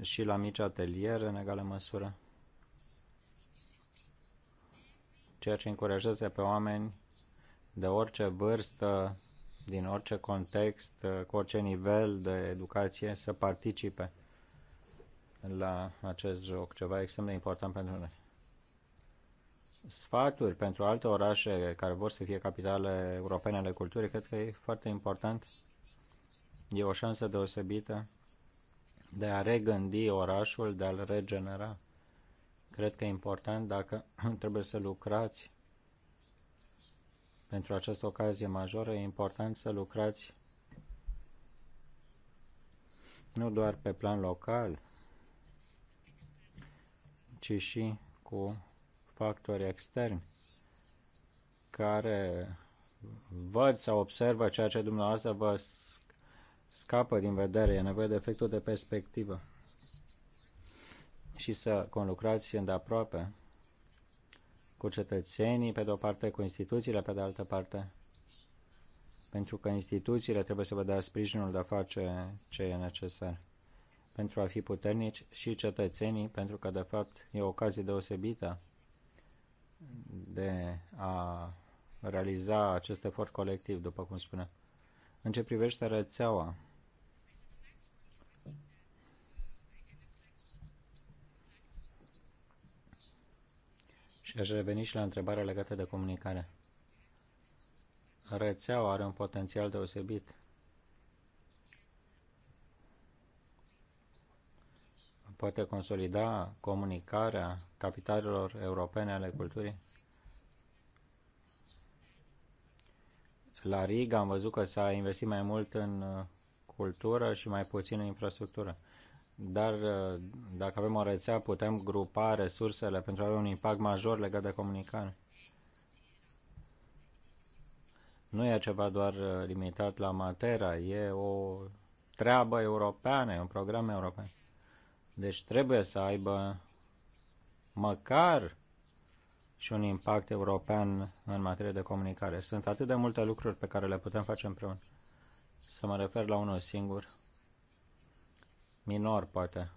și la mici ateliere în egală măsură. Ceea ce încurajează pe oameni de orice vârstă, din orice context, cu orice nivel de educație să participe la acest joc, ceva extrem de important pentru noi sfaturi pentru alte orașe care vor să fie capitale europene ale culturii, cred că e foarte important. E o șansă deosebită de a regândi orașul, de a-l regenera. Cred că e important dacă trebuie să lucrați pentru această ocazie majoră, e important să lucrați nu doar pe plan local, ci și cu factori externi care văd sau observă ceea ce dumneavoastră vă scapă din vedere. E nevoie de efectul de perspectivă și să conlucrați îndeaproape cu cetățenii, pe de o parte, cu instituțiile, pe de altă parte, pentru că instituțiile trebuie să vă dea sprijinul de a face ce e necesar pentru a fi puternici și cetățenii, pentru că, de fapt, e o ocazie deosebită de a realiza acest efort colectiv, după cum spune. În ce privește rețeaua, și aș reveni și la întrebarea legată de comunicare. Rețeaua are un potențial deosebit. Poate consolida comunicarea capitalelor europene ale culturii. La Riga am văzut că s-a investit mai mult în uh, cultură și mai puțin în infrastructură. Dar uh, dacă avem o rețea, putem grupa resursele pentru a avea un impact major legat de comunicare. Nu e ceva doar uh, limitat la Matera, e o treabă europeană, e un program european. Deci trebuie să aibă măcar și un impact european în materie de comunicare. Sunt atât de multe lucruri pe care le putem face împreună. Să mă refer la unul singur, minor poate.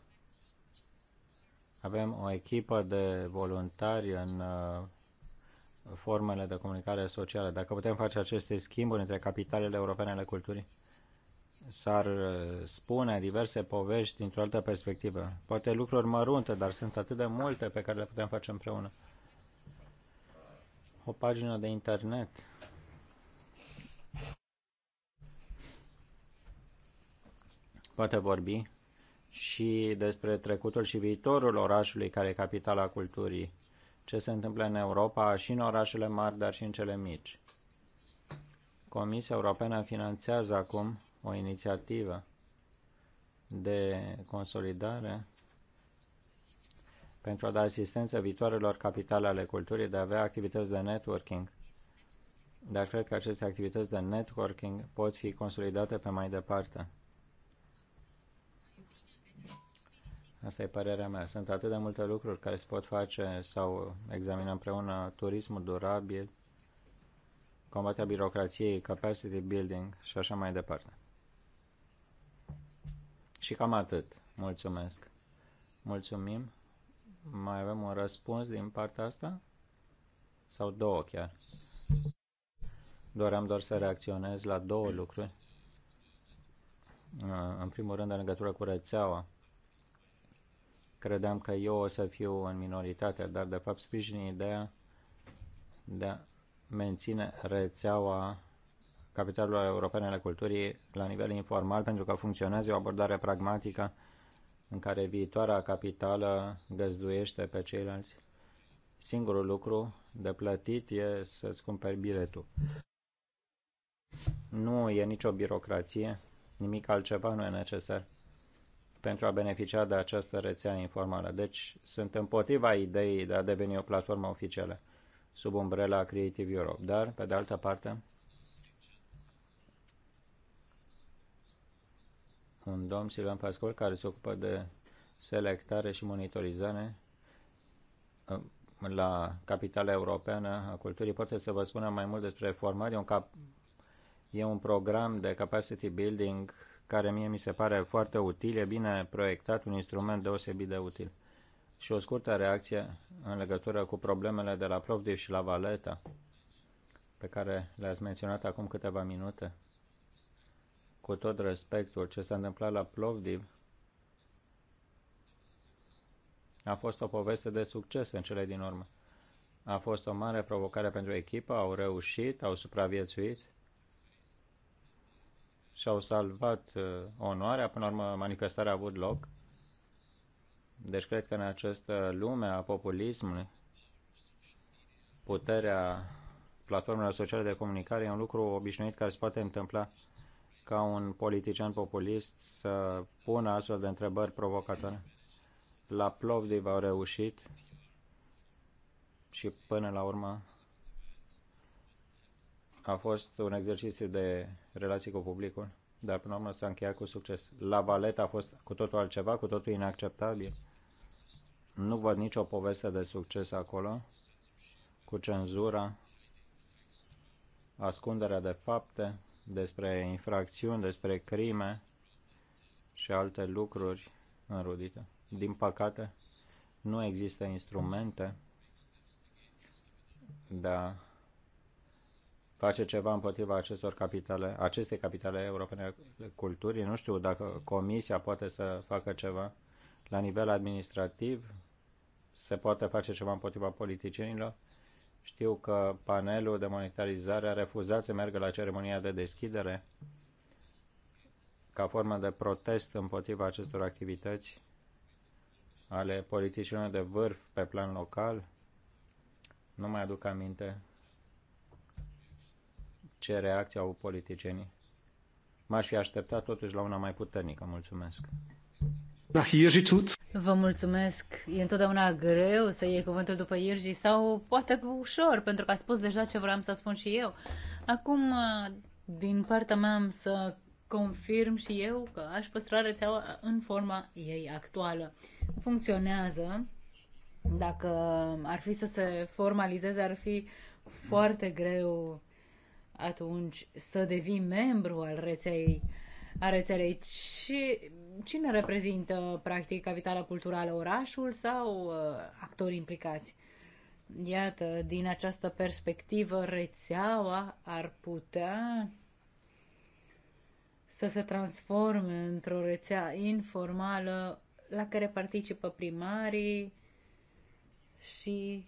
Avem o echipă de voluntari în uh, formele de comunicare socială. Dacă putem face aceste schimburi între capitalele europene ale culturii, s-ar uh, spune diverse povești dintr-o altă perspectivă. Poate lucruri mărunte, dar sunt atât de multe pe care le putem face împreună. O pagină de internet. Poate vorbi și despre trecutul și viitorul orașului care e capitala culturii. Ce se întâmplă în Europa și în orașele mari, dar și în cele mici. Comisia Europeană finanțează acum o inițiativă de consolidare pentru a da asistență viitoarelor capitale ale culturii de a avea activități de networking. Dar cred că aceste activități de networking pot fi consolidate pe mai departe. Asta e părerea mea. Sunt atât de multe lucruri care se pot face sau examina împreună turismul durabil, combaterea birocrației, capacity building și așa mai departe. Și cam atât. Mulțumesc. Mulțumim. Mai avem un răspuns din partea asta? Sau două chiar? Doream doar să reacționez la două lucruri. În primul rând, în legătură cu rețeaua. Credeam că eu o să fiu în minoritate, dar de fapt sprijin ideea de a menține rețeaua capitalul europene ale culturii la nivel informal pentru că funcționează o abordare pragmatică în care viitoarea capitală găzduiește pe ceilalți. Singurul lucru de plătit e să-ți cumperi biletul. Nu e nicio birocrație, nimic altceva nu e necesar pentru a beneficia de această rețea informală. Deci sunt împotriva ideii de a deveni o platformă oficială sub umbrela Creative Europe, dar, pe de altă parte, un domn, Silvan Pascol, care se ocupă de selectare și monitorizare uh, la capitala europeană a culturii. Poate să vă spună mai mult despre formare. E un, cap, e un program de capacity building care mie mi se pare foarte util, e bine proiectat, un instrument deosebit de util. Și o scurtă reacție în legătură cu problemele de la Plovdiv și la Valeta, pe care le-ați menționat acum câteva minute cu tot respectul, ce s-a întâmplat la Plovdiv a fost o poveste de succes în cele din urmă. A fost o mare provocare pentru echipă, au reușit, au supraviețuit și au salvat uh, onoarea. Până la urmă, manifestarea a avut loc. Deci cred că în această lume a populismului, puterea platformelor sociale de comunicare e un lucru obișnuit care se poate întâmpla ca un politician populist să pună astfel de întrebări provocatoare. La Plovdiv au reușit și până la urmă a fost un exercițiu de relații cu publicul, dar până la urmă s-a încheiat cu succes. La Valet a fost cu totul altceva, cu totul inacceptabil. Nu văd nicio poveste de succes acolo, cu cenzura, ascunderea de fapte, despre infracțiuni, despre crime și alte lucruri înrudite. Din păcate, nu există instrumente de a face ceva împotriva acestor capitale, aceste capitale europene culturii. Nu știu dacă Comisia poate să facă ceva la nivel administrativ, se poate face ceva împotriva politicienilor știu că panelul de monetarizare a refuzat să meargă la ceremonia de deschidere ca formă de protest împotriva acestor activități ale politicienilor de vârf pe plan local. Nu mai aduc aminte ce reacție au politicienii. M-aș fi așteptat totuși la una mai puternică. Mulțumesc. Da, Vă mulțumesc. E întotdeauna greu să iei cuvântul după Irgi sau poate ușor, pentru că a spus deja ce vreau să spun și eu. Acum, din partea mea, am să confirm și eu că aș păstra rețeaua în forma ei actuală. Funcționează. Dacă ar fi să se formalizeze, ar fi foarte greu atunci să devii membru al rețelei a rețelei. Și cine reprezintă, practic, capitala culturală, orașul sau uh, actorii implicați? Iată, din această perspectivă, rețeaua ar putea să se transforme într-o rețea informală la care participă primarii și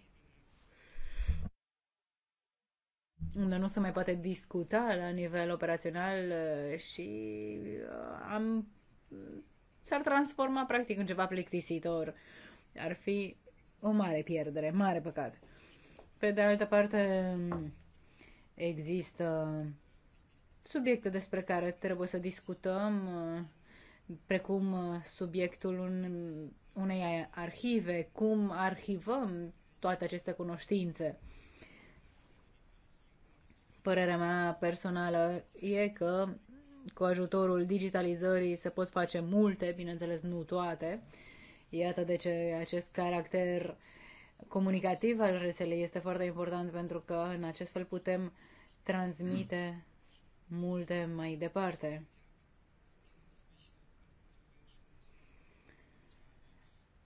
unde nu se mai poate discuta la nivel operațional uh, și uh, am, s-ar transforma practic în ceva plictisitor. Ar fi o mare pierdere, mare păcat. Pe de altă parte, există subiecte despre care trebuie să discutăm, uh, precum subiectul unei arhive, cum arhivăm toate aceste cunoștințe. Părerea mea personală e că cu ajutorul digitalizării se pot face multe, bineînțeles nu toate. Iată de ce acest caracter comunicativ al rețelei este foarte important pentru că în acest fel putem transmite multe mai departe.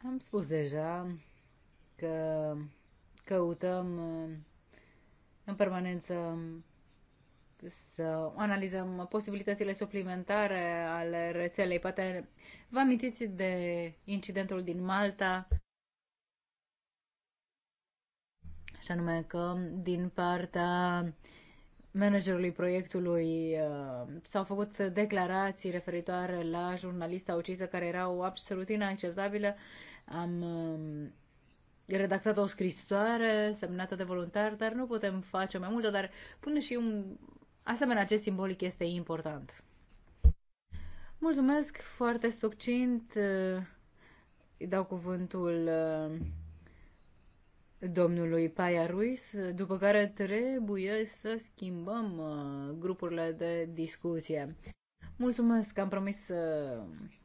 Am spus deja că căutăm în permanență să analizăm posibilitățile suplimentare ale rețelei. Poate vă amintiți de incidentul din Malta, și anume că din partea managerului proiectului uh, s-au făcut declarații referitoare la jurnalista ucisă care erau absolut inacceptabile. Am um, redactat o scrisoare semnată de voluntar, dar nu putem face mai multe, dar până și un asemenea acest simbolic este important. Mulțumesc foarte succint. Îi dau cuvântul uh, domnului Paia Ruiz, după care trebuie să schimbăm uh, grupurile de discuție. Mulțumesc, am promis uh,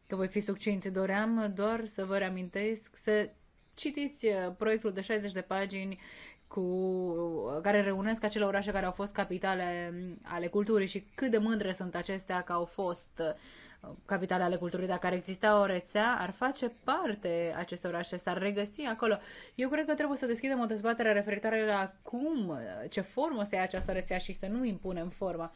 că voi fi succint. Doream doar să vă reamintesc, să citiți uh, proiectul de 60 de pagini cu, uh, care reunesc acele orașe care au fost capitale um, ale culturii și cât de mândre sunt acestea că au fost uh, capitale ale culturii. Dacă ar exista o rețea, ar face parte aceste orașe, s-ar regăsi acolo. Eu cred că trebuie să deschidem o dezbatere referitoare la cum, ce formă să ia această rețea și să nu impunem forma.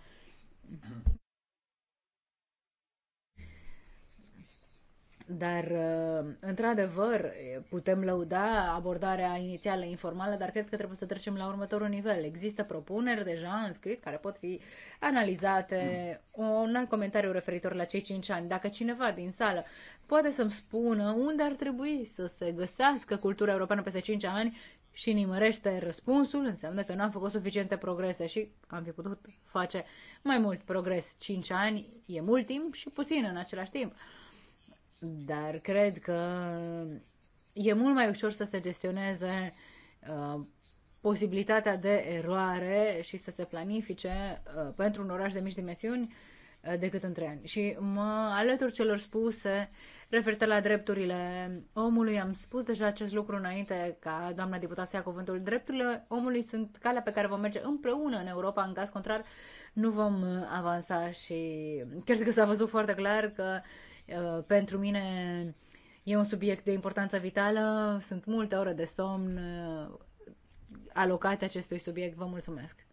Dar, uh, într-adevăr, putem lăuda abordarea inițială informală, dar cred că trebuie să trecem la următorul nivel. Există propuneri deja înscris care pot fi analizate. Un alt comentariu referitor la cei 5 ani. Dacă cineva din sală poate să-mi spună unde ar trebui să se găsească cultura europeană peste 5 ani și nimărește răspunsul, înseamnă că nu am făcut suficiente progrese și am fi putut face mai mult progres. 5 ani e mult timp și puțin în același timp. Dar cred că e mult mai ușor să se gestioneze uh, posibilitatea de eroare și să se planifice uh, pentru un oraș de mici dimensiuni uh, decât între ani. Și mă alătur celor spuse referitor la drepturile omului. Am spus deja acest lucru înainte ca doamna deputat să ia cuvântul. Drepturile omului sunt calea pe care vom merge împreună în Europa. În caz contrar, nu vom uh, avansa și cred că s-a văzut foarte clar că uh, Eh, pentru mine e un subiect de importanță vitală, sunt multe ore de somn eh, alocate acestui subiect. Vă mulțumesc!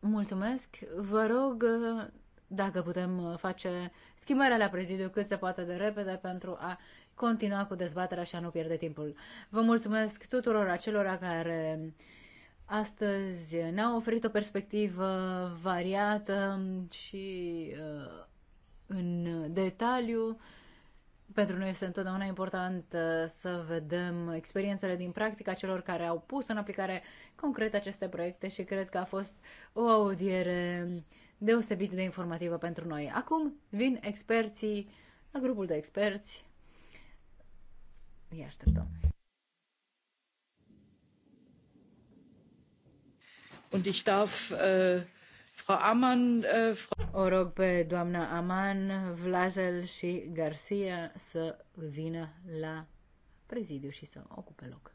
Mulțumesc! Vă rog eh, dacă putem face schimbarea la prezidiu cât se poate de repede pentru a continua cu dezbaterea și a nu pierde timpul. Vă mulțumesc tuturor acelora care astăzi ne-au oferit o perspectivă variată și în detaliu. Pentru noi este întotdeauna important uh, să vedem experiențele din practica celor care au pus în aplicare concret aceste proiecte și cred că a fost o audiere deosebit de informativă pentru noi. Acum vin experții la grupul de experți. Îi așteptăm. Und ich darf äh, Frau Ammann, äh, Frau o rog pe doamna Aman, Vlazel și Garcia să vină la prezidiu și să ocupe loc.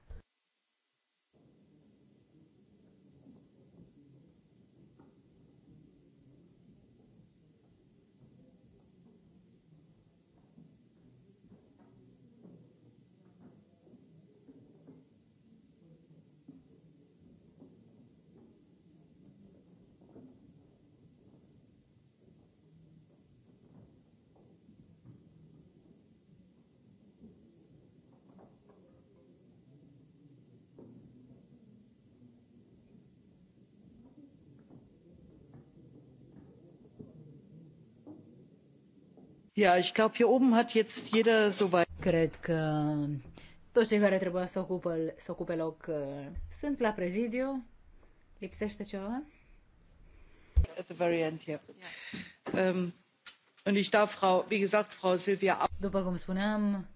Cred că toți cei care trebuia să ocupe, să ocupe loc uh, sunt la prezidiu. Lipsește ceva? At the very end, yeah. yeah. Um, und ich darf Frau, wie gesagt, Frau Silvia După cum spuneam,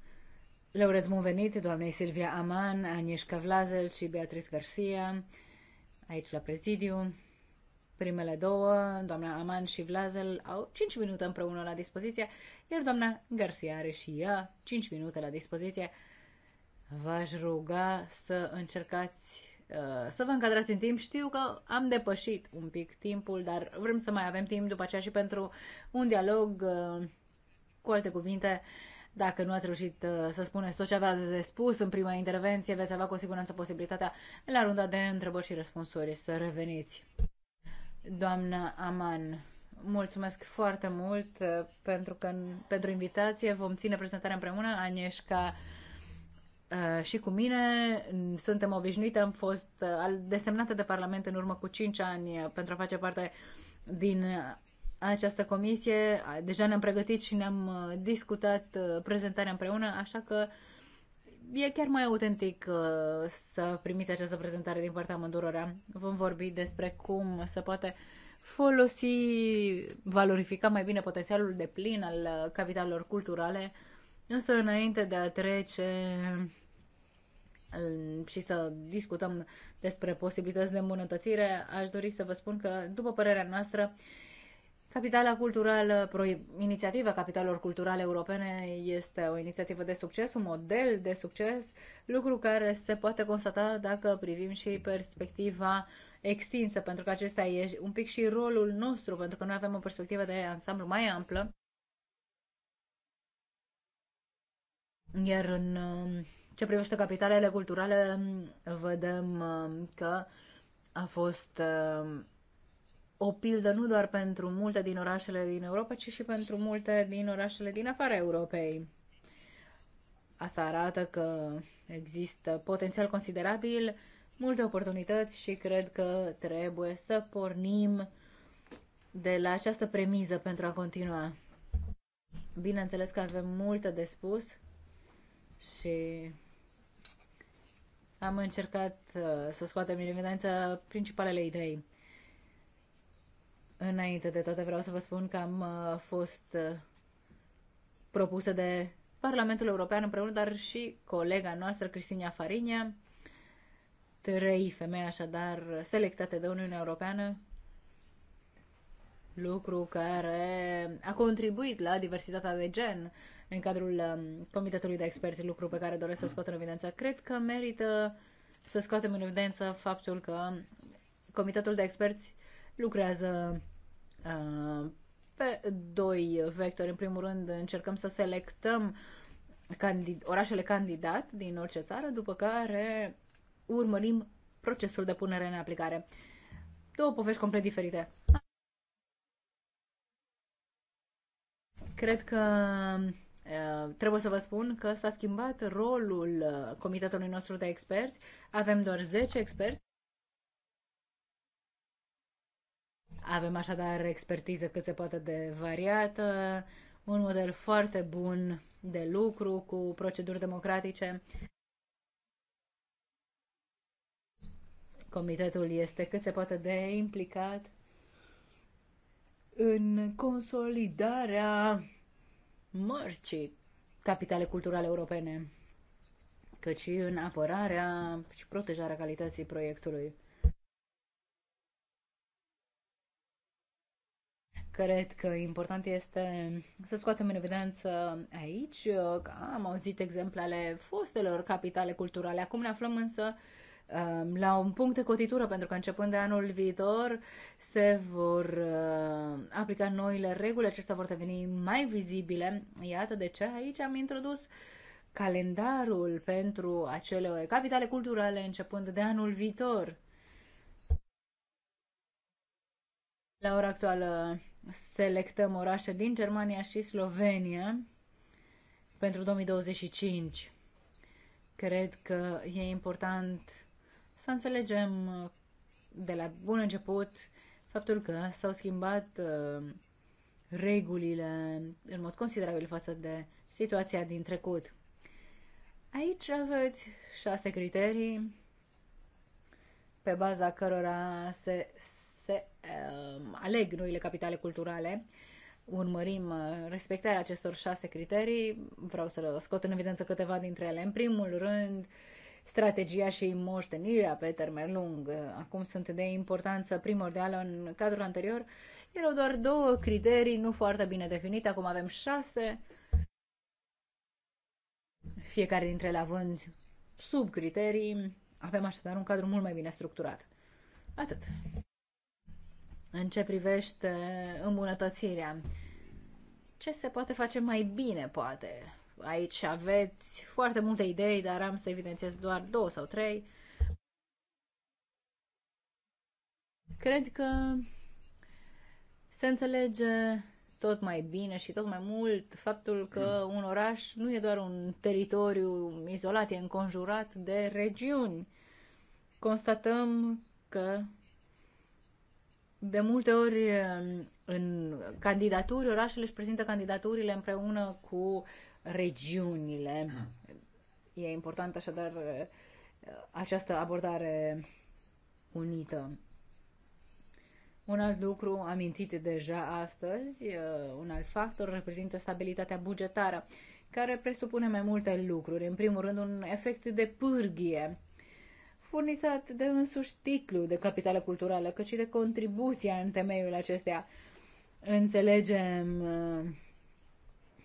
le urez bun venit doamnei Silvia Aman, Anieșca Vlazel și Beatriz Garcia aici la prezidiu. Primele două, doamna Aman și Vlazel, au 5 minute împreună la dispoziție, iar doamna Garcia are și ea 5 minute la dispoziție. V-aș ruga să încercați uh, să vă încadrați în timp. Știu că am depășit un pic timpul, dar vrem să mai avem timp după aceea și pentru un dialog uh, cu alte cuvinte. Dacă nu ați reușit uh, să spuneți tot ce aveați de spus în prima intervenție, veți avea cu siguranță posibilitatea la runda de întrebări și răspunsuri să reveniți doamna Aman. Mulțumesc foarte mult uh, pentru, că, pentru invitație. Vom ține prezentarea împreună. Anieșca uh, și cu mine suntem obișnuite. Am fost uh, desemnată de Parlament în urmă cu 5 ani pentru a face parte din această comisie. Deja ne-am pregătit și ne-am discutat prezentarea împreună, așa că e chiar mai autentic uh, să primiți această prezentare din partea amândurora. Vom vorbi despre cum se poate folosi, valorifica mai bine potențialul de plin al capitalelor culturale, însă înainte de a trece și să discutăm despre posibilități de îmbunătățire, aș dori să vă spun că, după părerea noastră, Capitala Culturală, inițiativa Capitalor Culturale Europene este o inițiativă de succes, un model de succes, lucru care se poate constata dacă privim și perspectiva extinsă, pentru că acesta e un pic și rolul nostru, pentru că noi avem o perspectivă de ansamblu mai amplă. Iar în um, ce privește capitalele culturale, um, vedem um, că a fost o pildă nu doar pentru multe din orașele din Europa, ci și pentru multe din orașele din afara Europei. Asta arată că există potențial considerabil, multe oportunități și cred că trebuie să pornim de la această premiză pentru a continua. Bineînțeles că avem multe de spus și am încercat uh, să scoatem în evidență principalele idei. Înainte de toate vreau să vă spun că am uh, fost uh, propuse de Parlamentul European împreună, dar și colega noastră, Cristina Farinia, trei femei așadar selectate de Uniunea Europeană, lucru care a contribuit la diversitatea de gen în cadrul um, Comitetului de Experți, lucru pe care doresc să-l scot în evidență. Cred că merită să scoatem în evidență faptul că Comitetul de Experți lucrează uh, pe doi vectori. În primul rând încercăm să selectăm candid- orașele candidat din orice țară, după care urmărim procesul de punere în aplicare. Două povești complet diferite. Cred că uh, trebuie să vă spun că s-a schimbat rolul uh, comitetului nostru de experți. Avem doar 10 experți Avem așadar expertiză cât se poate de variată, un model foarte bun de lucru cu proceduri democratice. Comitetul este cât se poate de implicat în consolidarea mărcii capitale culturale europene, cât și în apărarea și protejarea calității proiectului. cred că important este să scoatem în evidență aici. Am auzit exemple ale fostelor capitale culturale. Acum ne aflăm însă um, la un punct de cotitură, pentru că începând de anul viitor se vor uh, aplica noile reguli, acestea vor deveni mai vizibile. Iată de ce aici am introdus calendarul pentru acele capitale culturale începând de anul viitor. La ora actuală selectăm orașe din Germania și Slovenia pentru 2025. Cred că e important să înțelegem uh, de la bun început faptul că s-au schimbat uh, regulile în mod considerabil față de situația din trecut. Aici aveți șase criterii pe baza cărora se Um, aleg noile capitale culturale, urmărim uh, respectarea acestor șase criterii. Vreau să scot în evidență câteva dintre ele. În primul rând, strategia și moștenirea pe termen lung. Uh, acum sunt de importanță primordială în cadrul anterior. Erau doar două criterii nu foarte bine definite, acum avem șase, fiecare dintre ele având sub criterii. Avem așadar un cadru mult mai bine structurat. Atât în ce privește îmbunătățirea. Ce se poate face mai bine, poate? Aici aveți foarte multe idei, dar am să evidențiez doar două sau trei. Cred că se înțelege tot mai bine și tot mai mult faptul că un oraș nu e doar un teritoriu izolat, e înconjurat de regiuni. Constatăm că de multe ori, în candidaturi, orașele își prezintă candidaturile împreună cu regiunile. E important așadar eh, această abordare unită. Un alt lucru amintit deja astăzi, eh, un alt factor, reprezintă stabilitatea bugetară, care presupune mai multe lucruri. În primul rând, un efect de pârghie furnizat de însuși titlu de capitală culturală, cât și de contribuția în temeiul acestea. Înțelegem uh,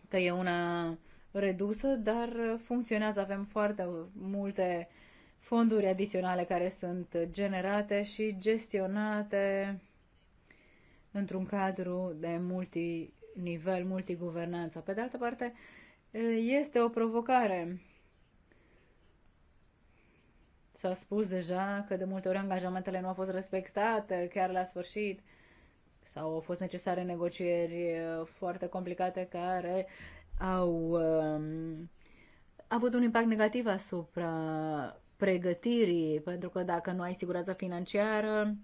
că e una redusă, dar funcționează. Avem foarte multe fonduri adiționale care sunt generate și gestionate într-un cadru de multinivel, multiguvernanță. Pe de altă parte, este o provocare S-a spus deja că de multe ori angajamentele nu au fost respectate chiar la sfârșit sau au fost necesare negocieri foarte complicate care au um, avut un impact negativ asupra pregătirii, pentru că dacă nu ai siguranța financiară,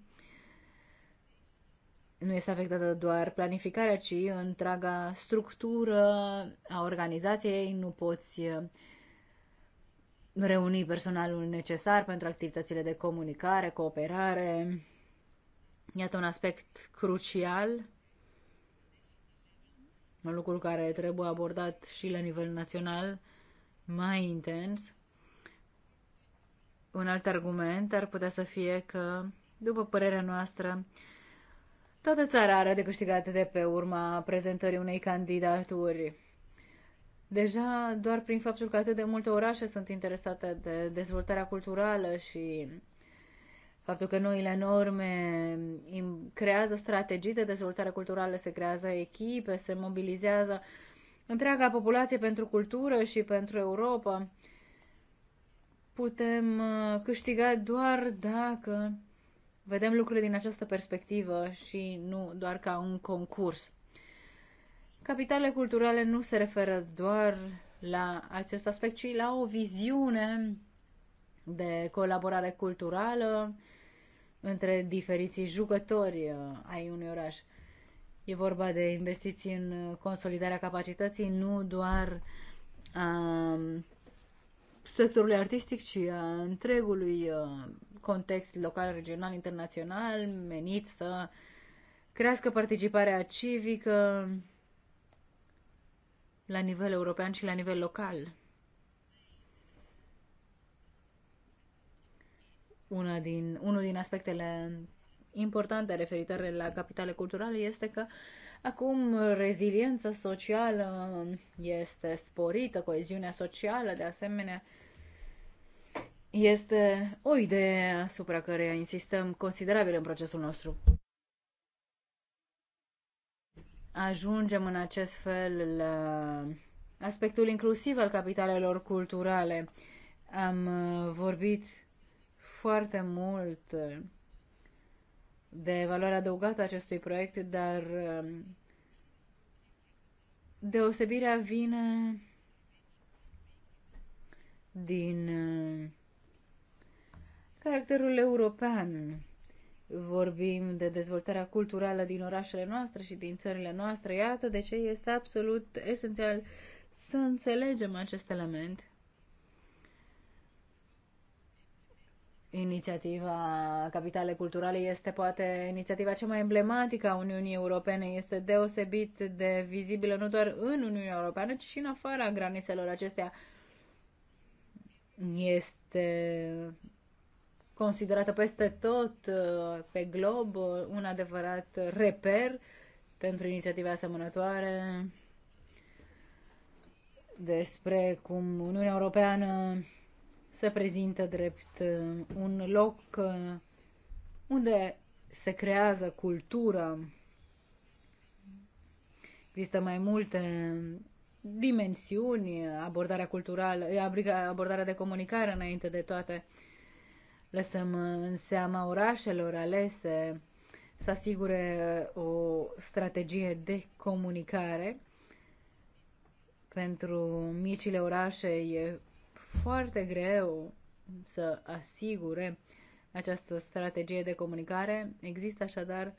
nu este afectată doar planificarea, ci întreaga structură a organizației, nu poți reuni personalul necesar pentru activitățile de comunicare, cooperare. Iată un aspect crucial, un lucru care trebuie abordat și la nivel național mai intens. Un alt argument ar putea să fie că, după părerea noastră, toată țara are de câștigat de pe urma prezentării unei candidaturi Deja doar prin faptul că atât de multe orașe sunt interesate de dezvoltarea culturală și faptul că noile norme creează strategii de dezvoltare culturală, se creează echipe, se mobilizează întreaga populație pentru cultură și pentru Europa, putem uh, câștiga doar dacă vedem lucrurile din această perspectivă și nu doar ca un concurs. Capitale culturale nu se referă doar la acest aspect, ci la o viziune de colaborare culturală între diferiții jucători uh, ai unui oraș. E vorba de investiții în consolidarea capacității, nu doar a um, sectorului artistic, ci a întregului uh, context local, regional, internațional, menit să crească participarea civică, la nivel european și la nivel local. Una din, unul din aspectele importante referitoare la capitale culturale este că acum reziliența socială este sporită, coeziunea socială de asemenea este o idee asupra căreia insistăm considerabil în procesul nostru. Ajungem în acest fel la aspectul inclusiv al capitalelor culturale. Am uh, vorbit foarte mult uh, de valoarea adăugată a acestui proiect, dar um, deosebirea vine din uh, caracterul european vorbim de dezvoltarea culturală din orașele noastre și din țările noastre. Iată de ce este absolut esențial să înțelegem acest element. Inițiativa Capitale Culturale este poate inițiativa cea mai emblematică a Uniunii Europene. Este deosebit de vizibilă nu doar în Uniunea Europeană, ci și în afara granițelor acestea. Este considerată peste tot uh, pe glob uh, un adevărat reper pentru inițiative asemănătoare despre cum Uniunea Europeană se prezintă drept uh, un loc unde se creează cultură. Există mai multe dimensiuni, abordarea culturală, abordarea de comunicare înainte de toate lăsăm uh, în seama orașelor alese să asigure uh, o strategie de comunicare. Pentru micile orașe e foarte greu să asigure această strategie de comunicare. Există așadar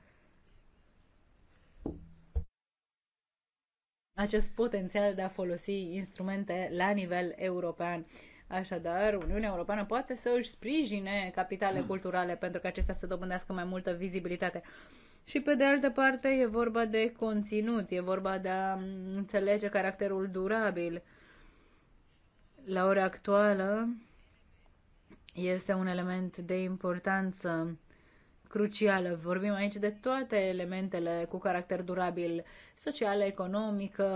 acest potențial de a folosi instrumente la nivel european Așadar, Uniunea Europeană poate să își sprijine capitale hmm. culturale pentru că acestea să dobândească mai multă vizibilitate. Și pe de altă parte e vorba de conținut, e vorba de a înțelege caracterul durabil. La ora actuală este un element de importanță crucială. Vorbim aici de toate elementele cu caracter durabil, socială, economică,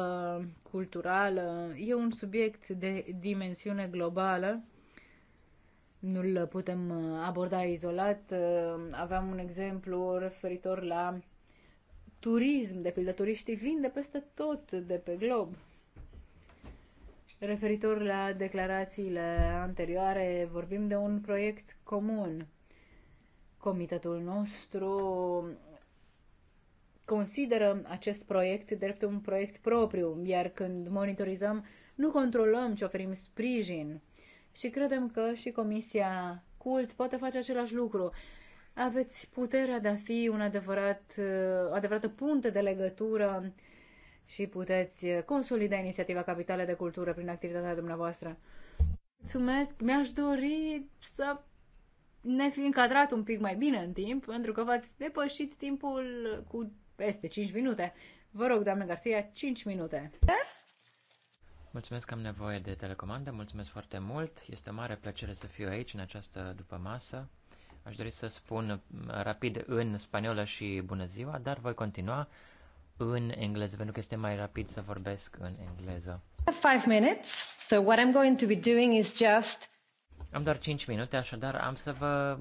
culturală. E un subiect de dimensiune globală. Nu-l putem uh, aborda izolat. Uh, aveam un exemplu referitor la turism, de pildă turiștii vin de peste tot de pe glob. Referitor la declarațiile anterioare, vorbim de un proiect comun Comitetul nostru consideră acest proiect drept un proiect propriu, iar când monitorizăm, nu controlăm, ci oferim sprijin. Și credem că și Comisia Cult poate face același lucru. Aveți puterea de a fi un adevărat, adevărată punte de legătură și puteți consolida inițiativa Capitale de Cultură prin activitatea dumneavoastră. Mulțumesc! Mi-aș dori să ne fi încadrat un pic mai bine în timp, pentru că v-ați depășit timpul cu peste 5 minute. Vă rog, doamnă Garcia, 5 minute. Mulțumesc că am nevoie de telecomandă, mulțumesc foarte mult. Este o mare plăcere să fiu aici în această după masă. Aș dori să spun mm, rapid în spaniolă și bună ziua, dar voi continua în engleză, pentru că este mai rapid să vorbesc în engleză. Five minutes, so what I'm going to be doing is just am doar 5 minute, așadar am să vă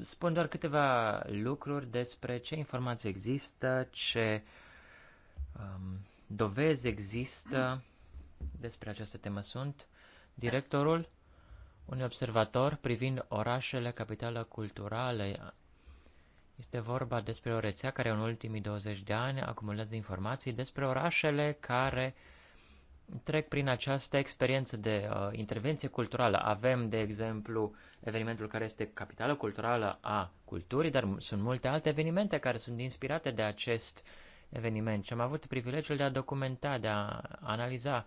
spun doar câteva lucruri despre ce informații există, ce um, dovezi există despre această temă. Sunt directorul unui observator privind orașele capitală culturale. Este vorba despre o rețea care în ultimii 20 de ani acumulează informații despre orașele care uh, trec prin această experiență de uh, intervenție culturală. Avem, de exemplu, evenimentul care este capitală culturală a culturii, dar sunt multe alte evenimente care sunt inspirate de acest eveniment și am avut privilegiul de a documenta, de a analiza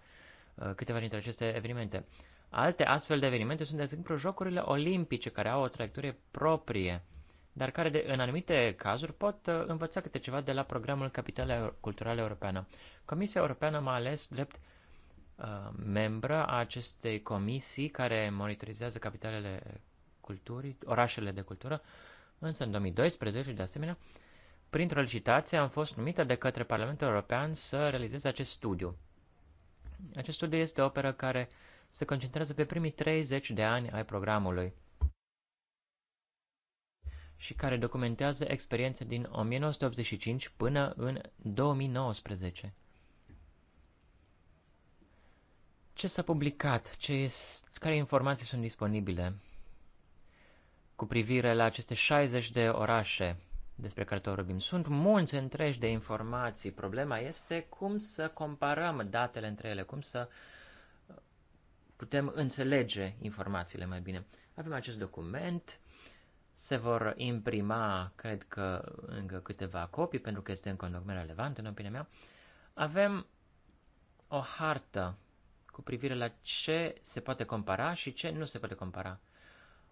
uh, câteva dintre aceste evenimente. Alte astfel de evenimente sunt, de exemplu, jocurile olimpice, care au o traiectorie proprie, dar care, de, în anumite cazuri, pot uh, învăța câte ceva de la programul Capitală Culturală Europeană. Comisia Europeană m-a ales drept uh, Uh, membră a acestei comisii care monitorizează capitalele culturii, orașele de cultură, însă în 2012, de asemenea, printr-o licitație am fost numită de către Parlamentul European să realizeze acest studiu. Acest studiu este o operă care se concentrează pe primii 30 de ani ai programului și care documentează experiențe din 1985 până în 2019. ce s-a publicat, ce este, care informații sunt disponibile cu privire la aceste 60 de orașe despre care tot vorbim. Sunt mulți întregi de informații. Problema este cum să comparăm datele între ele, cum să uh, putem înțelege informațiile mai bine. Avem acest document, se vor imprima, cred că, încă câteva copii, pentru că este încă un document relevant, în opinia mea. Avem o hartă cu privire la ce se poate compara și ce nu se poate compara.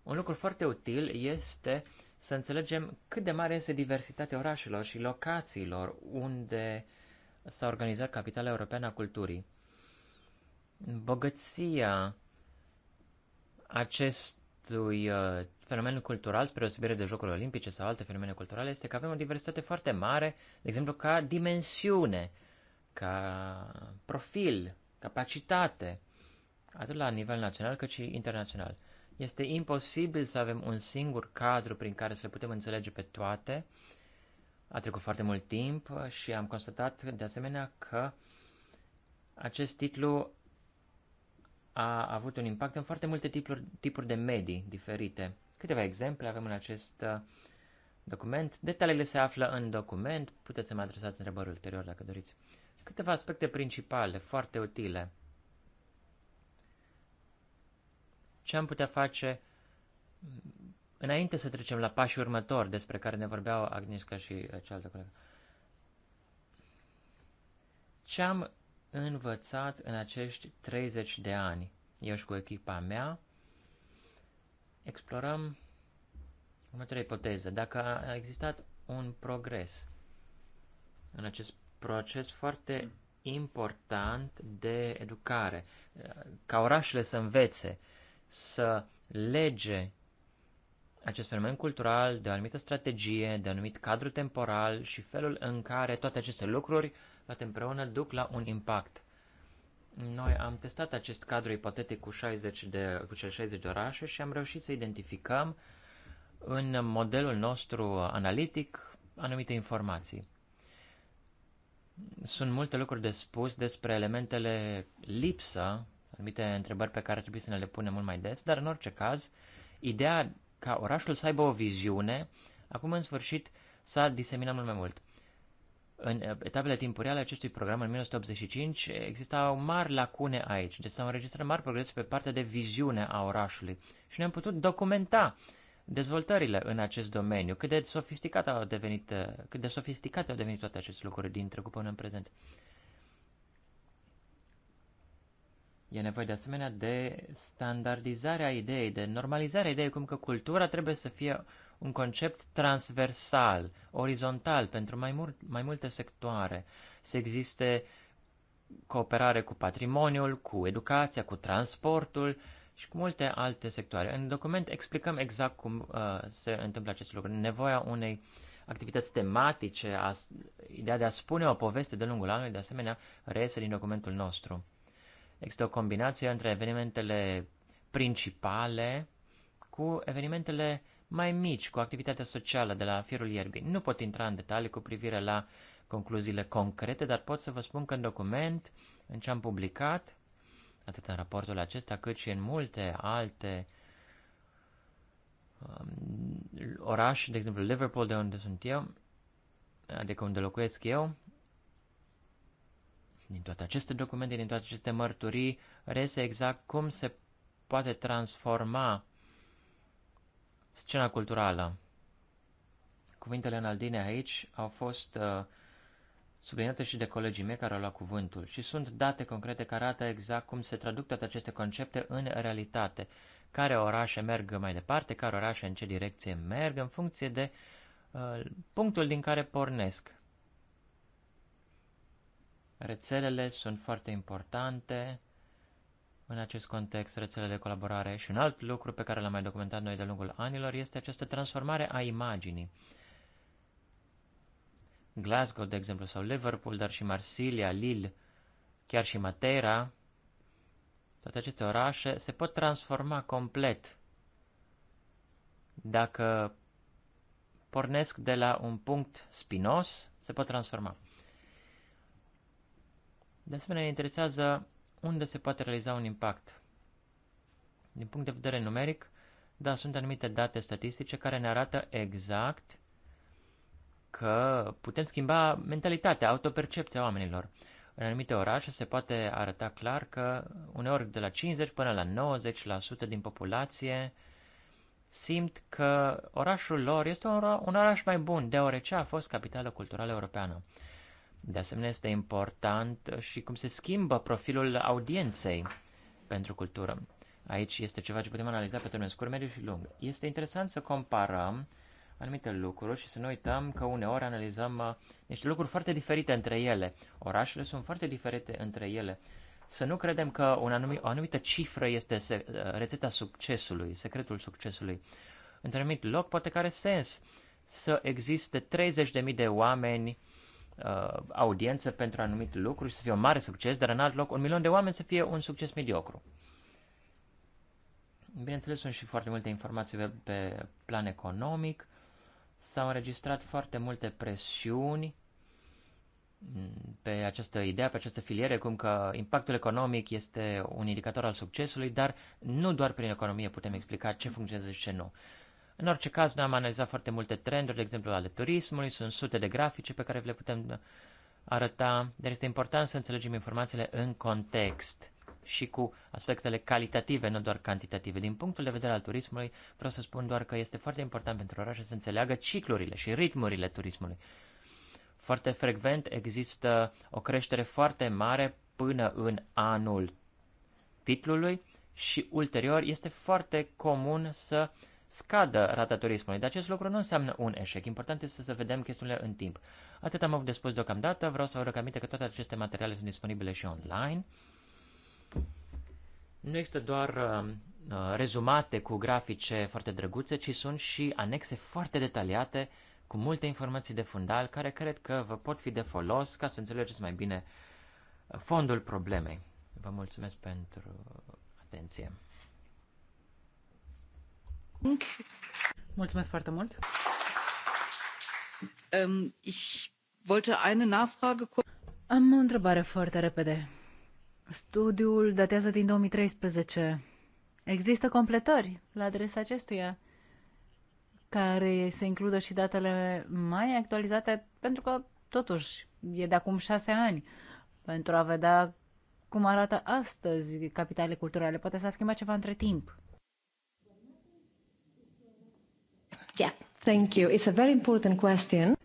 Un lucru foarte util este să înțelegem cât de mare este diversitatea orașelor și locațiilor unde s-a organizat capitala europeană a culturii. Bogăția acestui uh, fenomen cultural, spre deosebire de Jocurile Olimpice sau alte fenomene culturale, este că avem o diversitate foarte mare, de exemplu, ca dimensiune, ca profil capacitate, atât la nivel național cât și internațional. Este imposibil să avem un singur cadru prin care să le putem înțelege pe toate. A trecut foarte mult timp și am constatat de asemenea că acest titlu a avut un impact în foarte multe tipuri, tipuri de medii diferite. Câteva exemple avem în acest uh, document. Detaliile se află în document. Puteți să mă adresați întrebări ulterior dacă doriți. Câteva aspecte principale, foarte utile. Ce am putea face înainte să trecem la pașii următori despre care ne vorbeau Agnieszka și uh, cealaltă colegă? Ce am învățat în acești 30 de ani? Eu și cu echipa mea explorăm următoarea ipoteză. Dacă a existat un progres în acest proces foarte important de educare, ca orașele să învețe să lege acest fenomen cultural de o anumită strategie, de un anumit cadru temporal și felul în care toate aceste lucruri toate împreună duc la un impact. Noi am testat acest cadru ipotetic cu, 60 de, cu cele 60 de orașe și am reușit să identificăm în modelul nostru analitic anumite informații sunt multe lucruri de spus despre elementele lipsă, anumite întrebări pe care trebuie să ne le punem mult mai des, dar în orice caz, ideea ca orașul să aibă o viziune, acum în sfârșit s-a diseminat mult mai mult. În etapele timpurii ale acestui program, în 1985, existau mari lacune aici, deci s-au înregistrat mari progrese pe partea de viziune a orașului și ne-am putut documenta uh, dezvoltările în acest domeniu, cât de sofisticate au devenit, cât de sofisticate au devenit toate aceste lucruri din trecut până în prezent. E nevoie de asemenea de standardizarea ideii, de normalizarea ideii, cum că cultura trebuie să fie un concept transversal, orizontal, pentru mai, mult, mai multe sectoare. Să existe cooperare cu patrimoniul, cu educația, cu transportul, uh, și cu multe alte sectoare. În document explicăm exact cum uh, se întâmplă acest lucru. Nevoia unei activități tematice, a, ideea de a spune o poveste de lungul anului, de asemenea, reiese din documentul nostru. Există o combinație între evenimentele principale cu evenimentele mai mici, cu activitatea socială de la firul ierbii. Nu pot intra în detalii cu privire la concluziile concrete, dar pot să vă spun că în document, în ce am publicat, atât în raportul acesta, cât și în multe alte um, orașe, de exemplu Liverpool, de unde sunt eu, adică unde locuiesc eu, din toate aceste documente, din toate aceste mărturii, rese exact cum se poate transforma scena culturală. Cuvintele în aldine aici au fost uh, subliniată și de colegii mei care au luat cuvântul, și sunt date concrete care arată exact cum se traduc toate aceste concepte în realitate, care orașe merg mai departe, care orașe în ce direcție merg, în funcție de uh, punctul din care pornesc. Rețelele sunt foarte importante în acest context, rețelele de colaborare și un alt lucru pe care l-am mai documentat noi de-a lungul anilor este această transformare a imaginii. Uh, Glasgow, de exemplu, sau Liverpool, dar și Marsilia, Lille, chiar și Matera, toate aceste orașe se pot transforma complet dacă pornesc de la un punct spinos, se pot transforma. De asemenea, ne interesează unde se poate realiza un impact. Din punct de vedere numeric, da, sunt anumite date statistice care ne arată exact că putem schimba mentalitatea, autopercepția oamenilor. În anumite orașe se poate arăta clar că uneori de la 50 până la 90% din populație simt că orașul lor este un oraș mai bun, deoarece a fost capitală culturală europeană. De asemenea, este important și cum se schimbă profilul audienței pentru cultură. Aici este ceva ce putem analiza pe termen scurt, mediu și lung. Este interesant să comparăm uh, anumite lucruri și să nu uităm că uneori analizăm uh, niște lucruri foarte diferite între ele. Orașele sunt foarte diferite între ele. Să nu credem că un anumit, o anumită cifră este se, uh, rețeta succesului, secretul succesului. Într-un anumit loc poate că are sens să existe 30.000 de oameni uh, audiență pentru anumit lucru și să fie un mare succes, dar în alt loc un milion de oameni să fie un succes mediocru. Bineînțeles, sunt și foarte multe informații pe plan economic. S-au înregistrat foarte multe presiuni pe această idee, pe această filiere, cum că impactul economic este un indicator al succesului, dar nu doar prin economie putem explica ce funcționează și ce nu. În orice caz, noi am analizat foarte multe trenduri, de exemplu ale turismului, sunt sute de grafice pe care le putem arăta, dar este important să înțelegem informațiile în context și cu aspectele calitative, nu doar cantitative. Din punctul de vedere al turismului, vreau să spun doar că este foarte important pentru orașe să înțeleagă ciclurile și ritmurile turismului. Foarte frecvent există o creștere foarte mare până în anul titlului și ulterior este foarte comun să scadă rata turismului, dar acest lucru nu înseamnă un eșec. Important este să vedem chestiunile în timp. Atât am avut de spus deocamdată, vreau să vă rog aminte că toate aceste materiale sunt disponibile și online. Nu există doar uh, uh, rezumate cu grafice foarte drăguțe, ci sunt și anexe foarte detaliate cu multe informații de fundal care cred că vă pot fi de folos ca să înțelegeți mai bine uh, fondul problemei. Vă mulțumesc pentru atenție. Mulțumesc foarte mult. Um, ich wollte eine Nachfrage. Am o întrebare foarte repede. Studiul datează din 2013. Există completări la adresa acestuia care se includă și datele mai actualizate, pentru că totuși e de acum șase ani, pentru a vedea cum arată astăzi capitalele culturale. Poate s-a schimbat ceva între timp. Yeah, thank you. It's a very important question.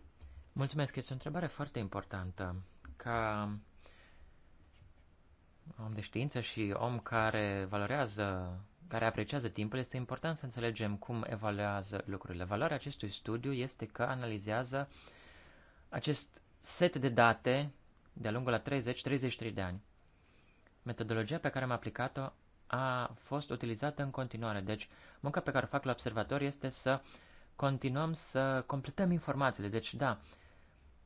Mulțumesc, este o întrebare foarte importantă. Ca om de știință și om care valorează, care apreciază timpul, este important să înțelegem cum evaluează lucrurile. Valoarea acestui studiu este că analizează acest set de date de-a lungul la 30-33 de ani. Metodologia pe care am aplicat-o a fost utilizată în continuare. Deci, munca pe care o fac la observator este să continuăm să completăm informațiile. Deci, da,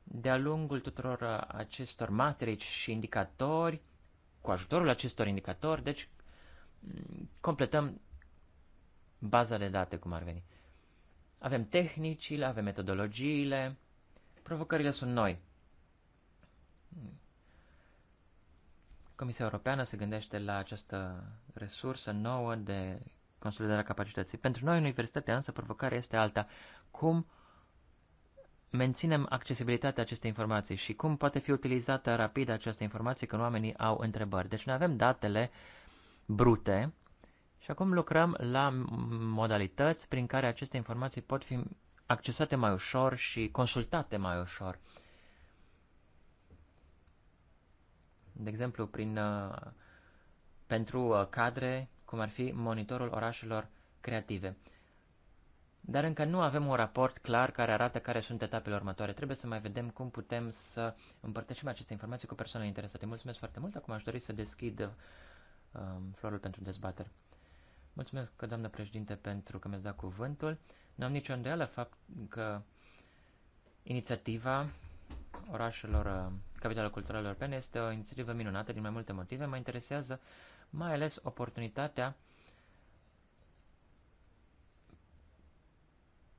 de-a lungul tuturor acestor matrici și indicatori cu ajutorul acestor indicatori, deci completăm baza de date cum ar veni. Avem tehnicile, avem metodologiile, provocările sunt noi. Comisia Europeană se gândește la această resursă nouă de consolidarea capacității. Pentru noi, în însă, provocarea este alta. Cum menținem accesibilitatea acestei informații și cum poate fi utilizată rapid această informație când oamenii au întrebări. Deci noi avem datele brute și acum lucrăm la modalități prin care aceste informații pot fi accesate mai ușor și consultate mai ușor. De exemplu, prin, uh, pentru uh, cadre, cum ar fi monitorul orașelor creative dar încă nu avem un raport clar care arată care sunt etapele următoare. Trebuie să mai vedem cum putem să împărtășim aceste informații cu persoanele interesate. Mulțumesc foarte mult. Acum aș dori să deschid uh, um, florul pentru dezbatere. Mulțumesc, că doamnă președinte, pentru că mi-ați dat cuvântul. Nu am nicio îndoială fapt că inițiativa orașelor, uh, capitalelor culturale europene este o inițiativă minunată din mai multe motive. Mă interesează mai ales oportunitatea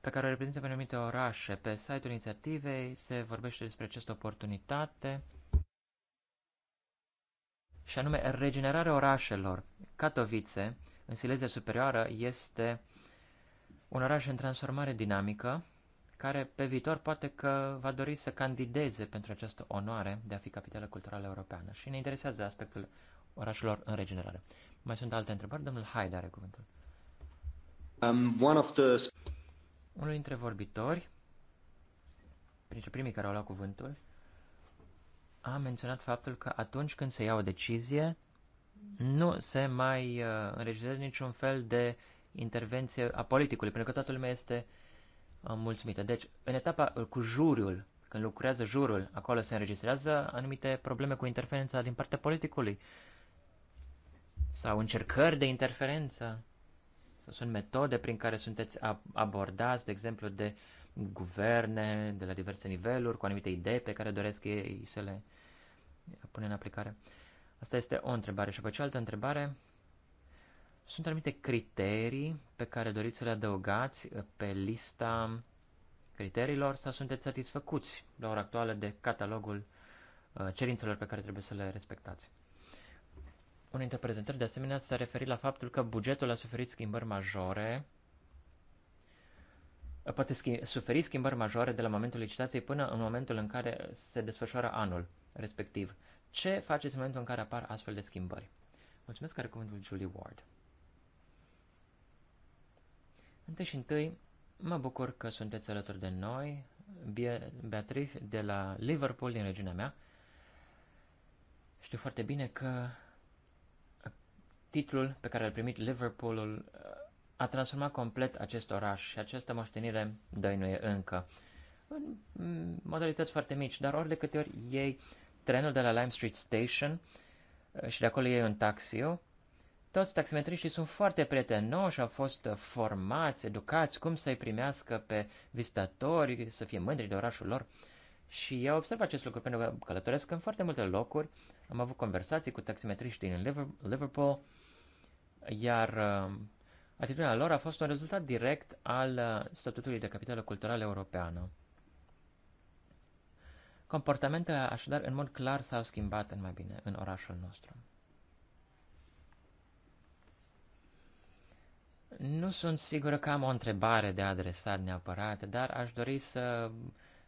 pe care o reprezintă anumite orașe. Pe site-ul inițiativei se vorbește despre această oportunitate și anume regenerarea orașelor. Katowice, în Silesia Superioară, este un oraș în transformare dinamică, care pe viitor poate că va dori să candideze pentru această onoare de a fi capitală culturală europeană și ne interesează aspectul orașelor în regenerare. Mai sunt alte întrebări? Domnul Haide are cuvântul. Um, one of the... Unul dintre vorbitori, printre primii care au luat cuvântul, a menționat faptul că atunci când se ia o decizie, nu se mai uh, înregistrează niciun fel de intervenție a politicului, pentru că toată lumea este uh, mulțumită. Deci, în etapa uh, cu juriul, când lucrează jurul, acolo se înregistrează anumite probleme cu interferența din partea politicului sau încercări de interferență sunt metode prin care sunteți abordați, de exemplu, de guverne, de la diverse niveluri, cu anumite idei pe care doresc ei să le pune în aplicare? Asta este o întrebare. Și apoi cealaltă întrebare, sunt anumite criterii pe care doriți să le adăugați pe lista criteriilor sau sunteți satisfăcuți la ora actuală de catalogul uh, cerințelor pe care trebuie să le respectați? Una dintre prezentări, de asemenea, s-a referit la faptul că bugetul a suferit schimbări majore, poate schi- suferi schimbări majore de la momentul licitației până în momentul în care se desfășoară anul respectiv. Ce faceți în momentul în care apar astfel de schimbări? Mulțumesc, care cuvântul Julie Ward. Întâi și întâi, mă bucur că sunteți alături de noi, Beatrice de la Liverpool, din regiunea mea. Știu foarte bine că Titlul pe care l-a primit Liverpoolul uh, a transformat complet acest oraș și această moștenire dăinuie încă. În mm, modalități foarte mici, dar ori de câte ori iei trenul de la Lime Street Station uh, și de acolo iei un taxi, toți taximetriștii sunt foarte prietenoși, au fost uh, formați, educați, cum să-i primească pe vizitatori, să fie mândri de orașul lor. Și eu observ acest lucru pentru că călătoresc în foarte multe locuri, am avut conversații cu taximetriști din Liverpool, iar uh, atitudinea lor a fost un rezultat direct al uh, statutului de capitală culturală europeană. Comportamentele așadar în mod clar s-au schimbat în mai bine în orașul nostru. Nu sunt sigură că am o întrebare de adresat neapărat, dar aș dori să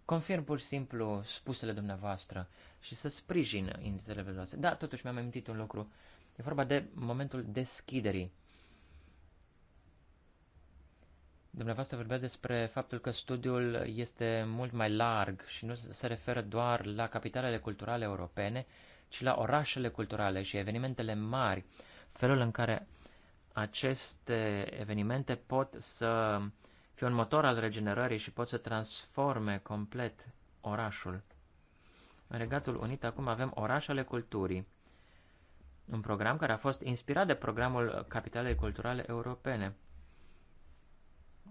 confirm pur și simplu spusele dumneavoastră și să sprijin inițiativele voastre. Da, totuși mi-am amintit un lucru. E vorba de momentul deschiderii. Dumneavoastră vorbea despre faptul că studiul este mult mai larg și nu se referă doar la capitalele culturale europene, ci la orașele culturale și evenimentele mari, felul în care aceste evenimente pot să fie un motor al regenerării și pot să transforme complet orașul. În Regatul Unit acum avem orașele culturii un program care a fost inspirat de programul Capitalei Culturale Europene.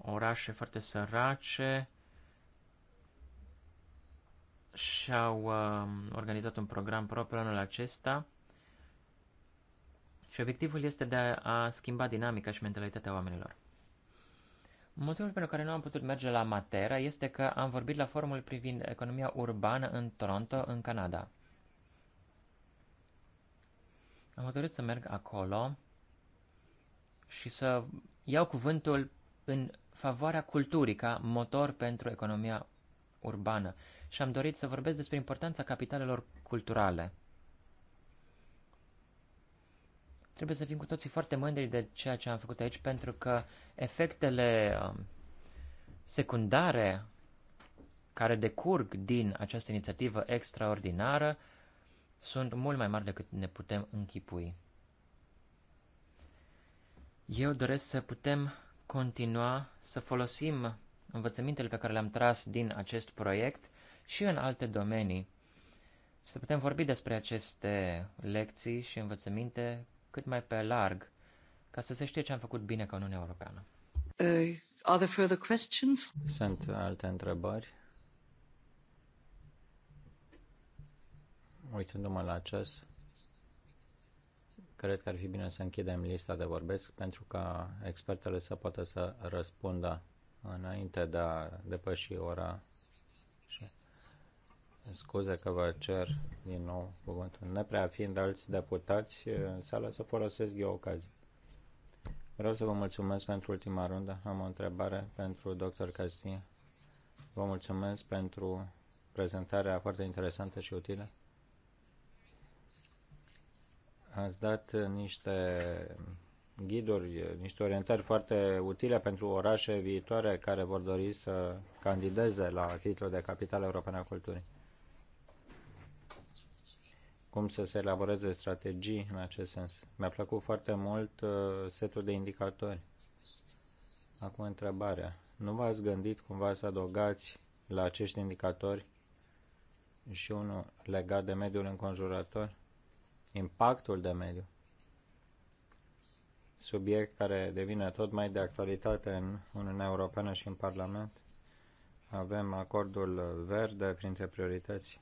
Orașe foarte sărace și-au uh, organizat un program propriu anul acesta și obiectivul este de a schimba dinamica și mentalitatea oamenilor. Motivul pentru care nu am putut merge la Matera este că am vorbit la forumul privind economia urbană în Toronto, în Canada. Am dorit să merg acolo și să iau cuvântul în favoarea culturii ca motor pentru economia urbană și am dorit să vorbesc despre importanța capitalelor culturale. Trebuie să fim cu toții foarte mândri de ceea ce am făcut aici pentru că efectele um, secundare care decurg din această inițiativă extraordinară sunt mult mai mari decât ne putem închipui. Eu doresc să putem continua să folosim învățămintele pe care le-am tras din acest proiect și în alte domenii. Să putem vorbi despre aceste lecții și învățăminte cât mai pe larg, ca să se știe ce am făcut bine ca Uniunea Europeană. Uh, are there further questions? Sunt alte întrebări? uitându-mă la ceas, cred că ar fi bine să închidem lista de vorbesc pentru ca expertele să poată să răspundă înainte de a depăși ora. Scuze că vă cer din nou cuvântul. Ne prea fiind alți deputați în sală să folosesc eu ocazia. Vreau să vă mulțumesc pentru ultima rundă. Am o întrebare pentru dr. Castin. Vă mulțumesc pentru prezentarea foarte interesantă și utilă ați dat niște ghiduri, niște orientări foarte utile pentru orașe viitoare care vor dori să candideze la titlul de capitală europeană a culturii. Cum să se elaboreze strategii în acest sens. Mi-a plăcut foarte mult uh, setul de indicatori. Acum întrebarea. Nu v-ați gândit cumva să adăugați la acești indicatori și unul legat de mediul înconjurător? impactul de mediu, subiect care devine tot mai de actualitate în Uniunea Europeană și în Parlament. Avem acordul verde printre priorități.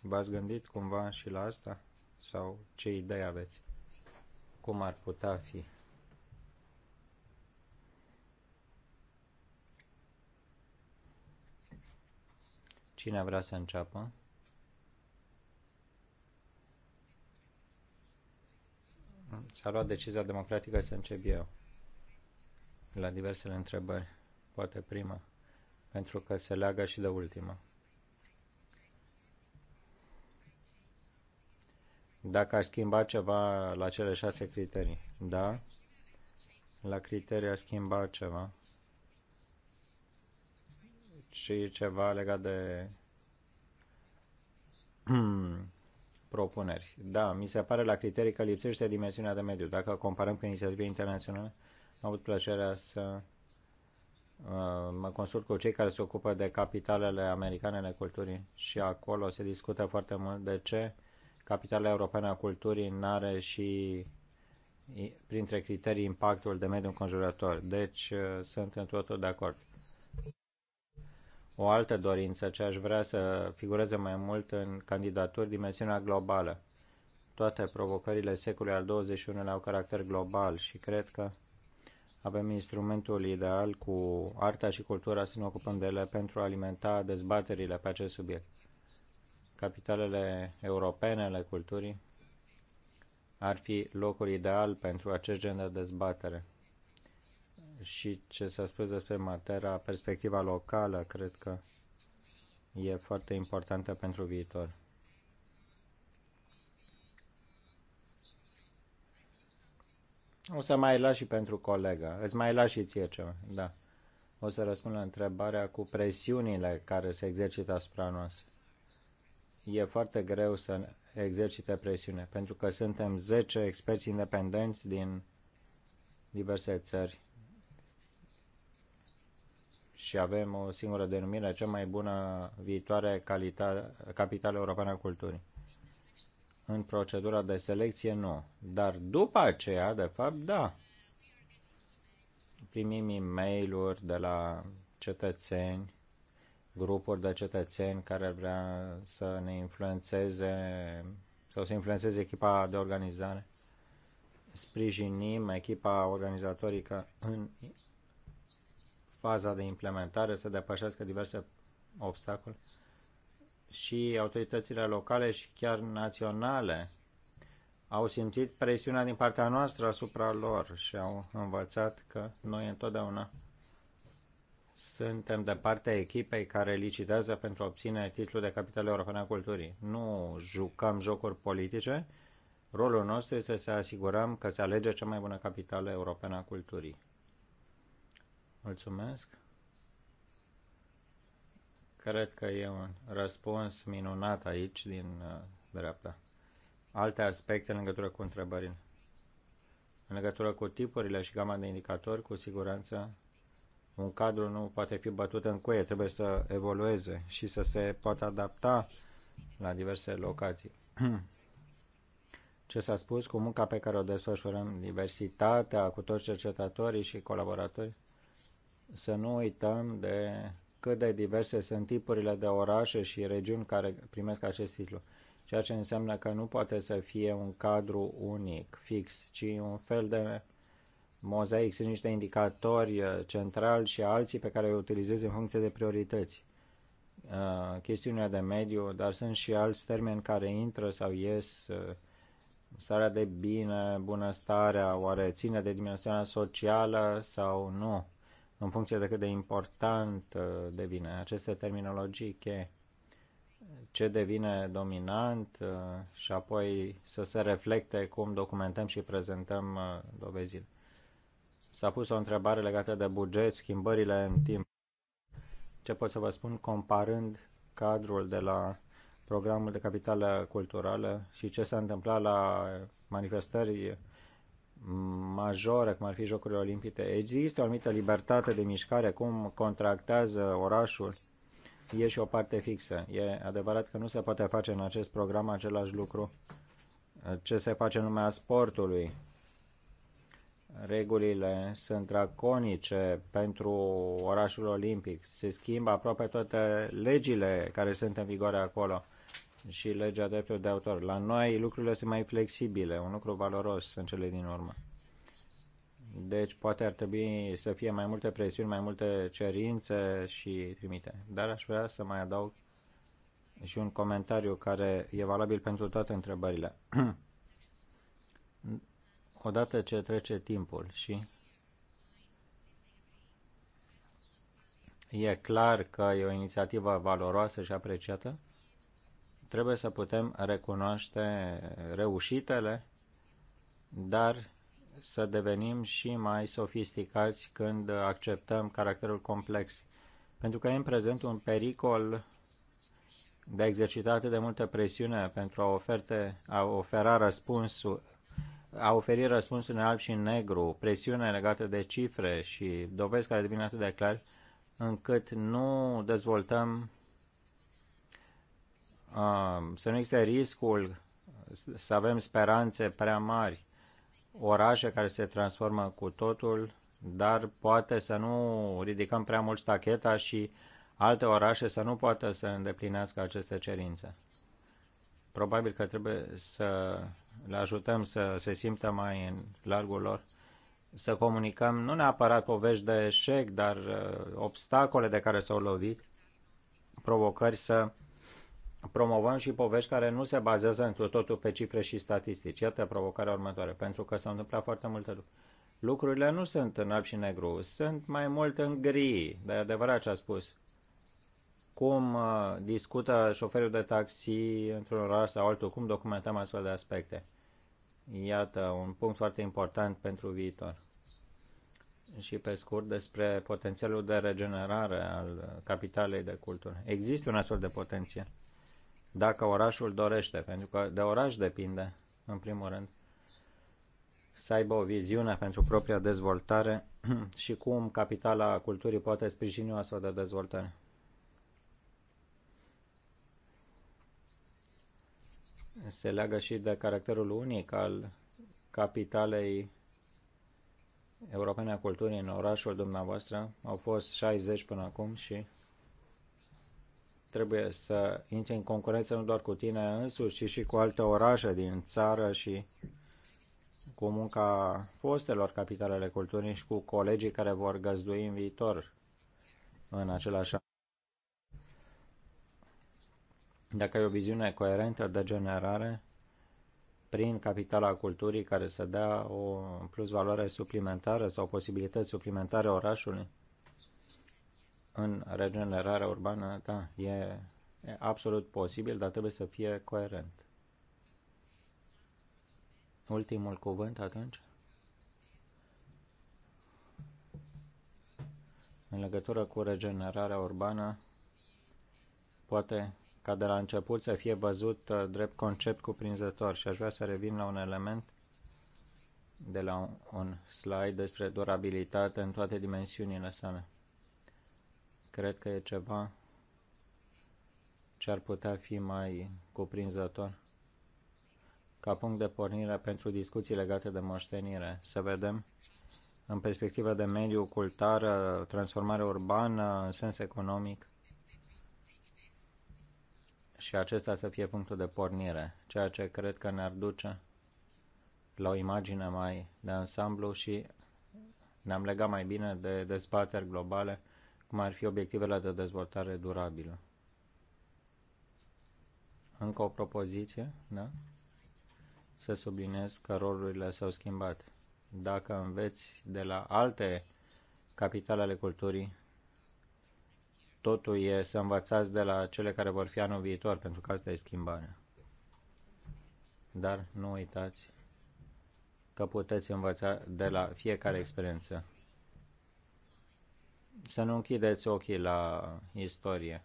V-ați gândit cumva și la asta? Sau ce idei aveți? Cum ar putea fi? Cine vrea să înceapă? s-a luat decizia democratică să încep eu la diversele întrebări, poate prima, pentru că se leagă și de ultima. Dacă aș schimba ceva la cele șase criterii, da, la criterii aș schimba ceva și ceva legat de hmm propuneri. Da, mi se pare la criterii că lipsește dimensiunea de mediu. Dacă comparăm cu inițiative internaționale, am avut plăcerea să uh, mă consult cu cei care se ocupă de capitalele americane ale culturii și acolo se discută foarte mult de ce capitalele europene a culturii nu are și printre criterii impactul de mediu înconjurător. Deci uh, sunt în totul de acord o altă dorință ce aș vrea să figureze mai mult în candidaturi, dimensiunea globală. Toate provocările secolului al xxi au caracter global și cred că avem instrumentul ideal cu arta și cultura să ne ocupăm de ele pentru a alimenta dezbaterile pe acest subiect. Capitalele europene ale culturii ar fi locul ideal pentru acest gen de dezbatere și ce s-a spus despre Matera, perspectiva locală, cred că e foarte importantă pentru viitor. O să mai las și pentru colega. Îți mai las și ție ceva. Da. O să răspund la întrebarea cu presiunile care se exercită asupra noastră. E foarte greu să exercite presiune, pentru că suntem 10 experți independenți din diverse țări și avem o singură denumire, cea mai bună viitoare capitală europeană a culturii. În procedura de selecție, nu. Dar după aceea, de fapt, da. Primim e mail de la cetățeni, grupuri de cetățeni care vrea să ne influențeze sau să influențeze echipa de organizare. Sprijinim echipa organizatorică în faza de implementare să depășească diverse obstacole și autoritățile locale și chiar naționale au simțit presiunea din partea noastră asupra lor și au învățat că noi întotdeauna suntem de partea echipei care licitează pentru a obține titlul de capitală europeană a culturii. Nu jucăm jocuri politice. Rolul nostru este să asigurăm că se alege cea mai bună capitală europeană a culturii. Mulțumesc. Cred că e un răspuns minunat aici din uh, dreapta. Alte aspecte în legătură cu întrebările. În legătură cu tipurile și gama de indicatori, cu siguranță un cadru nu poate fi bătut în cuie, trebuie să evolueze și să se poată adapta la diverse locații. Ce s-a spus cu munca pe care o desfășurăm, diversitatea cu toți cercetătorii și colaboratorii, să nu uităm de cât de diverse sunt tipurile de orașe și regiuni care primesc acest titlu. Ceea ce înseamnă că nu poate să fie un cadru unic, fix, ci un fel de mozaic. Sunt niște indicatori uh, centrali și alții pe care îi utilizez în funcție de priorități. Uh, chestiunea de mediu, dar sunt și alți termeni care intră sau ies. Uh, starea de bine, bunăstarea, oare ține de dimensiunea socială sau nu? în funcție de cât de important uh, devine aceste terminologii cheie ce devine dominant uh, și apoi să se reflecte cum documentăm și prezentăm uh, dovezile. S-a pus o întrebare legată de buget, schimbările în timp. Ce pot să vă spun comparând cadrul de la programul de capitală culturală și ce s-a întâmplat la manifestări majore, cum ar fi Jocurile Olimpice, există o anumită libertate de mișcare, cum contractează orașul, e și o parte fixă. E adevărat că nu se poate face în acest program același lucru uh, ce se face în lumea sportului. Regulile sunt draconice pentru orașul olimpic. Se schimbă aproape toate legile care sunt în vigoare acolo și legea drepturilor de autor. La noi lucrurile sunt mai flexibile, un lucru valoros în cele din urmă. Deci poate ar trebui să fie mai multe presiuni, mai multe cerințe și trimite. Dar aș vrea să mai adaug și un comentariu care e valabil pentru toate întrebările. Odată ce trece timpul și e clar că e o inițiativă valoroasă și apreciată, Trebuie să putem recunoaște reușitele, dar să devenim și mai sofisticați când acceptăm caracterul complex. Pentru că e în prezent un pericol de a exercita atât de multă presiune pentru a, oferte, a ofera răspunsul, a oferi răspunsul în alb și în negru, presiune legată de cifre și dovezi care devin atât de clar, încât nu dezvoltăm Um, să nu existe riscul să avem speranțe prea mari, orașe care se transformă cu totul, dar poate să nu ridicăm prea mult tacheta și alte orașe să nu poată să îndeplinească aceste cerințe. Probabil că trebuie să le ajutăm să se simtă mai în largul lor, să comunicăm nu neapărat povești de eșec, dar uh, obstacole de care s-au lovit, provocări să promovăm și povești care nu se bazează întru totul pe cifre și statistici. Iată provocarea următoare, pentru că s-au întâmplat foarte multe lucruri. Lucrurile nu sunt în alb și negru, sunt mai mult în gri, de adevărat ce a spus. Cum uh, discută șoferul de taxi într-un oraș sau altul, cum documentăm astfel de aspecte. Iată, un punct foarte important pentru viitor. Și pe scurt despre potențialul de regenerare al capitalei de cultură. Există un astfel de potențial dacă orașul dorește, pentru că de oraș depinde, în primul rând, să aibă o viziune pentru propria dezvoltare și cum capitala culturii poate sprijini o astfel de dezvoltare. Se leagă și de caracterul unic al capitalei europene a culturii în orașul dumneavoastră. Au fost 60 până acum și trebuie să intri în concurență nu doar cu tine însuși, ci și cu alte orașe din țară și cu munca fostelor capitalele culturii și cu colegii care vor găzdui în viitor în același an. Dacă ai o viziune coerentă de generare prin capitala culturii care să dea o plus valoare suplimentară sau posibilități suplimentare orașului, în regenerarea urbană, da, e, e absolut posibil, dar trebuie să fie coerent. Ultimul cuvânt atunci. În legătură cu regenerarea urbană, poate ca de la început să fie văzut uh, drept concept cuprinzător și aș vrea să revin la un element de la un slide despre durabilitate în toate dimensiunile sale. Cred că e ceva ce ar putea fi mai cuprinzător ca punct de pornire pentru discuții legate de moștenire. Să vedem în perspectiva de mediu, cultură, transformare urbană, în sens economic și acesta să fie punctul de pornire, ceea ce cred că ne-ar duce la o imagine mai de ansamblu și ne-am legat mai bine de dezbateri globale cum ar fi obiectivele de dezvoltare durabilă. Încă o propoziție, da? Să subliniez că rolurile s-au schimbat. Dacă înveți de la alte capitale ale culturii, totul e să învățați de la cele care vor fi anul viitor, pentru că asta e schimbarea. Dar nu uitați că puteți învăța de la fiecare experiență să nu închideți ochii la istorie.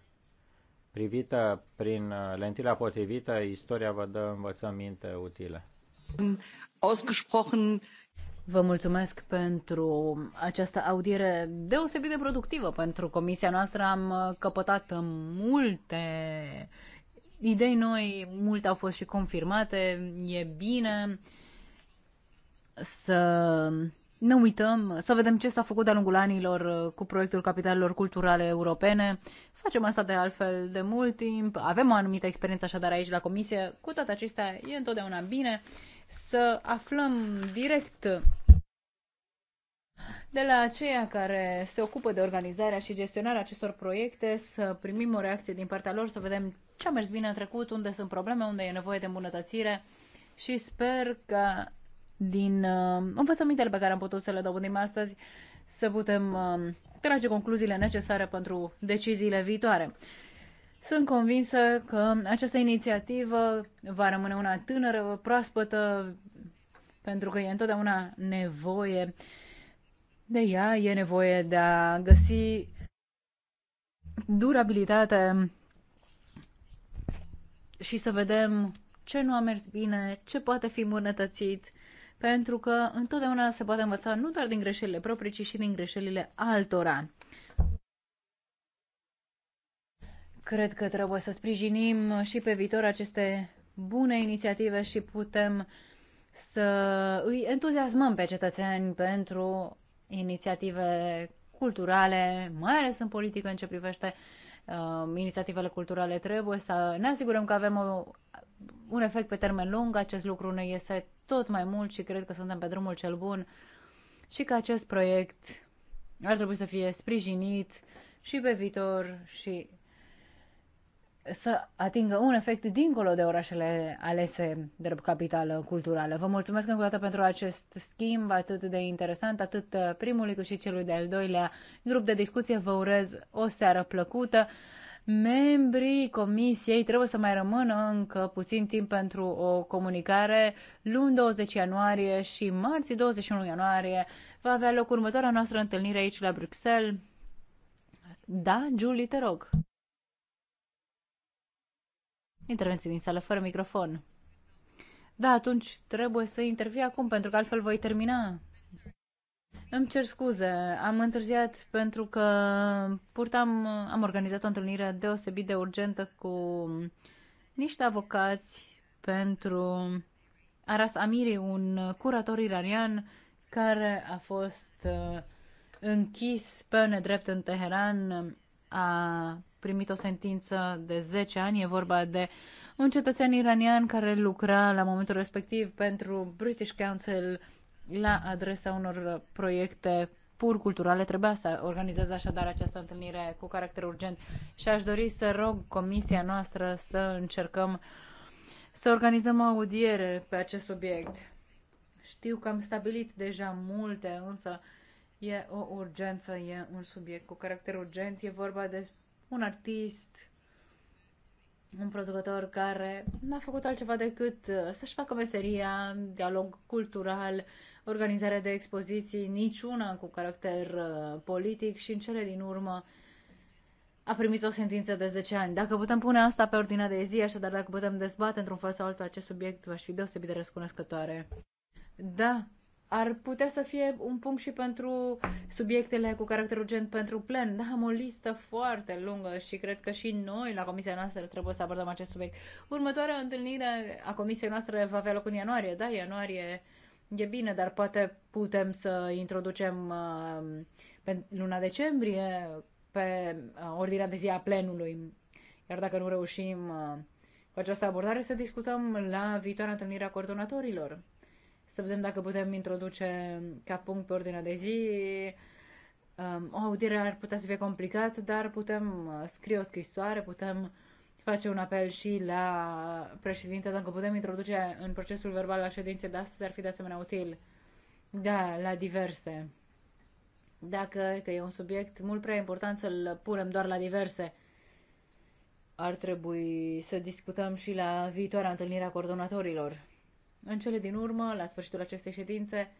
Privită prin uh, lentila potrivită, istoria vă dă învățăminte utile. Vă mulțumesc pentru această audiere deosebit de productivă pentru comisia noastră. Am uh, căpătat multe idei noi, multe au fost și confirmate. E bine să nu uităm să vedem ce s-a făcut de-a lungul anilor uh, cu proiectul capitalelor culturale europene. Facem asta de altfel de mult timp, avem o anumită experiență așadar aici la comisie. Cu toate acestea, e întotdeauna bine să aflăm direct de la aceia care se ocupă de organizarea și gestionarea acestor proiecte, să primim o reacție din partea lor, să vedem ce a mers bine în trecut, unde sunt probleme, unde e nevoie de îmbunătățire și sper că din uh, învățămintele pe care am putut să le dobândim astăzi, să putem uh, trage concluziile necesare pentru deciziile viitoare. Sunt convinsă că această inițiativă va rămâne una tânără, proaspătă, pentru că e întotdeauna nevoie de ea, e nevoie de a găsi durabilitate și să vedem ce nu a mers bine, ce poate fi îmbunătățit pentru că întotdeauna se poate învăța nu doar din greșelile proprii, ci și din greșelile altora. Cred că trebuie să sprijinim și pe viitor aceste bune inițiative și putem să îi entuziasmăm pe cetățeni pentru inițiative culturale, mai ales în politică în ce privește uh, inițiativele culturale. Trebuie să ne asigurăm că avem o, un efect pe termen lung. Acest lucru ne iese tot mai mult și cred că suntem pe drumul cel bun și că acest proiect ar trebui să fie sprijinit și pe viitor și să atingă un efect dincolo de orașele alese drept capitală culturală. Vă mulțumesc încă o dată pentru acest schimb atât de interesant, atât primului cât și celui de-al doilea grup de discuție. Vă urez o seară plăcută membrii comisiei trebuie să mai rămână încă puțin timp pentru o comunicare. Luni 20 ianuarie și marți 21 ianuarie va avea loc următoarea noastră întâlnire aici la Bruxelles. Da, Julie, te rog. Intervenții din sală fără microfon. Da, atunci trebuie să intervii acum, pentru că altfel voi termina. Îmi cer scuze, am întârziat pentru că purtam, am organizat o întâlnire deosebit de urgentă cu niște avocați pentru Aras Amiri, un curator iranian care a fost uh, închis pe nedrept în Teheran, a primit o sentință de 10 ani, e vorba de un cetățean iranian care lucra la momentul respectiv pentru British Council la adresa unor proiecte pur culturale. Trebuia să organizeze așadar această întâlnire cu caracter urgent și aș dori să rog comisia noastră să încercăm să organizăm o audiere pe acest subiect. Știu că am stabilit deja multe, însă e o urgență, e un subiect cu caracter urgent. E vorba de un artist, un producător care n-a făcut altceva decât uh, să-și facă meseria, dialog cultural, organizare de expoziții, niciuna cu caracter uh, politic și în cele din urmă a primit o sentință de 10 ani. Dacă putem pune asta pe ordinea de zi, așadar dacă putem dezbate într-un fel sau altul acest subiect, aș fi deosebit de răscunoscătoare. Da, ar putea să fie un punct și pentru subiectele cu caracter urgent pentru plen. Da, am o listă foarte lungă și cred că și noi la comisia noastră trebuie să abordăm acest subiect. Următoarea întâlnire a comisiei noastre va avea loc în ianuarie, da, ianuarie E bine, dar poate putem să introducem uh, pe luna decembrie pe uh, ordinea de zi a plenului. Iar dacă nu reușim uh, cu această abordare, să discutăm la viitoarea întâlnire a coordonatorilor. Să vedem dacă putem introduce ca punct pe ordinea de zi. Um, o audiere ar putea să fie complicat, dar putem scrie o scrisoare, putem face un apel și la președinte dacă putem introduce în procesul verbal la ședințe de astăzi ar fi de asemenea util. Da, la diverse. Dacă că e un subiect mult prea important să-l punem doar la diverse, ar trebui să discutăm și la viitoarea întâlnire a coordonatorilor. În cele din urmă, la sfârșitul acestei ședințe,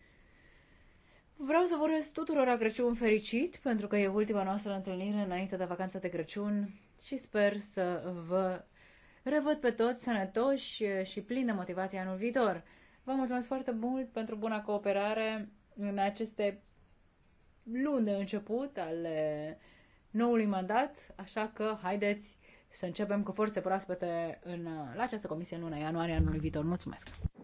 vreau să vorbesc tuturor a Crăciun fericit, pentru că e ultima noastră întâlnire înainte de vacanța de Crăciun și sper să vă revăd pe toți sănătoși și plini de motivație anul viitor. Vă mulțumesc foarte mult pentru buna cooperare în aceste luni de început ale noului mandat, așa că haideți să începem cu forțe proaspete în, la această comisie în luna ianuarie anului viitor. Mulțumesc!